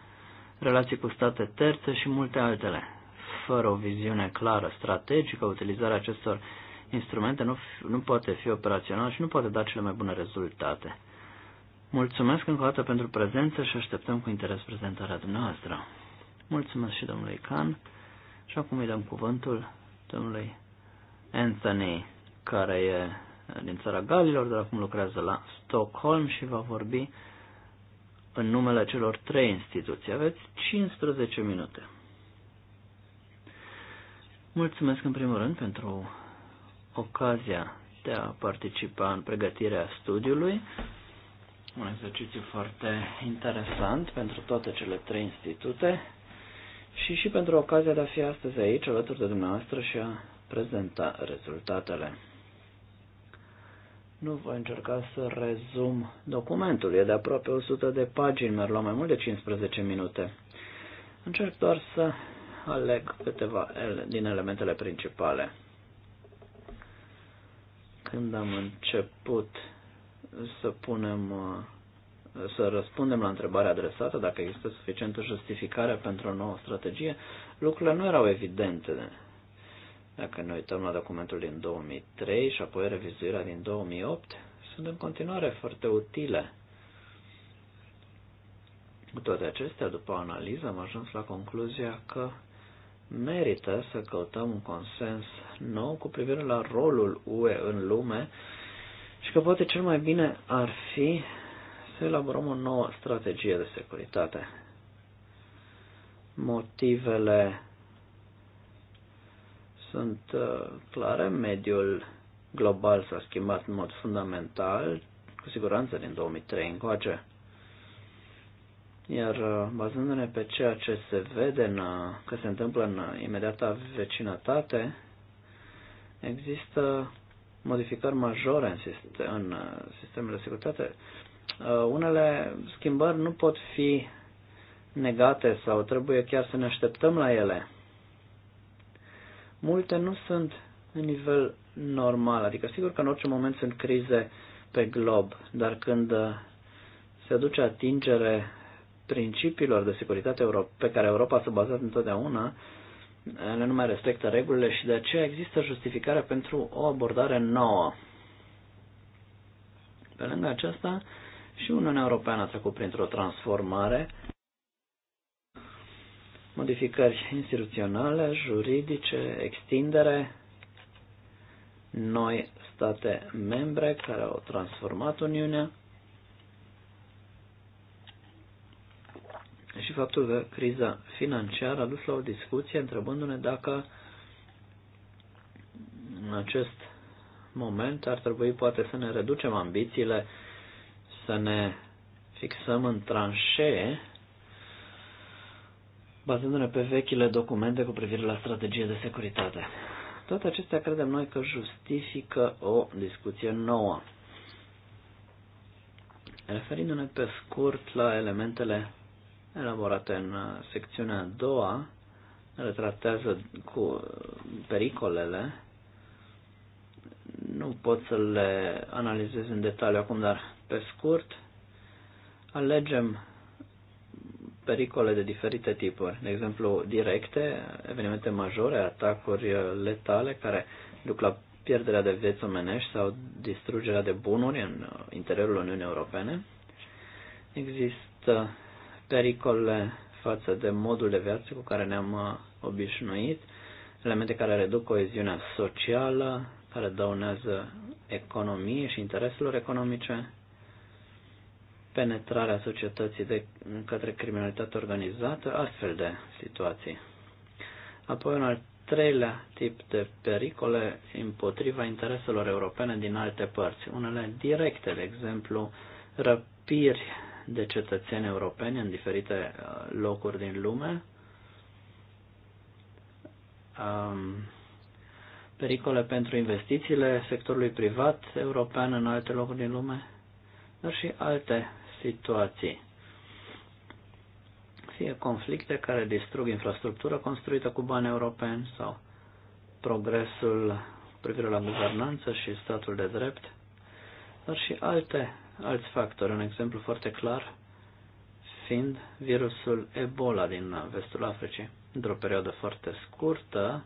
relații cu state terțe și multe altele. Fără o viziune clară, strategică, utilizarea acestor instrumente nu, nu poate fi operațională și nu poate da cele mai bune rezultate. Mulțumesc încă o dată pentru prezență și așteptăm cu interes prezentarea dumneavoastră. Mulțumesc și domnului Khan și acum îi dăm cuvântul domnului Anthony, care e din țara Galilor, dar acum lucrează la Stockholm și va vorbi în numele celor trei instituții. Aveți 15 minute. Mulțumesc în primul rând pentru ocazia de a participa în pregătirea studiului un exercițiu foarte interesant pentru toate cele trei institute și și pentru ocazia de a fi astăzi aici alături de dumneavoastră și a prezenta rezultatele. Nu voi încerca să rezum documentul, e de aproape 100 de pagini, mi-ar lua mai mult de 15 minute. Încerc doar să aleg câteva din elementele principale. Când am început să punem uh, să răspundem la întrebarea adresată dacă există suficientă justificare pentru o nouă strategie, lucrurile nu erau evidente. Dacă ne uităm la documentul din 2003 și apoi revizuirea din 2008, sunt în continuare foarte utile. Cu toate acestea, după o analiză, am ajuns la concluzia că merită să căutăm un consens nou cu privire la rolul UE în lume și că poate cel mai bine ar fi să elaborăm o nouă strategie de securitate. Motivele sunt uh, clare, mediul global s-a schimbat în mod fundamental, cu siguranță din 2003 încoace. Iar uh, bazându-ne pe ceea ce se vede în, uh, că se întâmplă în imediata vecinătate, există modificări majore în, sistem, în uh, sistemul de securitate, uh, unele schimbări nu pot fi negate sau trebuie chiar să ne așteptăm la ele. Multe nu sunt în nivel normal, adică sigur că în orice moment sunt crize pe glob, dar când uh, se aduce atingere principiilor de securitate pe care Europa s-a bazat întotdeauna, ele nu mai respectă regulile și de aceea există justificare pentru o abordare nouă. Pe lângă aceasta, și Uniunea Europeană a trecut printr-o transformare, modificări instituționale, juridice, extindere, noi state membre care au transformat Uniunea, și faptul că criza financiară a dus la o discuție întrebându-ne dacă în acest moment ar trebui poate să ne reducem ambițiile, să ne fixăm în tranșee, bazându-ne pe vechile documente cu privire la strategie de securitate. Toate acestea credem noi că justifică o discuție nouă. Referindu-ne pe scurt la elementele elaborate în uh, secțiunea a doua, ele tratează cu pericolele. Nu pot să le analizez în detaliu acum, dar pe scurt alegem pericole de diferite tipuri. De exemplu, directe, evenimente majore, atacuri uh, letale care duc la pierderea de vieți omenești sau distrugerea de bunuri în uh, interiorul Uniunii Europene. Există pericole față de modul de viață cu care ne-am uh, obișnuit, elemente care reduc coeziunea socială, care dăunează economie și intereselor economice, penetrarea societății de către criminalitate organizată, astfel de situații. Apoi un al treilea tip de pericole împotriva intereselor europene din alte părți, unele directe, de exemplu, răpiri de cetățeni europeni în diferite uh, locuri din lume. Um, pericole pentru investițiile sectorului privat european în alte locuri din lume, dar și alte situații. Fie conflicte care distrug infrastructura construită cu bani europeni sau progresul privire la guvernanță și statul de drept, dar și alte alți factori. Un exemplu foarte clar fiind virusul Ebola din vestul Africii. Într-o perioadă foarte scurtă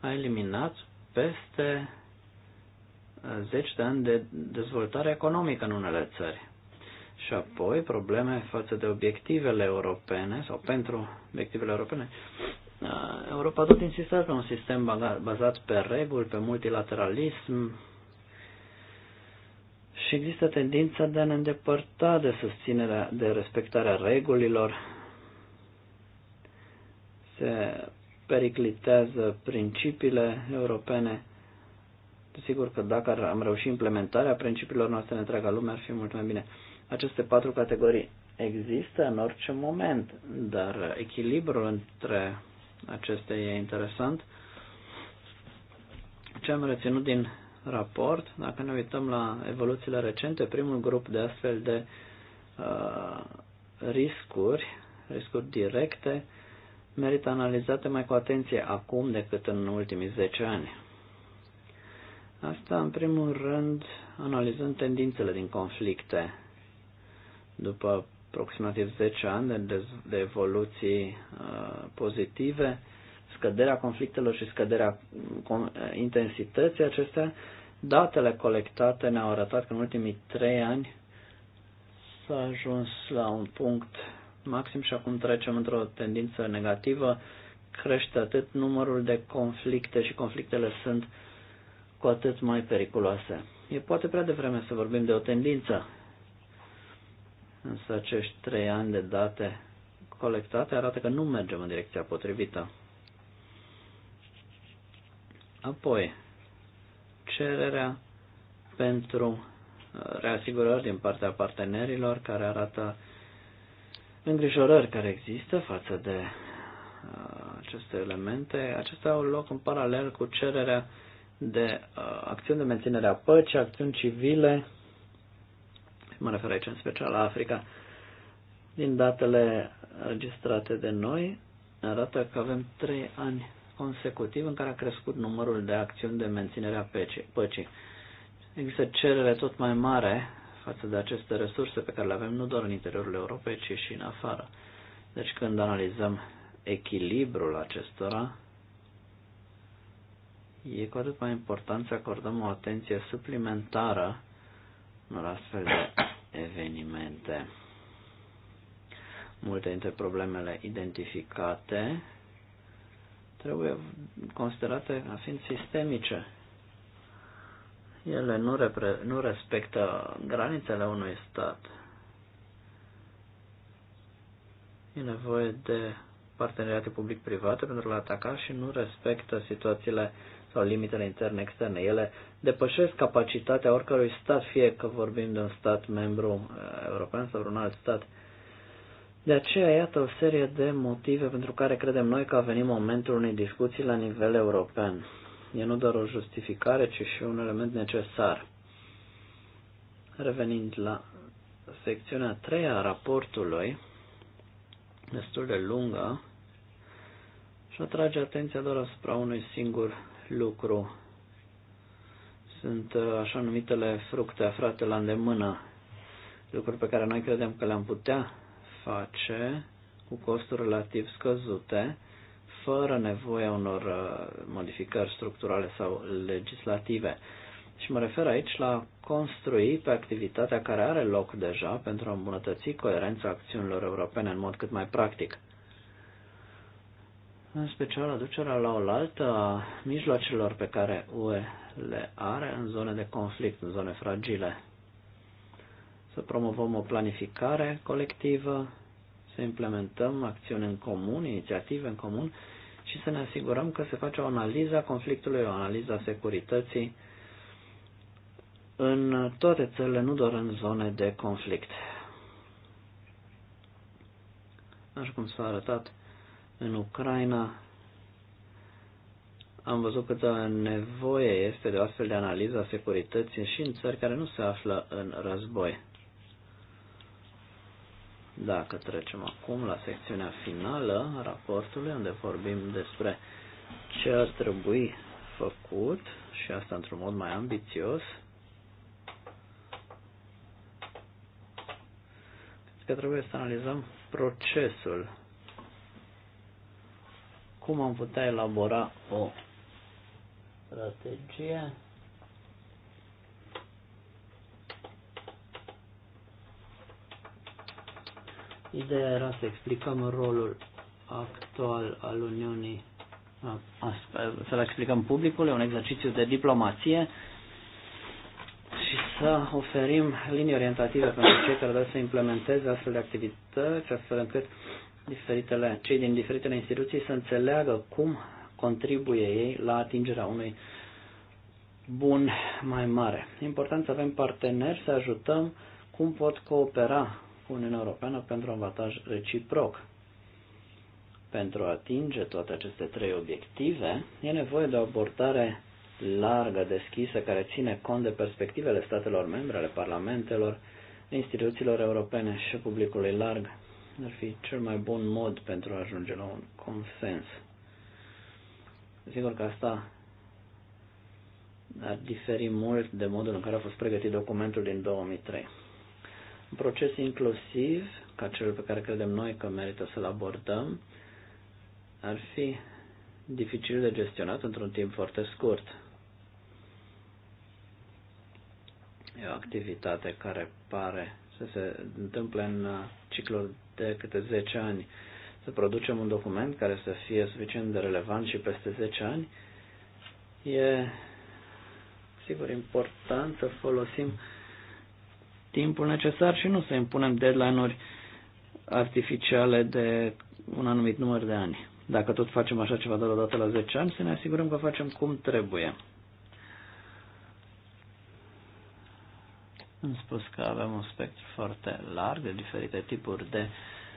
a eliminat peste 10 de ani de dezvoltare economică în unele țări. Și apoi probleme față de obiectivele europene sau pentru obiectivele europene. Europa tot insistat pe un sistem bazat pe reguli, pe multilateralism, și există tendința de a ne îndepărta de susținerea, de respectarea regulilor. Se periclitează principiile europene. Desigur că dacă am reușit implementarea principiilor noastre în întreaga lume, ar fi mult mai bine. Aceste patru categorii există în orice moment, dar echilibrul între acestea e interesant. Ce am reținut din raport. Dacă ne uităm la evoluțiile recente, primul grup de astfel de uh, riscuri, riscuri directe, merită analizate mai cu atenție acum decât în ultimii 10 ani. Asta, în primul rând, analizând tendințele din conflicte. După aproximativ 10 ani de, de evoluții uh, pozitive, scăderea conflictelor și scăderea intensității acestea, datele colectate ne-au arătat că în ultimii trei ani s-a ajuns la un punct maxim și acum trecem într-o tendință negativă, crește atât numărul de conflicte și conflictele sunt cu atât mai periculoase. E poate prea devreme să vorbim de o tendință, însă acești trei ani de date colectate arată că nu mergem în direcția potrivită. Apoi, cererea pentru uh, reasigurări din partea partenerilor care arată îngrijorări care există față de uh, aceste elemente. Acestea au loc în paralel cu cererea de uh, acțiuni de menținere a păcii, acțiuni civile, mă refer aici în special la Africa, din datele registrate de noi, arată că avem trei ani consecutiv în care a crescut numărul de acțiuni de menținere a păcii. Există cerere tot mai mare față de aceste resurse pe care le avem nu doar în interiorul Europei, ci și în afară. Deci când analizăm echilibrul acestora, e cu atât mai important să acordăm o atenție suplimentară unor astfel de evenimente. Multe dintre problemele identificate trebuie considerate a fiind sistemice. Ele nu, repre- nu respectă granițele unui stat. E nevoie de parteneriate public-private pentru a ataca și nu respectă situațiile sau limitele interne-externe. Ele depășesc capacitatea oricărui stat, fie că vorbim de un stat membru eh, european sau un alt stat. Uh, de aceea, iată o serie de motive pentru care credem noi că a venit momentul unei discuții la nivel european. E nu doar o justificare, ci și un element necesar. Revenind la secțiunea a treia a raportului, destul de lungă, și atrage atenția doar asupra unui singur lucru. Sunt uh, așa numitele fructe aflate la îndemână, lucruri pe care noi credem că le-am putea face cu costuri relativ scăzute, fără nevoia unor uh, modificări structurale sau legislative. Și mă refer aici la construi pe activitatea care are loc deja pentru a îmbunătăți coerența acțiunilor europene în mod cât mai practic. În special aducerea la oaltă a mijloacelor pe care UE le are în zone de conflict, în zone fragile. Să promovăm o planificare colectivă, să implementăm acțiuni în comun, inițiative în comun și să ne asigurăm că se face o analiză a conflictului, o analiză a securității în toate țările, nu doar în zone de conflict. Așa cum s-a arătat în Ucraina, am văzut câtă nevoie este de o astfel de analiză a securității și în țări care nu se află în război. Dacă trecem acum la secțiunea finală a raportului, unde vorbim despre ce ar trebui făcut și asta într-un mod mai ambițios, cred că trebuie să analizăm procesul. Cum am putea elabora o strategie Ideea era să explicăm rolul actual al Uniunii, să-l explicăm publicului, un exercițiu de diplomație și să oferim linii orientative pentru cei care doresc să implementeze astfel de activități, astfel încât diferitele, cei din diferitele instituții să înțeleagă cum contribuie ei la atingerea unui bun mai mare. important să avem parteneri, să ajutăm cum pot coopera Uniunea Europeană pentru avantaj reciproc. Pentru a atinge toate aceste trei obiective, e nevoie de o abordare largă, deschisă, care ține cont de perspectivele statelor membre, ale parlamentelor, instituțiilor europene și publicului larg. Ar fi cel mai bun mod pentru a ajunge la un consens. Sigur că asta ar diferi mult de modul în care a fost pregătit documentul din 2003 un proces inclusiv, ca cel pe care credem noi că merită să-l abordăm, ar fi dificil de gestionat într-un timp foarte scurt. E o activitate care pare să se întâmple în ciclul de câte 10 ani. Să producem un document care să fie suficient de relevant și peste 10 ani e sigur important să folosim timpul necesar și nu să impunem deadline-uri artificiale de un anumit număr de ani. Dacă tot facem așa ceva de o dată la 10 ani, să ne asigurăm că facem cum trebuie. Am spus că avem un spectru foarte larg de diferite tipuri de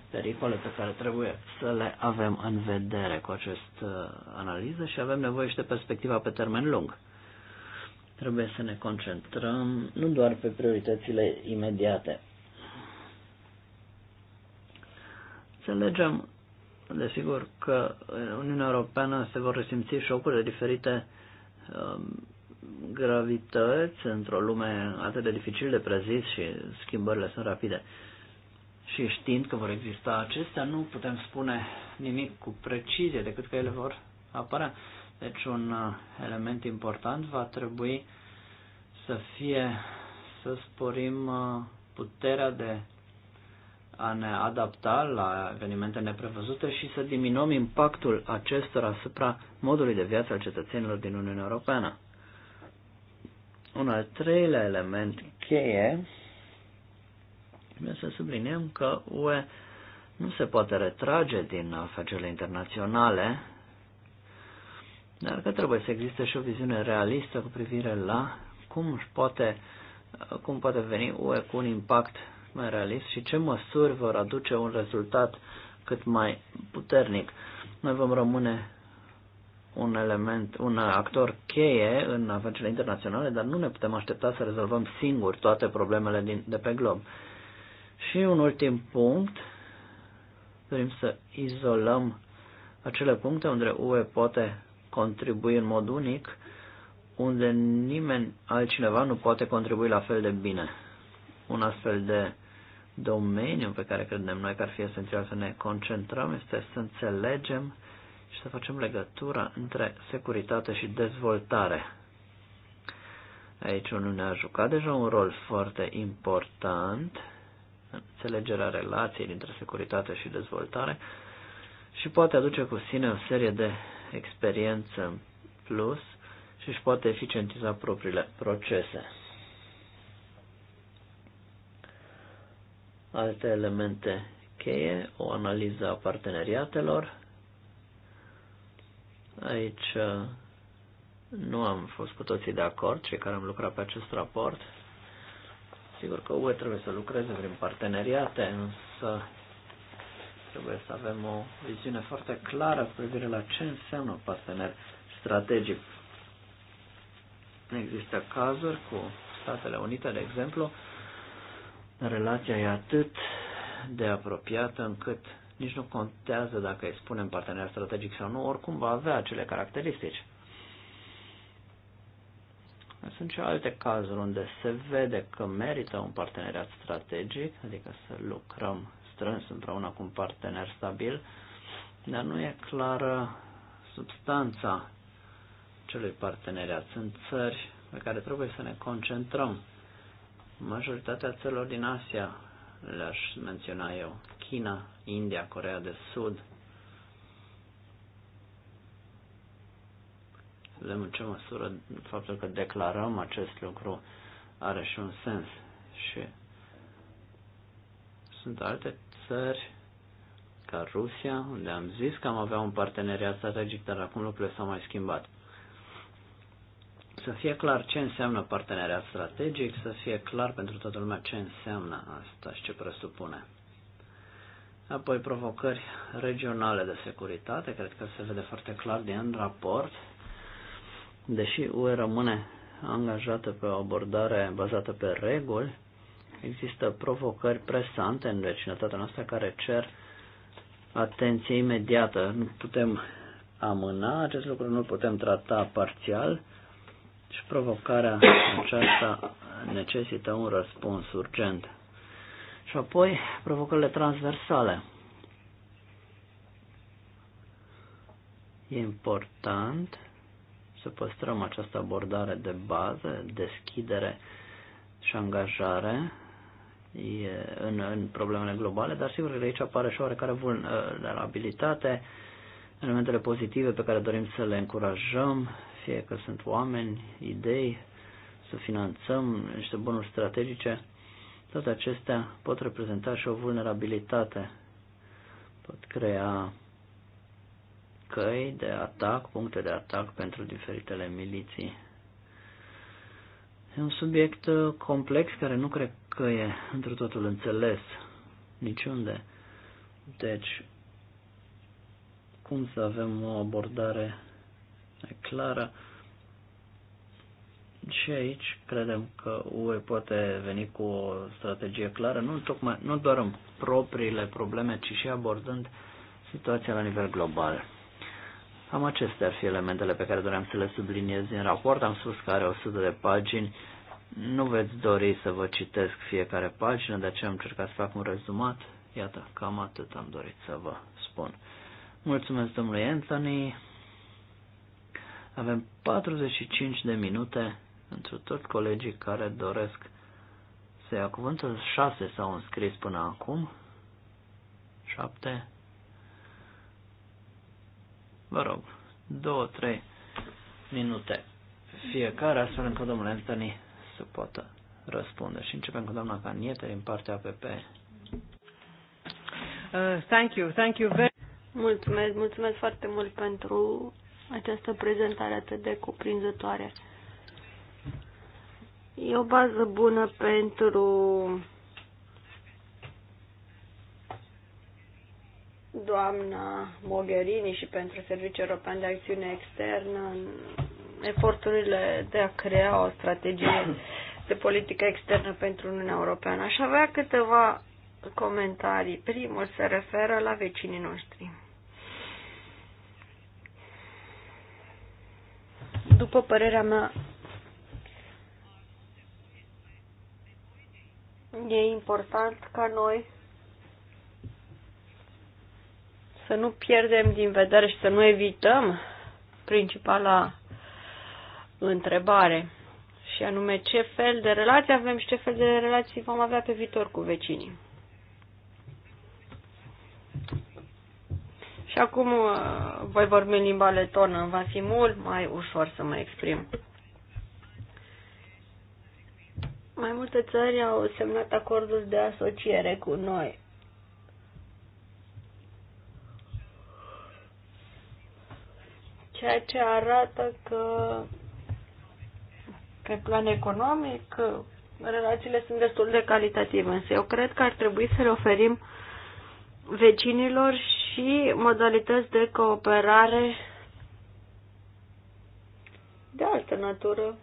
pericole pe care trebuie să le avem în vedere cu această analiză și avem nevoie și de perspectiva pe termen lung. Trebuie să ne concentrăm nu doar pe prioritățile imediate. Înțelegem, desigur, că în Uniunea Europeană se vor resimți șocuri de diferite um, gravități într-o lume atât de dificil de prezis și schimbările sunt rapide. Și știind că vor exista acestea, nu putem spune nimic cu precizie decât că ele vor apărea. Deci un uh, element important va trebui să fie să sporim uh, puterea de a ne adapta la evenimente neprevăzute și să diminuăm impactul acestora asupra modului de viață al cetățenilor din Uniunea Europeană. Un al treilea element cheie, trebuie să subliniem că UE nu se poate retrage din afacerile internaționale dar că trebuie să existe și o viziune realistă cu privire la cum își poate, cum poate veni UE cu un impact mai realist și ce măsuri vor aduce un rezultat cât mai puternic. Noi vom rămâne un element, un actor cheie în afacerile internaționale, dar nu ne putem aștepta să rezolvăm singuri toate problemele din, de pe glob. Și un ultim punct, dorim să izolăm acele puncte unde UE poate contribui în mod unic, unde nimeni altcineva nu poate contribui la fel de bine. Un astfel de domeniu pe care credem noi că ar fi esențial să ne concentrăm este să înțelegem și să facem legătura între securitate și dezvoltare. Aici ne a jucat deja un rol foarte important în înțelegerea relației dintre securitate și dezvoltare și poate aduce cu sine o serie de experiență în plus și își poate eficientiza propriile procese. Alte elemente cheie, o analiză a parteneriatelor. Aici uh, nu am fost cu toții de acord, cei care am lucrat pe acest raport. Sigur că UE trebuie să lucreze prin parteneriate, însă Trebuie să avem o viziune foarte clară cu privire la ce înseamnă un partener strategic. Există cazuri cu Statele Unite, de exemplu, relația e atât de apropiată încât nici nu contează dacă îi spunem partener strategic sau nu, oricum va avea acele caracteristici. Sunt și alte cazuri unde se vede că merită un parteneriat strategic, adică să lucrăm strâns împreună cu un partener stabil, dar nu e clară substanța celui parteneriat. Sunt țări pe care trebuie să ne concentrăm. Majoritatea țărilor din Asia le-aș menționa eu. China, India, Corea de Sud. Să vedem în ce măsură faptul că declarăm acest lucru are și un sens. Și sunt alte țări ca Rusia, unde am zis că am avea un parteneriat strategic, dar acum lucrurile s-au mai schimbat. Să fie clar ce înseamnă parteneriat strategic, să fie clar pentru toată lumea ce înseamnă asta și ce presupune. Apoi provocări regionale de securitate, cred că se vede foarte clar din raport, deși UE rămâne angajată pe o abordare bazată pe reguli, Există provocări presante în vecinătatea noastră care cer atenție imediată. Nu putem amâna acest lucru, nu putem trata parțial și provocarea aceasta necesită un răspuns urgent. Și apoi provocările transversale. E important să păstrăm această abordare de bază, deschidere și angajare în, în problemele globale, dar sigur că aici apare și oarecare vulnerabilitate, elementele pozitive pe care dorim să le încurajăm, fie că sunt oameni, idei, să finanțăm niște bunuri strategice, toate acestea pot reprezenta și o vulnerabilitate, pot crea căi de atac, puncte de atac pentru diferitele miliții. E un subiect uh, complex care nu cred că e într totul înțeles niciunde. Deci, cum să avem o abordare clară? Și aici credem că UE poate veni cu o strategie clară, nu, tocmai, nu doar în propriile probleme, ci și abordând situația la nivel global. Am acestea ar fi elementele pe care doream să le subliniez din raport. Am spus că are 100 de pagini nu veți dori să vă citesc fiecare pagină, de aceea am încercat să fac un rezumat. Iată, cam atât am dorit să vă spun. Mulțumesc domnului Anthony. Avem 45 de minute pentru toți colegii care doresc să ia cuvântul. 6 s-au înscris până acum. 7. Vă rog, 2-3 minute fiecare, astfel încât domnul Anthony să poată răspunde. Și începem cu doamna Caniete din partea APP. Uh, thank you, thank you very Mulțumesc, mulțumesc foarte mult pentru această prezentare atât de cuprinzătoare. E o bază bună pentru doamna Mogherini și pentru Serviciul European de Acțiune Externă în eforturile de a crea o strategie de politică externă pentru Uniunea Europeană. Aș avea câteva comentarii. Primul se referă la vecinii noștri. După părerea mea, e important ca noi să nu pierdem din vedere și să nu evităm principala întrebare și anume ce fel de relații avem și ce fel de relații vom avea pe viitor cu vecinii. Și acum uh, voi vorbi în limba letonă, va fi mult mai ușor să mă exprim. Mai multe țări au semnat acorduri de asociere cu noi. Ceea ce arată că pe plan economic, relațiile sunt destul de calitative, însă eu cred că ar trebui să le oferim vecinilor și modalități de cooperare de altă natură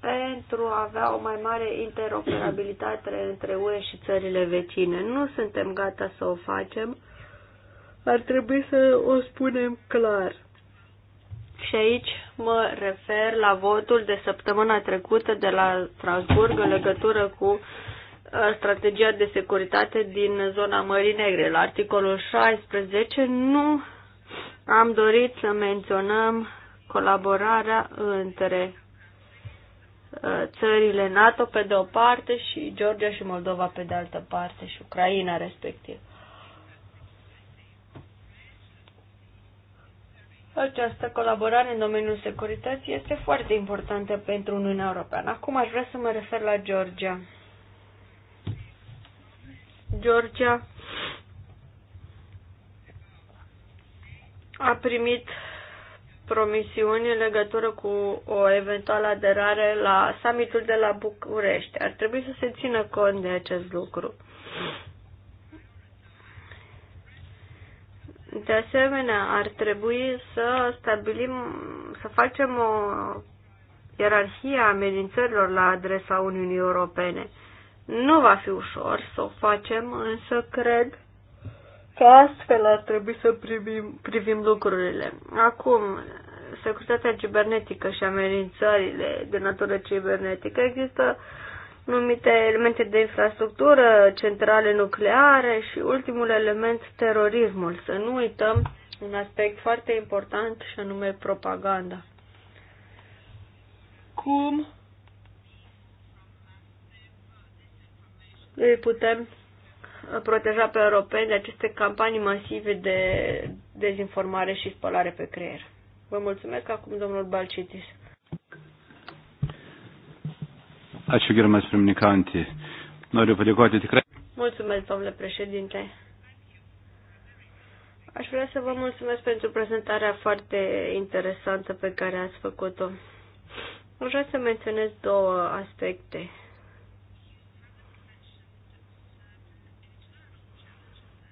pentru a avea o mai mare interoperabilitate între UE și țările vecine. Nu suntem gata să o facem. Ar trebui să o spunem clar. Și aici mă refer la votul de săptămâna trecută de la Strasburg în legătură cu uh, strategia de securitate din zona Mării Negre. La articolul 16 nu am dorit să menționăm colaborarea între uh, țările NATO pe de o parte și Georgia și Moldova pe de altă parte și Ucraina respectiv. Această colaborare în domeniul securității este foarte importantă pentru Uniunea Europeană. Acum aș vrea să mă refer la Georgia. Georgia a primit promisiuni în legătură cu o eventuală aderare la summitul de la București. Ar trebui să se țină cont de acest lucru. De asemenea, ar trebui să stabilim, să facem o ierarhie a amenințărilor la adresa Uniunii Europene. Nu va fi ușor să o facem, însă cred că astfel ar trebui să privim, privim lucrurile. Acum, securitatea cibernetică și amenințările de natură cibernetică există uh, numite elemente de infrastructură, centrale nucleare și ultimul element, terorismul. Să nu uităm un aspect foarte important și anume propaganda. Cum îi putem proteja pe europeni de aceste campanii masive de dezinformare și spălare pe creier? Vă mulțumesc acum, domnul Balcitis. Ačiū, gerbiamas pirmininkantį. Noriu padėkoti tikrai. Mulțumesc, domnule președinte. Aș vrea să vă mulțumesc pentru prezentarea foarte interesantă pe care ați făcut-o. Aș vrea să menționez două aspecte.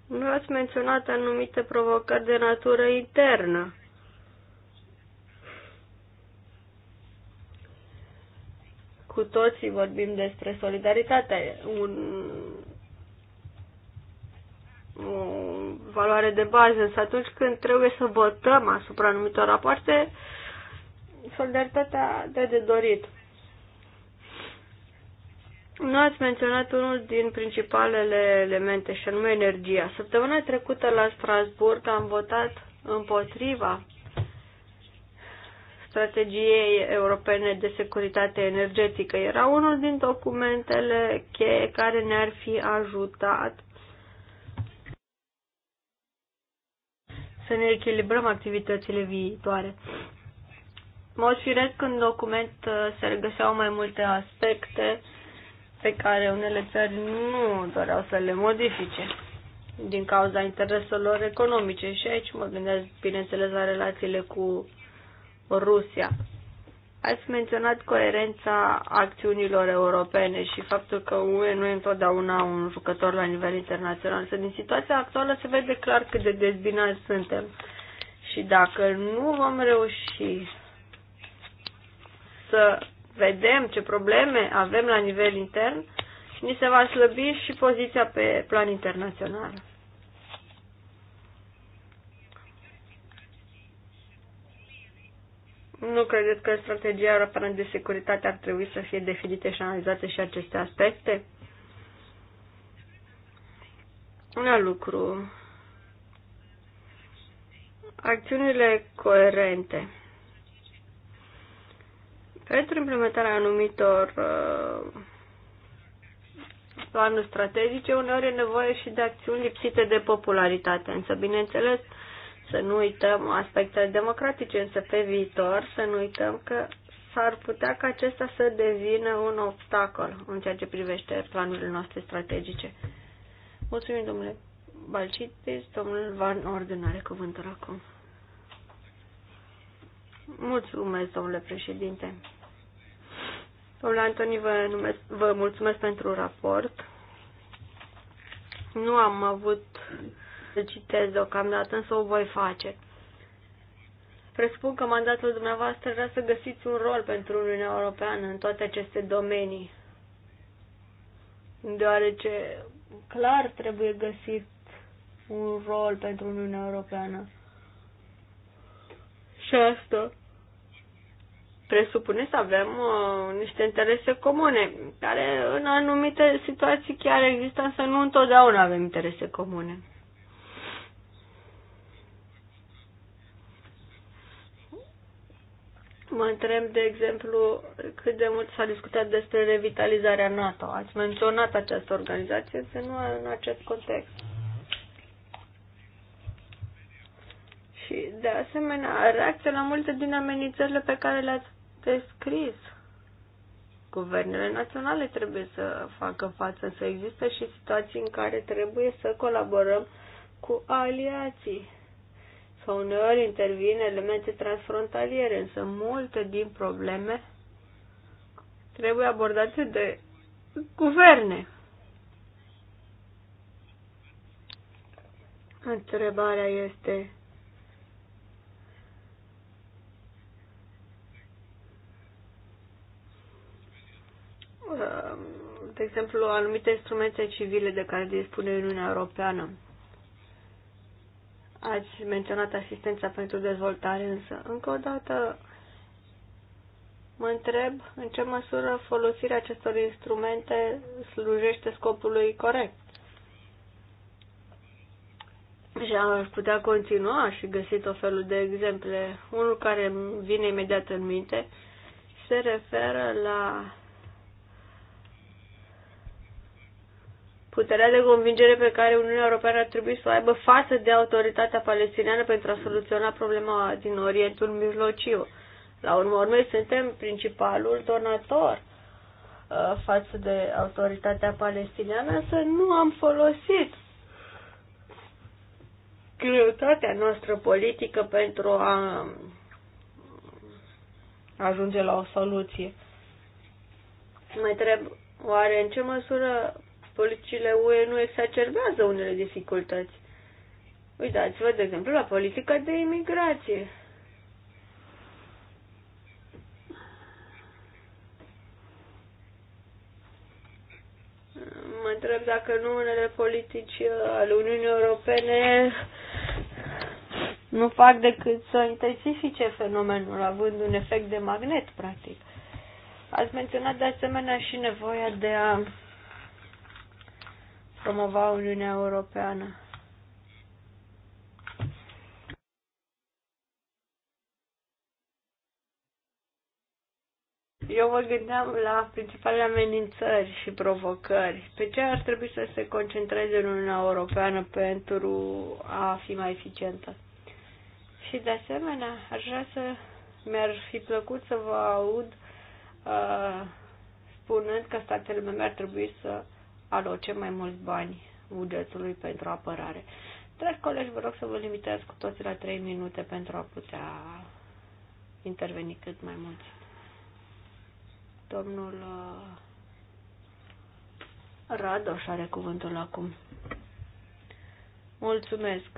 Nu ați menționat anumite provocări de natură internă Cu toții vorbim despre solidaritate, un, o valoare de bază, însă atunci când trebuie să votăm asupra anumitor rapoarte, solidaritatea de de dorit. Nu ați menționat unul din principalele elemente, și anume energia. Săptămâna trecută la Strasburg am votat împotriva strategiei europene de securitate energetică. Era unul din documentele cheie care ne-ar fi ajutat să ne echilibrăm activitățile viitoare. În mod firesc, în document uh, se regăseau mai multe aspecte pe care unele țări nu doreau să le modifice din cauza intereselor economice și aici mă gândesc, bineînțeles, la relațiile cu Rusia. Ați menționat coerența acțiunilor europene și faptul că UE nu e întotdeauna un jucător la nivel internațional. Să din situația actuală se vede clar cât de dezbinați suntem. Și dacă nu vom reuși să vedem ce probleme avem la nivel intern, ni se va slăbi și poziția pe plan internațional. Nu credeți că strategia europeană de securitate ar trebui să fie definite și analizate și aceste aspecte? Un alt lucru. Acțiunile coerente. Pentru implementarea anumitor uh, planuri strategice, uneori e nevoie și de acțiuni lipsite de popularitate. Însă, bineînțeles, uh, să nu uităm aspectele democratice, însă pe viitor să nu uităm că s-ar putea ca acesta să devină un obstacol în ceea ce privește planurile noastre strategice. Mulțumim, domnule Balcitis, domnul Van Orden are cuvântul acum. Mulțumesc, domnule președinte. Domnule Antoni, vă, numesc, vă mulțumesc pentru raport. Nu am avut să citesc deocamdată, însă o voi face. Presupun că mandatul dumneavoastră vrea să găsiți un rol pentru Uniunea Europeană în toate aceste domenii, deoarece clar trebuie găsit un rol pentru Uniunea Europeană. Și asta presupune să avem uh, niște interese comune, care în anumite situații chiar există, însă nu întotdeauna avem interese comune. Mă întreb, de exemplu, cât de mult s-a discutat despre revitalizarea NATO. Ați menționat această organizație, însă nu în acest context. Și, de asemenea, reacția la multe din amenințările pe care le-ați descris. Guvernele naționale trebuie să facă față, să existe și situații în care trebuie să colaborăm cu aliații că uneori intervin elemente transfrontaliere, însă multe din probleme trebuie abordate de guverne. Întrebarea este uh, de exemplu, anumite instrumente civile de care dispune Uniunea Europeană Ați menționat asistența pentru dezvoltare, însă, încă o dată, mă întreb în ce măsură folosirea acestor instrumente slujește scopului corect. Și aș putea continua și găsi tot felul de exemple. Unul care îmi vine imediat în minte se referă la puterea de convingere pe care Uniunea Europeană ar trebui să o aibă față de autoritatea palestiniană pentru a soluționa problema din Orientul Mijlociu. La urmă urmei, suntem principalul donator uh, față de autoritatea palestiniană, să nu am folosit greutatea noastră politică pentru a um, ajunge la o soluție. Mă întreb, oare în ce măsură politicile UE nu exacerbează unele dificultăți. Uitați-vă, de exemplu, la politica de imigrație. Mă întreb dacă nu unele politici uh, ale Uniunii Europene nu fac decât să intensifice fenomenul, având un efect de magnet, practic. Ați menționat de asemenea și nevoia de a promova Uniunea Europeană. Eu mă gândeam la principalele amenințări și provocări. Pe ce ar trebui să se concentreze în Uniunea Europeană pentru a fi mai eficientă? Și de asemenea, aș vrea să mi-ar fi plăcut să vă aud uh, spunând că statele membre ar trebui să uh, aloce mai mulți bani bugetului pentru apărare. Dragi colegi, vă rog să vă limitați cu toți la 3 minute pentru a putea interveni cât mai mulți. Domnul uh, Radoș are cuvântul acum. Mulțumesc.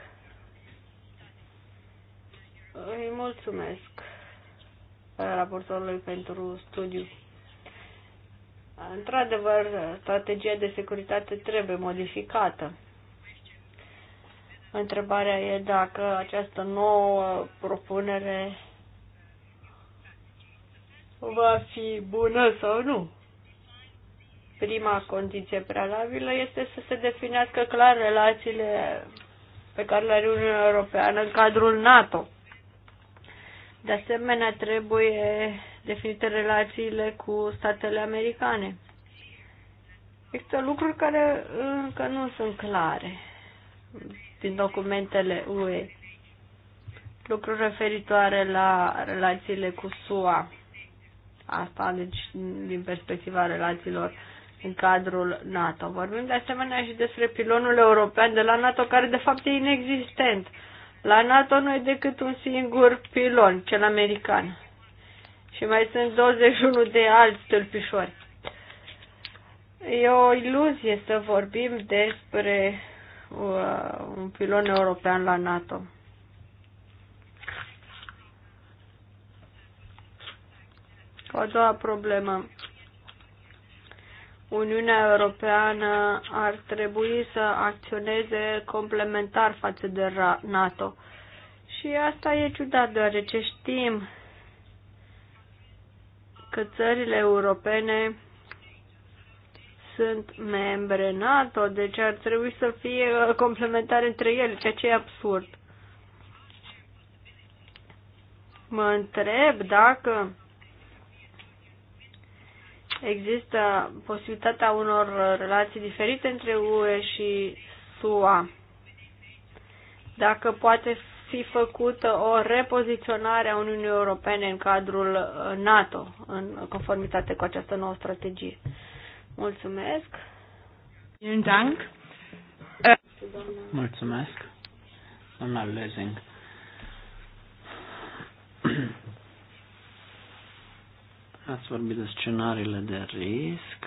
Îi mulțumesc uh, raportorului pentru studiu Într-adevăr, strategia de securitate trebuie modificată. Întrebarea e dacă această nouă propunere va fi bună sau nu. Prima condiție prealabilă este să se definească clar relațiile pe care le are Uniunea Europeană în cadrul NATO. De asemenea, trebuie definite relațiile cu statele americane. Există lucruri care încă nu sunt clare din documentele UE. Lucruri referitoare la relațiile cu SUA. Asta, deci, din perspectiva relațiilor în cadrul NATO. Vorbim de asemenea și despre pilonul european de la NATO, care de fapt e inexistent. La NATO nu e decât un singur pilon, cel american. Și mai sunt 21 de alți tâlpișori. E o iluzie să vorbim despre uh, un pilon european la NATO. O a doua problemă. Uniunea Europeană ar trebui să acționeze complementar față de NATO. Și asta e ciudat, deoarece știm că țările europene sunt membre NATO, deci ar trebui să fie complementare între ele, ceea ce e absurd. Mă întreb dacă există posibilitatea unor relații diferite între UE și SUA. Dacă poate fi făcută o repoziționare a Uniunii Europene în cadrul uh, NATO, în conformitate cu această nouă strategie. Mulțumesc! Dank. Mulțumesc, doamna Lezing. Ați vorbit de scenariile de risc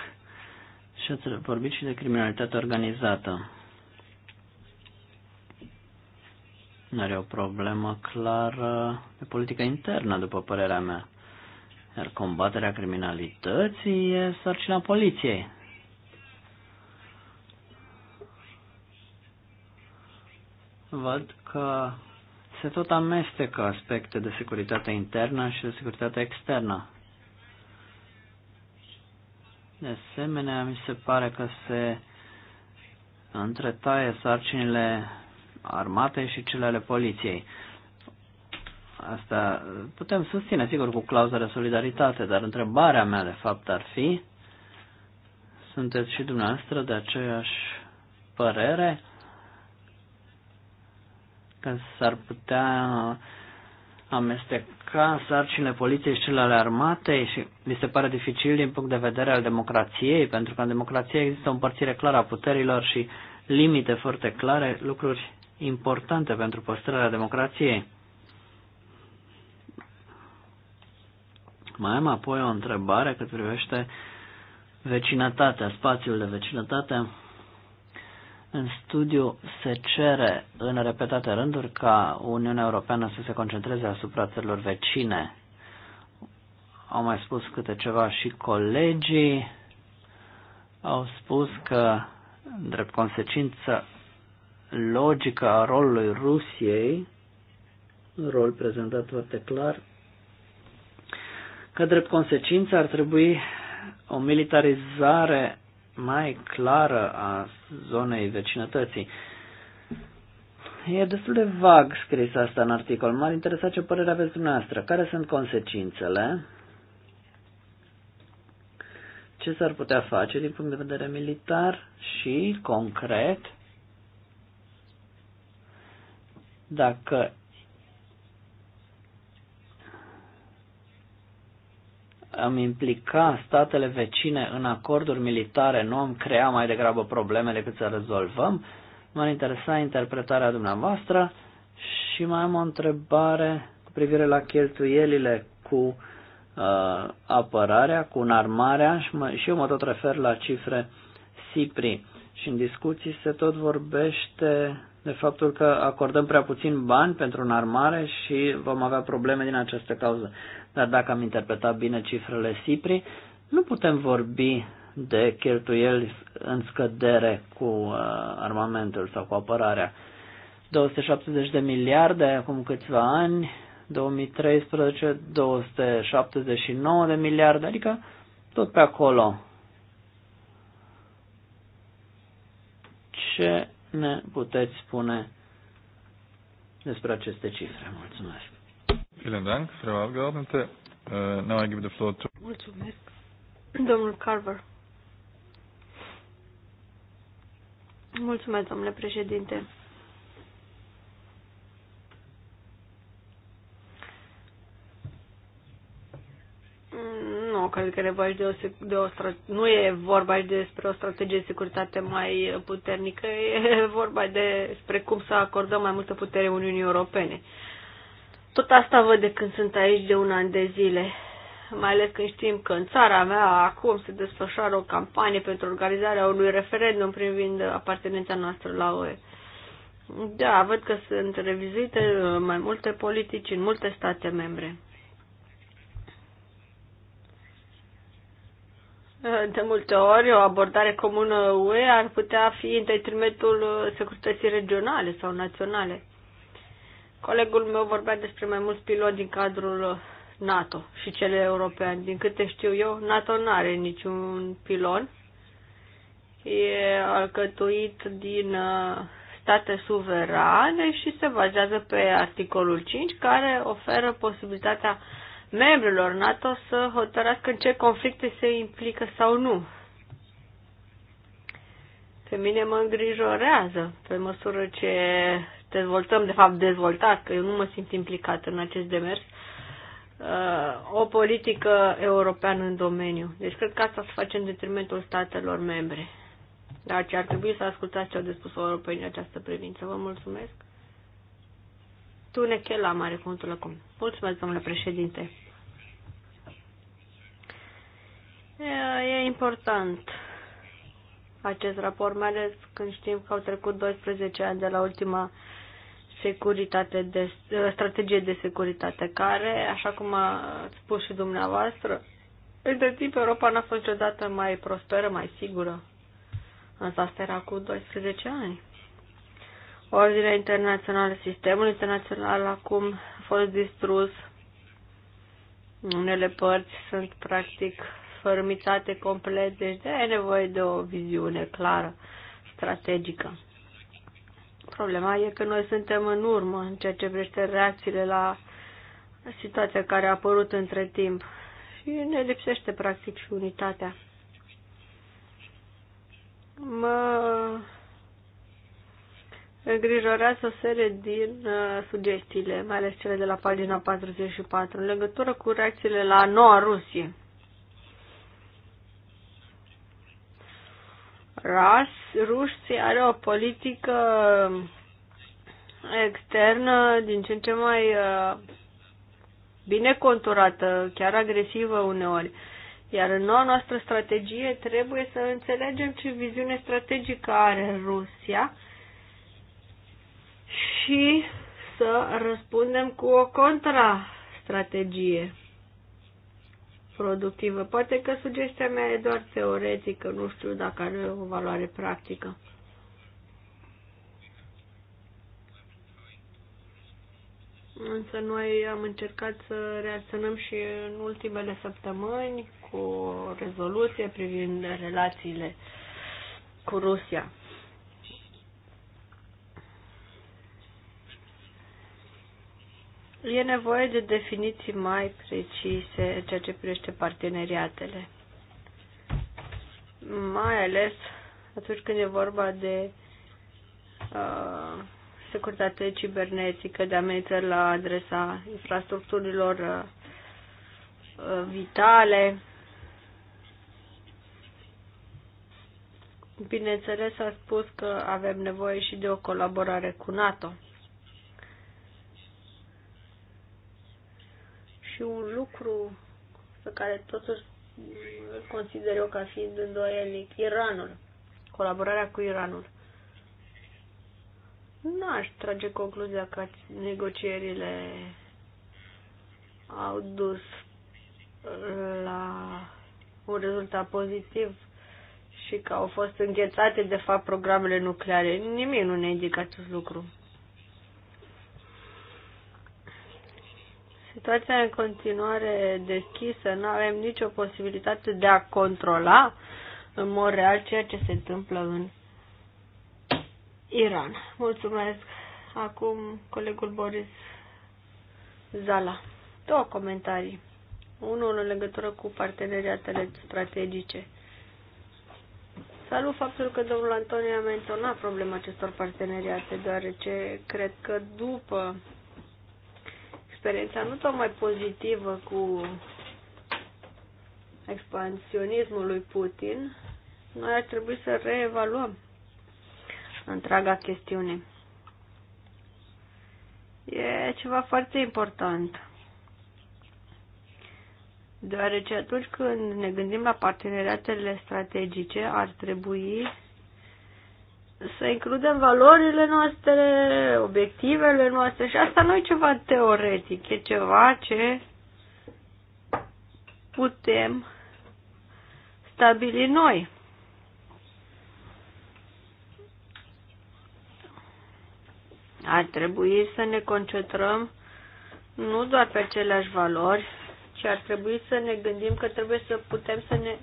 și ați vorbit și de criminalitatea organizată. are o problemă clară de politică internă, după părerea mea. Iar combaterea criminalității e sarcina poliției. Văd că se tot amestecă aspecte de securitate internă și de securitate externă. De asemenea, mi se pare că se întretaie sarcinile armatei și cele ale poliției. Asta putem susține, sigur, cu clauza de solidaritate, dar întrebarea mea, de fapt, ar fi, sunteți și dumneavoastră de aceeași părere că s-ar putea amesteca sarcinile poliției și cele ale armatei și mi se pare dificil din punct de vedere al democrației, pentru că în democrație există o împărțire clară a puterilor și limite foarte clare, lucruri importante pentru păstrarea democrației. Mai am apoi o întrebare cât privește vecinătatea, spațiul de vecinătate. În studiu se cere în repetate rânduri ca Uniunea Europeană să se concentreze asupra țărilor vecine. Au mai spus câte ceva și colegii, au spus că, drept consecință logica a rolului Rusiei, un rol prezentat foarte clar, că drept consecință ar trebui o militarizare mai clară a zonei vecinătății. E destul de vag scris asta în articol. M-ar interesa ce părere aveți dumneavoastră. Care sunt consecințele? Ce s-ar putea face din punct de vedere militar și concret? Dacă am implica statele vecine în acorduri militare, nu am crea mai degrabă probleme decât să rezolvăm, m-ar interesa interpretarea dumneavoastră și mai am o întrebare cu privire la cheltuielile cu uh, apărarea, cu înarmarea și, mă, și eu mă tot refer la cifre SIPRI și în discuții se tot vorbește de faptul că acordăm prea puțin bani pentru armare și vom avea probleme din această cauză. Dar dacă am interpretat bine cifrele SIPRI, nu putem vorbi de cheltuieli în scădere cu uh, armamentul sau cu apărarea. 270 de miliarde acum câțiva ani, 2013 279 de miliarde, adică tot pe acolo. Ce ne puteți spune despre aceste cifre. Mulțumesc. Äh, Mulțumesc. Domnul Carver. Mulțumesc, domnule președinte. nu cred că e nevoie de o, de o nu e vorba aici despre o strategie de securitate mai puternică, e vorba despre cum să acordăm mai multă putere Uniunii Europene. Tot asta văd de când sunt aici de un an de zile, mai ales când știm că în țara mea acum se desfășoară o campanie pentru organizarea unui referendum privind apartenența noastră la UE. Da, văd că sunt revizuite mai multe politici în multe state membre. de multe ori o abordare comună UE ar putea fi în detrimentul securității regionale sau naționale. Colegul meu vorbea despre mai mulți piloti din cadrul NATO și cele europene. Din câte știu eu, NATO nu are niciun pilon. E alcătuit din uh, state suverane și se bazează pe articolul 5 care oferă posibilitatea uh, membrilor NATO să hotărască în ce conflicte se implică sau nu. Pe mine mă îngrijorează pe măsură ce dezvoltăm, de fapt dezvoltat, că eu nu mă simt implicat în acest demers, uh, o politică europeană în domeniu. Deci cred că asta se face în detrimentul statelor membre. Dar ce ar trebui să ascultați ce au de spus europenii în această privință. Vă mulțumesc. Tune Chela, mare cuvântul acum. Mulțumesc, domnule președinte. E important acest raport, mai ales când știm că au trecut 12 ani de la ultima securitate de, ă, strategie de securitate, care, așa cum a spus și dumneavoastră, între timp Europa n-a fost niciodată mai prosperă, mai sigură. Însă asta era cu 12 ani. Ordinea internațională, sistemul internațional acum a fost distrus. Unele părți sunt practic fărâmițate complet, deci de e nevoie de o viziune clară, strategică. Problema e că noi suntem în urmă în ceea ce privește reacțiile la situația care a apărut între timp și ne lipsește practic și unitatea. Mă îngrijorează o serie din uh, sugestiile, mai ales cele de la pagina 44, în legătură cu reacțiile la noua Rusie. ras, Rusia are o politică externă din ce în ce mai uh, bine conturată, chiar agresivă uneori. Iar în noua noastră strategie trebuie să înțelegem ce viziune strategică are Rusia și să răspundem cu o contrastrategie productivă. Poate că sugestia mea e doar teoretică, nu știu dacă are o valoare practică. Însă noi am încercat să reacționăm și în ultimele săptămâni cu o rezoluție privind relațiile cu Rusia. E nevoie de definiții mai precise în ceea ce privește parteneriatele. Mai ales atunci când e vorba de uh, securitate cibernetică, de amenințări la adresa infrastructurilor uh, uh vitale. Bineînțeles, a spus că avem nevoie și de o colaborare cu NATO. Și un lucru pe care totuși îl consider eu ca fiind îndoielnic, Iranul, colaborarea cu Iranul. N-aș trage concluzia că negocierile au dus uh, la un rezultat pozitiv și că au fost înghețate, de fapt, programele nucleare. Nimic nu ne indică acest lucru. Situația în continuare deschisă, nu avem nicio posibilitate de a controla în mod real ceea ce se întâmplă în Iran. Mulțumesc. Acum colegul Boris Zala. Două comentarii. Unul în legătură cu parteneriatele strategice. Salut faptul că domnul Antonio a menționat problema acestor parteneriate, deoarece cred că după experiența nu tocmai pozitivă cu expansionismul lui Putin, noi ar trebui să reevaluăm întreaga chestiune. E ceva foarte important. Deoarece atunci când ne gândim la parteneriatele strategice, ar trebui să includem valorile noastre, obiectivele noastre și asta nu e ceva teoretic, e ceva ce putem stabili noi. Ar trebui să ne concentrăm nu doar pe aceleași valori, ci ar trebui să ne gândim că trebuie să putem să ne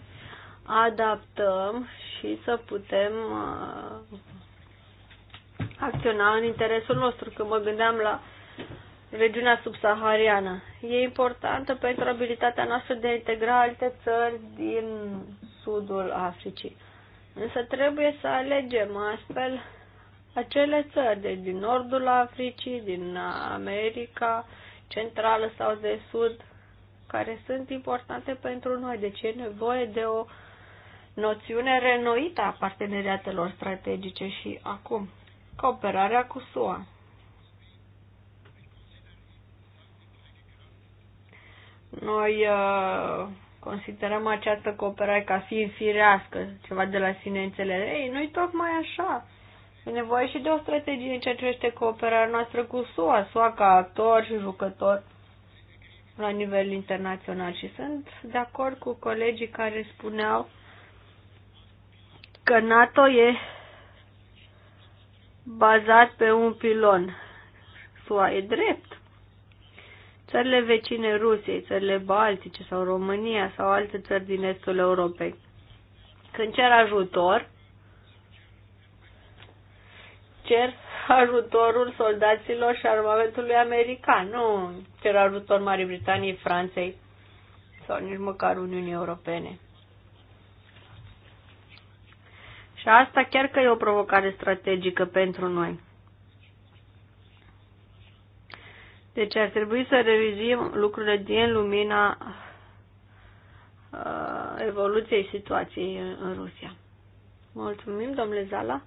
adaptăm și să putem uh, acționa în interesul nostru. Când mă gândeam la regiunea subsahariană, e importantă pentru abilitatea noastră de a integra alte țări din sudul Africii. Însă trebuie să alegem astfel acele țări de din nordul Africii, din America centrală sau de sud, care sunt importante pentru noi. Deci e nevoie de o noțiune renoită a parteneriatelor strategice și acum cooperarea cu SUA. Noi uh, considerăm această cooperare ca fiind firească, ceva de la sine înțeles. Ei, nu-i tocmai așa. E nevoie și de o strategie în ceea ce este cooperarea noastră cu SUA, SUA ca actor și jucător la nivel internațional. Și sunt de acord cu colegii care spuneau că NATO e bazat pe un pilon. SUA e drept. Țările vecine Rusiei, țările Baltice sau România sau alte țări din estul Europei, când cer ajutor, cer ajutorul soldaților și armamentului american, nu cer ajutor Marii Britanii, Franței sau nici măcar Uniunii Europene. Și asta chiar că e o provocare strategică pentru noi. Deci ar trebui să revizim lucrurile din lumina uh, evoluției situației în, în Rusia. Mulțumim, domnule Zala.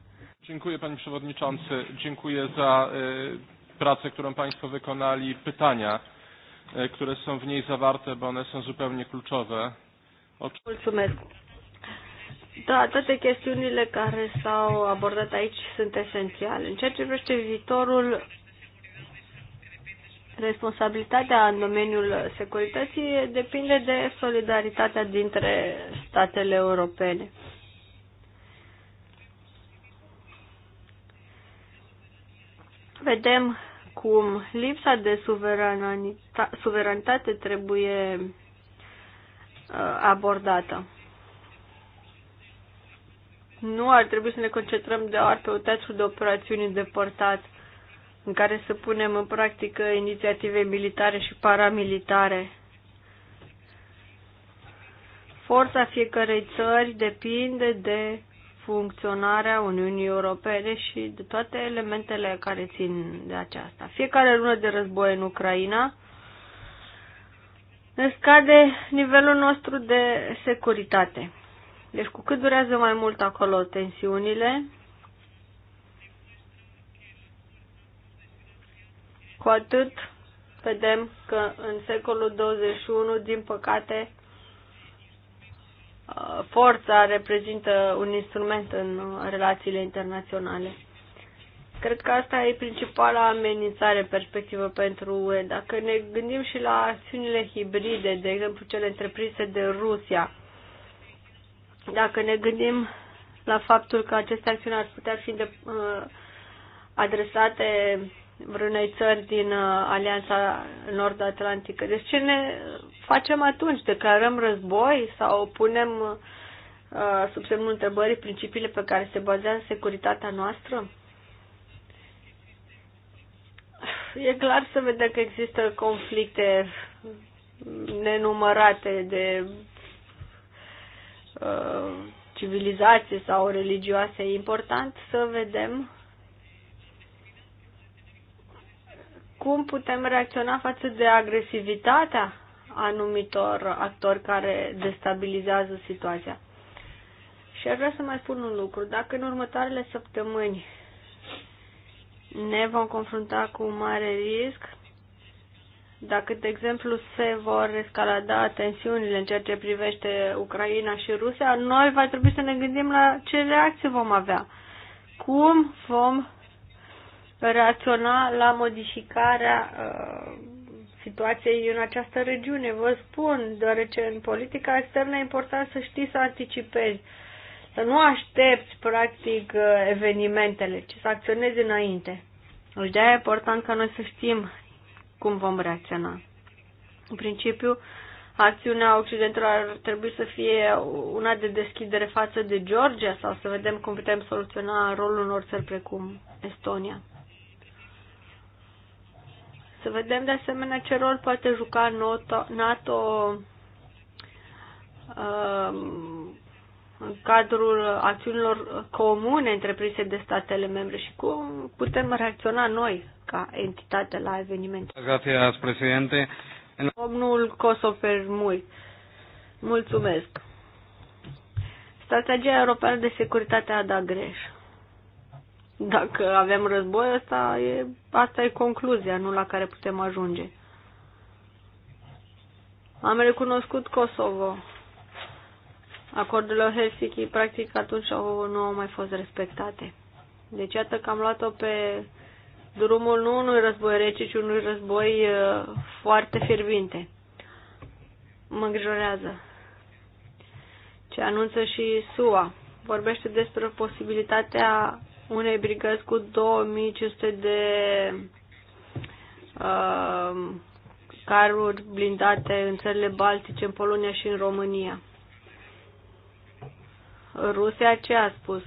Dziękuję panie przewodniczący. Dziękuję za e, pracę, którą państwo wykonali, pytania, e, które są w niej zawarte, bo one są zupełnie kluczowe. Mulțumesc. Da, toate chestiunile care s-au abordat aici sunt esențiale. În ceea ce privește viitorul, responsabilitatea în domeniul securității depinde de solidaritatea dintre statele europene. Vedem cum lipsa de suveranitate trebuie uh, abordată nu ar trebui să ne concentrăm doar pe o teatru de operațiuni îndepărtat în care să punem în practică inițiative militare și paramilitare. Forța fiecărei țări depinde de funcționarea Uniunii Europene și de toate elementele care țin de aceasta. Fiecare lună de război în Ucraina ne scade nivelul nostru de securitate. Deci cu cât durează mai mult acolo tensiunile, cu atât vedem că în secolul 21, din păcate, uh, forța reprezintă un instrument în relațiile internaționale. Cred că asta e principala amenințare perspectivă pentru UE. Dacă ne gândim și la acțiunile hibride, de exemplu cele întreprinse de Rusia, dacă ne gândim la faptul că aceste acțiuni ar putea fi de, uh, adresate vreunei țări din uh, Alianța Nord-Atlantică. Deci ce ne facem atunci? Declarăm război sau punem uh, sub semnul întrebării principiile pe care se bazează securitatea noastră? E clar să vedem că există conflicte nenumărate de Uh, civilizație sau religioasă E important să vedem cum putem reacționa față de agresivitatea anumitor actori care destabilizează situația. Și aș vrea să mai spun un lucru. Dacă în următoarele săptămâni ne vom confrunta cu un mare risc, dacă, de exemplu, se vor escalada tensiunile în ceea ce privește Ucraina și Rusia, noi va trebui să ne gândim la ce reacție vom avea. Cum vom reacționa la modificarea uh, situației în această regiune. Vă spun, deoarece în politica externă e important să știi să anticipezi, să nu aștepți practic uh, evenimentele, ci să acționezi înainte. Deci de e important ca noi să știm cum vom reacționa. În principiu, acțiunea Occidentală ar trebui să fie una de deschidere față de Georgia sau să vedem cum putem soluționa rolul unor țări precum Estonia. Să vedem de asemenea ce rol poate juca NATO, NATO uh, în cadrul acțiunilor comune întreprinse de statele membre și cum putem reacționa noi ca entitate la evenimente. Gracias, președinte. Domnul Kosofer Mui, mulțumesc. Strategia europeană de securitate a dat greș. Dacă avem război, asta e, asta e concluzia, nu la care putem ajunge. Am recunoscut Kosovo acordurilor Helsinki, practic atunci au, nu au mai fost respectate. Deci iată că am luat-o pe drumul nu unui război rece, ci unui război uh, foarte fierbinte. Mă îngrijorează. Ce anunță și SUA. Vorbește despre posibilitatea unei brigăzi cu 2500 de uh, caruri blindate în țările Baltice, în Polonia și în România. Rusia ce a spus?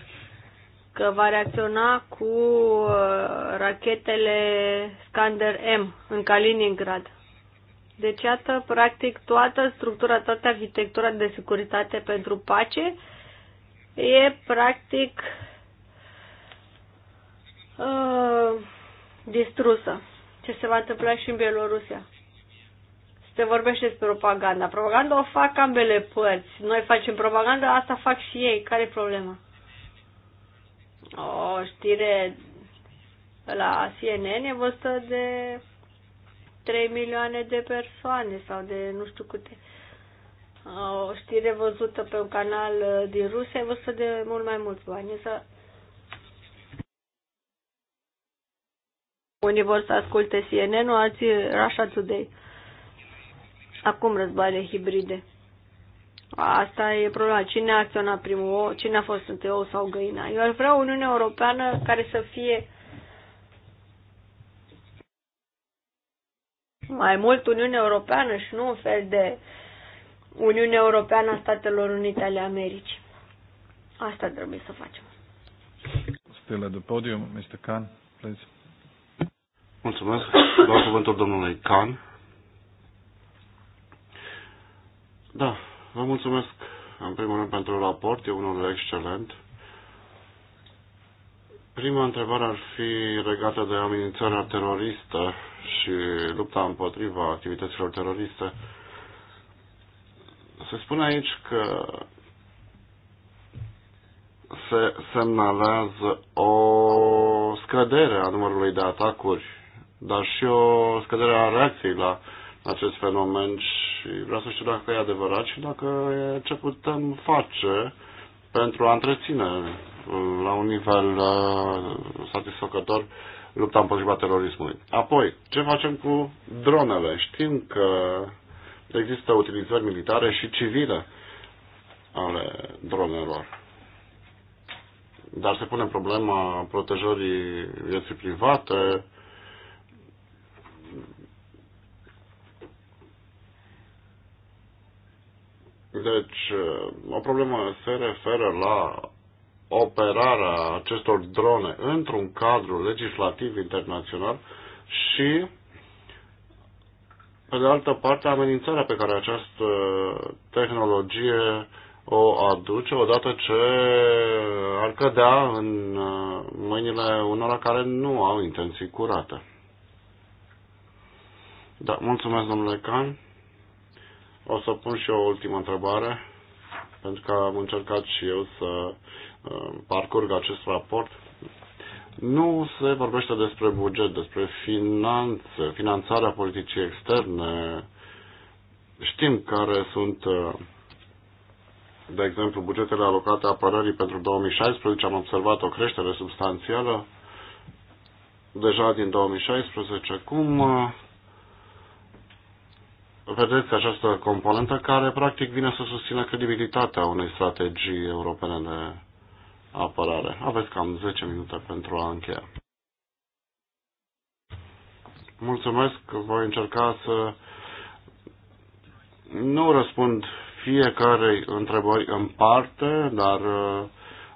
Că va reacționa cu uh, rachetele Scander M în Kaliningrad. Deci, iată, practic, toată structura, toată arhitectura de securitate pentru pace e, practic, uh, distrusă. Ce se va întâmpla și în Bielorusia se vorbește despre propaganda. Propaganda o fac ambele părți. Noi facem propaganda, asta fac și ei. Care e problema? O știre la CNN e văzută de 3 milioane de persoane sau de nu știu câte. O știre văzută pe un canal uh, din Rusia e văzută de mult mai mulți bani. Însă unii vor să asculte CNN-ul, alții Russia Today acum războaiele hibride. Asta e problema. Cine a acționat primul ou? Cine a fost între ou sau găina? Eu ar vrea o Uniune Europeană care să fie mai mult Uniune Europeană și nu un fel de Uniune Europeană a Statelor Unite ale Americii. Asta trebuie să facem. Still de podium, Mr. Khan, please. Mulțumesc. Doar cuvântul domnului Khan. Da, vă mulțumesc în primul rând pentru raport, e unul excelent. Prima întrebare ar fi legată de amenințarea teroristă și lupta împotriva activităților teroriste. Se spune aici că se semnalează o scădere a numărului de atacuri, dar și o scădere a reacției la uh, acest fenomen și vreau să știu dacă e adevărat și dacă e ce putem face pentru a întreține uh, la un nivel uh, satisfăcător lupta împotriva terorismului. Apoi, ce facem cu dronele? Știm că există utilizări militare și civile ale dronelor. Dar se pune problema protejării vieții private, Deci, eh, o problemă se referă la operarea acestor drone într-un cadru legislativ internațional și, pe de altă parte, amenințarea pe care această tehnologie o aduce odată ce ar cădea în eh, mâinile unora care nu au intenții curate. Da, mulțumesc, domnule Can. O să pun și o ultimă întrebare, pentru că am încercat și eu să uh, parcurg acest raport. Nu se vorbește despre buget, despre finanțe, finanțarea politicii externe. Știm care sunt, uh, de exemplu, bugetele alocate apărării pentru 2016. Am observat o creștere substanțială deja din 2016. Cum uh, vedeți această componentă care practic vine să susțină credibilitatea unei strategii europene de apărare. Aveți cam 10 minute pentru a încheia. Mulțumesc, voi încerca să nu răspund fiecare întrebări în parte, dar uh,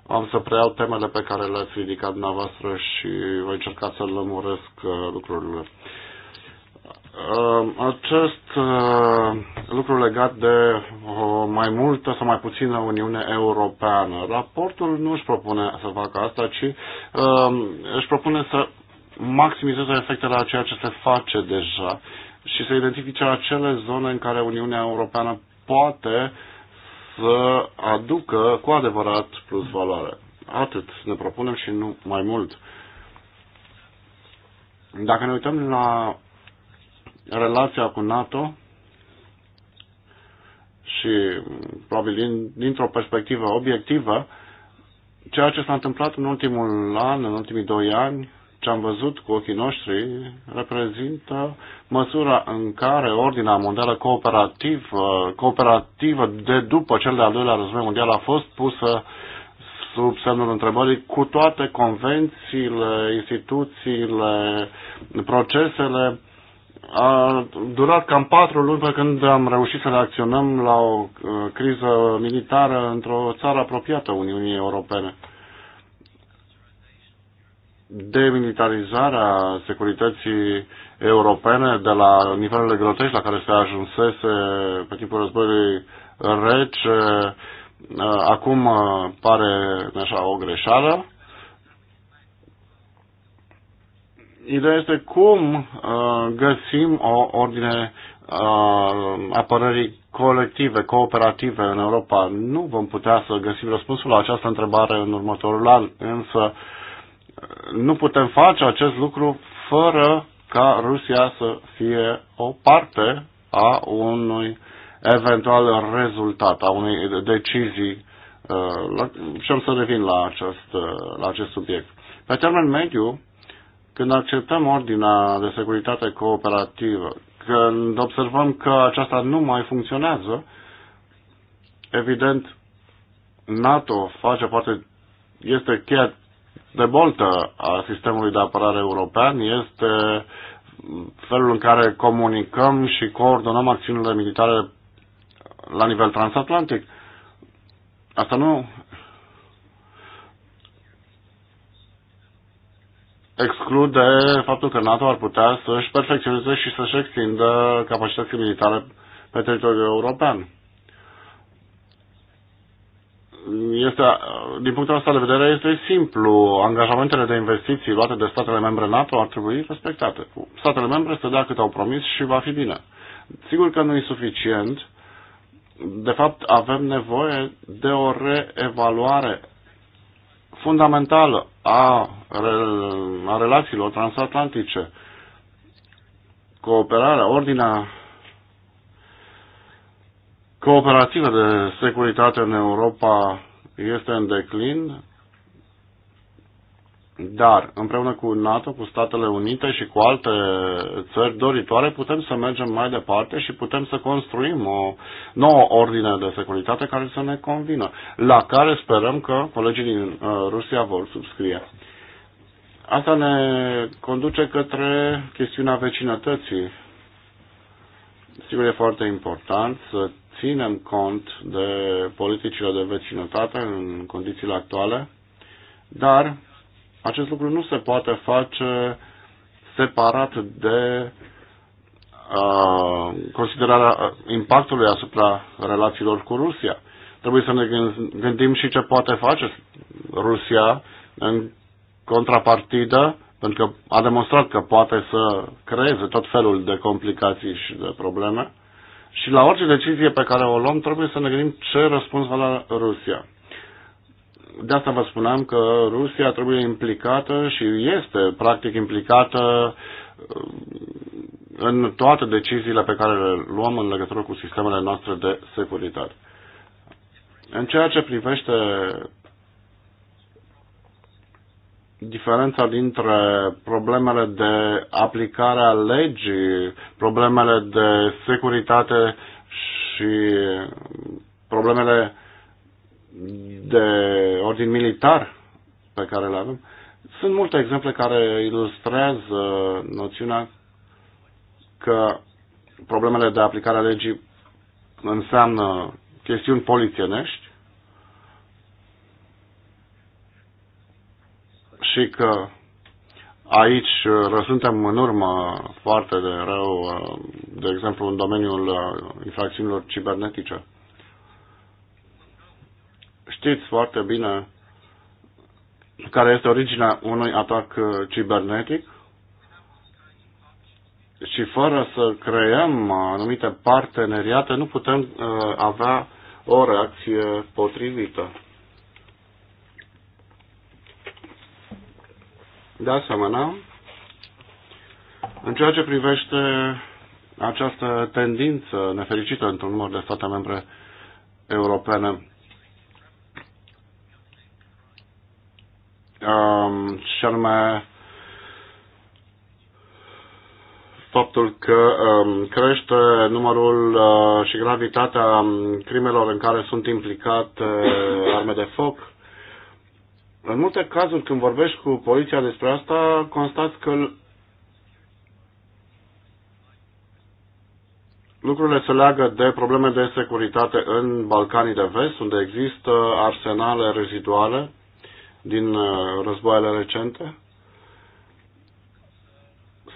am să preiau temele pe care le-ați ridicat dumneavoastră și voi încerca să lămuresc uh, lucrurile acest uh, lucru legat de uh, mai multă sau mai puțină Uniune Europeană. Raportul nu își propune să facă asta, ci um, își propune să maximizeze efectele a ceea ce se face deja și să identifice acele zone în care Uniunea Europeană poate să aducă cu adevărat plus valoare. Atât ne propunem și nu mai mult. Dacă ne uităm la relația cu NATO și probabil din, dintr-o perspectivă obiectivă, ceea ce s-a întâmplat în ultimul an, în ultimii doi ani, ce am văzut cu ochii noștri, reprezintă măsura în care ordinea mondială cooperativă, cooperativă de după cel de-al doilea război mondial a fost pusă sub semnul întrebării cu toate convențiile, instituțiile, procesele a durat cam patru luni pe când am reușit să reacționăm la o uh, criză militară într-o țară apropiată Uniunii Europene. Demilitarizarea securității europene de la nivelele grotești la care se ajunsese pe timpul războiului rece, uh, acum uh, pare așa o greșeală Ideea este cum uh, găsim o ordine uh, apărării colective, cooperative în Europa. Nu vom putea să găsim răspunsul la această întrebare în următorul an, însă uh, nu putem face acest lucru fără ca Rusia să fie o parte a unui eventual rezultat, a unei decizii. Uh, la, și am să revin la acest, uh, la acest subiect. Pe termen mediu, când acceptăm ordinea de securitate cooperativă, când observăm că aceasta nu mai funcționează, evident, NATO face parte, este cheia de boltă a sistemului de apărare european, este felul în care comunicăm și coordonăm acțiunile militare la nivel transatlantic. Asta nu exclude faptul că NATO ar putea să-și perfecționeze și să-și extindă capacitățile militare pe teritoriul european. Este, din punctul ăsta de vedere, este simplu. Angajamentele de investiții luate de statele membre NATO ar trebui respectate. Statele membre să dea cât au promis și va fi bine. Sigur că nu e suficient. De fapt, avem nevoie de o reevaluare fundamental a, a relațiilor transatlantice. Cooperarea, ordinea cooperativă de securitate în Europa este în declin, dar, împreună cu NATO, cu Statele Unite și cu alte țări doritoare, putem să mergem mai departe și putem să construim o nouă ordine de securitate care să ne convină, la care sperăm că colegii din uh, Rusia vor subscrie. Asta ne conduce către chestiunea vecinătății. Sigur, e foarte important să ținem cont de politicile de vecinătate în condițiile actuale, dar acest lucru nu se poate face separat de uh, considerarea impactului asupra relațiilor cu Rusia. Trebuie să ne gândim și ce poate face Rusia în contrapartidă, pentru că a demonstrat că poate să creeze tot felul de complicații și de probleme. Și la orice decizie pe care o luăm, trebuie să ne gândim ce răspuns va la Rusia de asta vă spuneam că Rusia trebuie implicată și este practic implicată uh, în toate deciziile pe care le luăm în legătură cu sistemele noastre de securitate. În ceea ce privește diferența dintre problemele de aplicare a legii, problemele de securitate și problemele de ordin militar pe care le avem. Sunt multe exemple care ilustrează noțiunea că problemele de aplicare a legii înseamnă chestiuni polițienești și că aici răsuntem în urmă foarte de rău, de exemplu, în domeniul uh, infracțiunilor cibernetice. Știți foarte bine care este originea unui atac uh, cibernetic și fără să creăm anumite parteneriate nu putem uh, avea o reacție potrivită. De asemenea, în ceea ce privește această tendință nefericită într-un număr de state membre europene Um, și anume faptul că um, crește numărul uh, și gravitatea um, crimelor în care sunt implicate uh, arme de foc. În multe cazuri, când vorbești cu poliția despre asta, constați că lucrurile se leagă de probleme de securitate în Balcanii de Vest, unde există arsenale reziduale din uh, războaiele recente,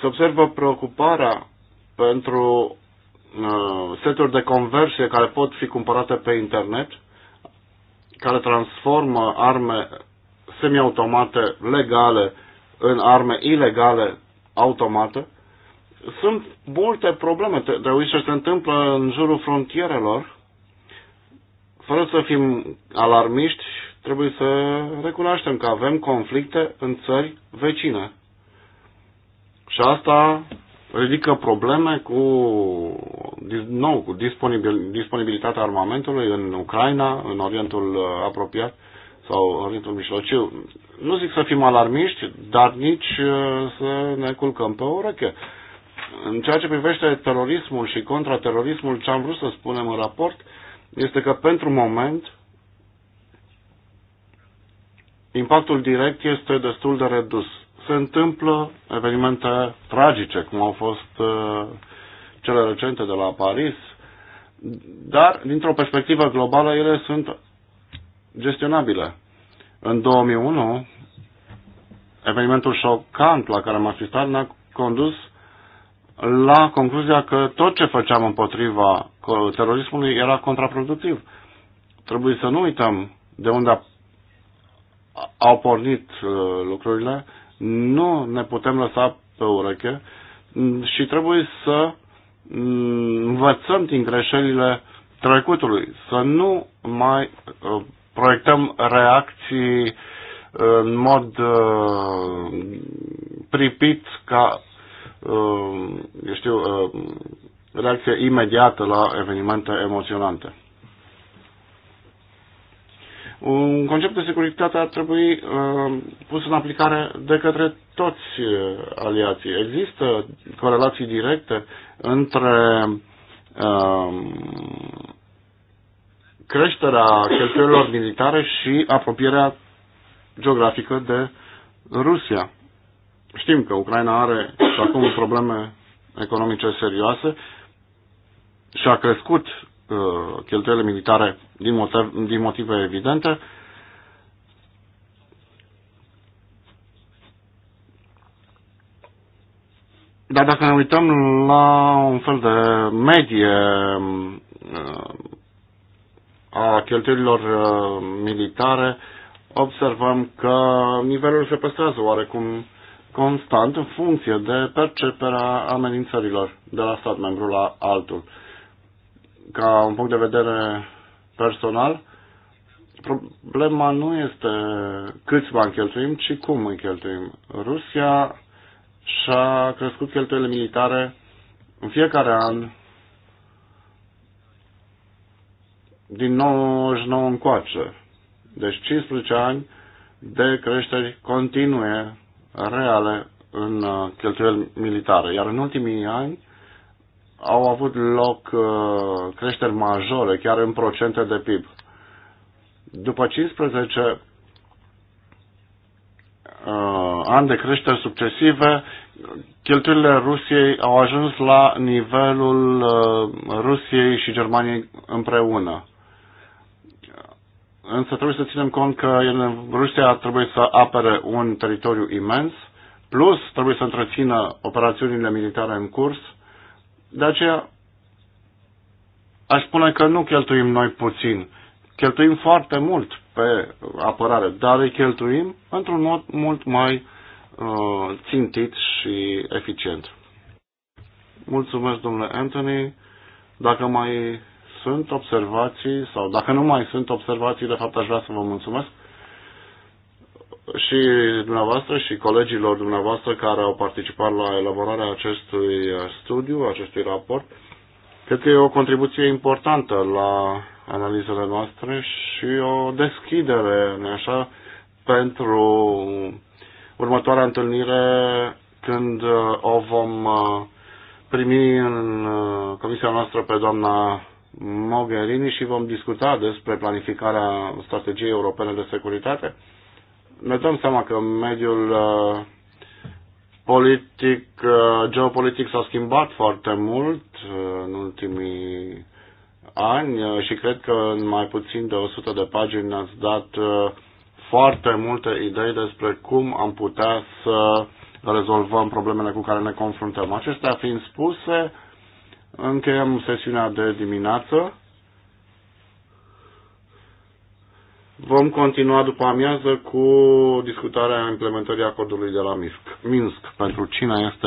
se observă preocuparea pentru uh, seturi de conversie care pot fi cumpărate pe internet, care transformă arme semiautomate legale în arme ilegale automate. Sunt multe probleme de uite ce se întâmplă în jurul frontierelor, fără să fim alarmiști trebuie să recunoaștem că avem conflicte în țări vecine. Și asta ridică probleme cu, nou, cu disponibilitatea armamentului în Ucraina, în Orientul uh, apropiat sau în Orientul Mijlociu. Nu zic să fim alarmiști, dar nici uh, să ne culcăm pe ureche. În ceea ce privește terorismul și contraterorismul, ce am vrut să spunem în raport este că pentru moment impactul direct este destul de redus. Se întâmplă evenimente tragice, cum au fost uh, cele recente de la Paris, dar dintr-o perspectivă globală ele sunt gestionabile. În 2001, evenimentul șocant la care am asistat ne-a condus la concluzia că tot ce făceam împotriva terorismului era contraproductiv. Trebuie să nu uităm de unde a au pornit uh, lucrurile, nu ne putem lăsa pe ureche și trebuie să mm, învățăm din greșelile trecutului, să nu mai uh, proiectăm reacții în mod uh, pripit ca, eu știu, reacție imediată la evenimente emoționante. Un concept de securitate ar trebui uh, pus în aplicare de către toți uh, aliații. Există corelații directe între uh, creșterea cheltuielor militare și apropierea geografică de Rusia. Știm că Ucraina are și acum probleme economice serioase și a crescut Uh, cheltuielile militare din motive, din motive evidente. Dar dacă ne uităm la un fel de medie uh, a cheltuielilor uh, militare, observăm că nivelul se păstrează oarecum constant în funcție de perceperea amenințărilor de la stat membru la altul ca un punct de vedere personal, problema nu este câți bani cheltuim, ci cum îi cheltuim. Rusia și-a crescut cheltuielile militare în fiecare an din 99 încoace. Deci 15 ani de creșteri continue, reale, în uh, cheltuieli militare. Iar în ultimii ani au avut loc uh, creșteri majore, chiar în procente de PIB. După 15 uh, ani de creșteri succesive, cheltuielile Rusiei au ajuns la nivelul uh, Rusiei și Germaniei împreună. Însă trebuie să ținem cont că Rusia trebuie să apere un teritoriu imens, plus trebuie să întrețină operațiunile militare în curs, de aceea aș spune că nu cheltuim noi puțin. Cheltuim foarte mult pe apărare, dar îi cheltuim într-un mod mult mai uh, țintit și eficient. Mulțumesc, domnule Anthony. Dacă mai sunt observații sau dacă nu mai sunt observații, de fapt aș vrea să vă mulțumesc și dumneavoastră și colegilor dumneavoastră care au participat la elaborarea acestui studiu, acestui raport. Cred că e o contribuție importantă la analizele noastre și o deschidere, nu așa, pentru următoarea întâlnire când uh, o vom uh, primi în uh, comisia noastră pe doamna Mogherini și vom discuta despre planificarea strategiei europene de securitate ne dăm seama că mediul uh, politic, uh, geopolitic s-a schimbat foarte mult uh, în ultimii ani și cred că în mai puțin de 100 de pagini ne-ați dat foarte multe idei despre cum am putea să rezolvăm problemele cu care ne confruntăm. Acestea fiind spuse, încheiem sesiunea de dimineață. Vom continua după amiază cu discutarea implementării acordului de la Minsk. Minsk, pentru cine este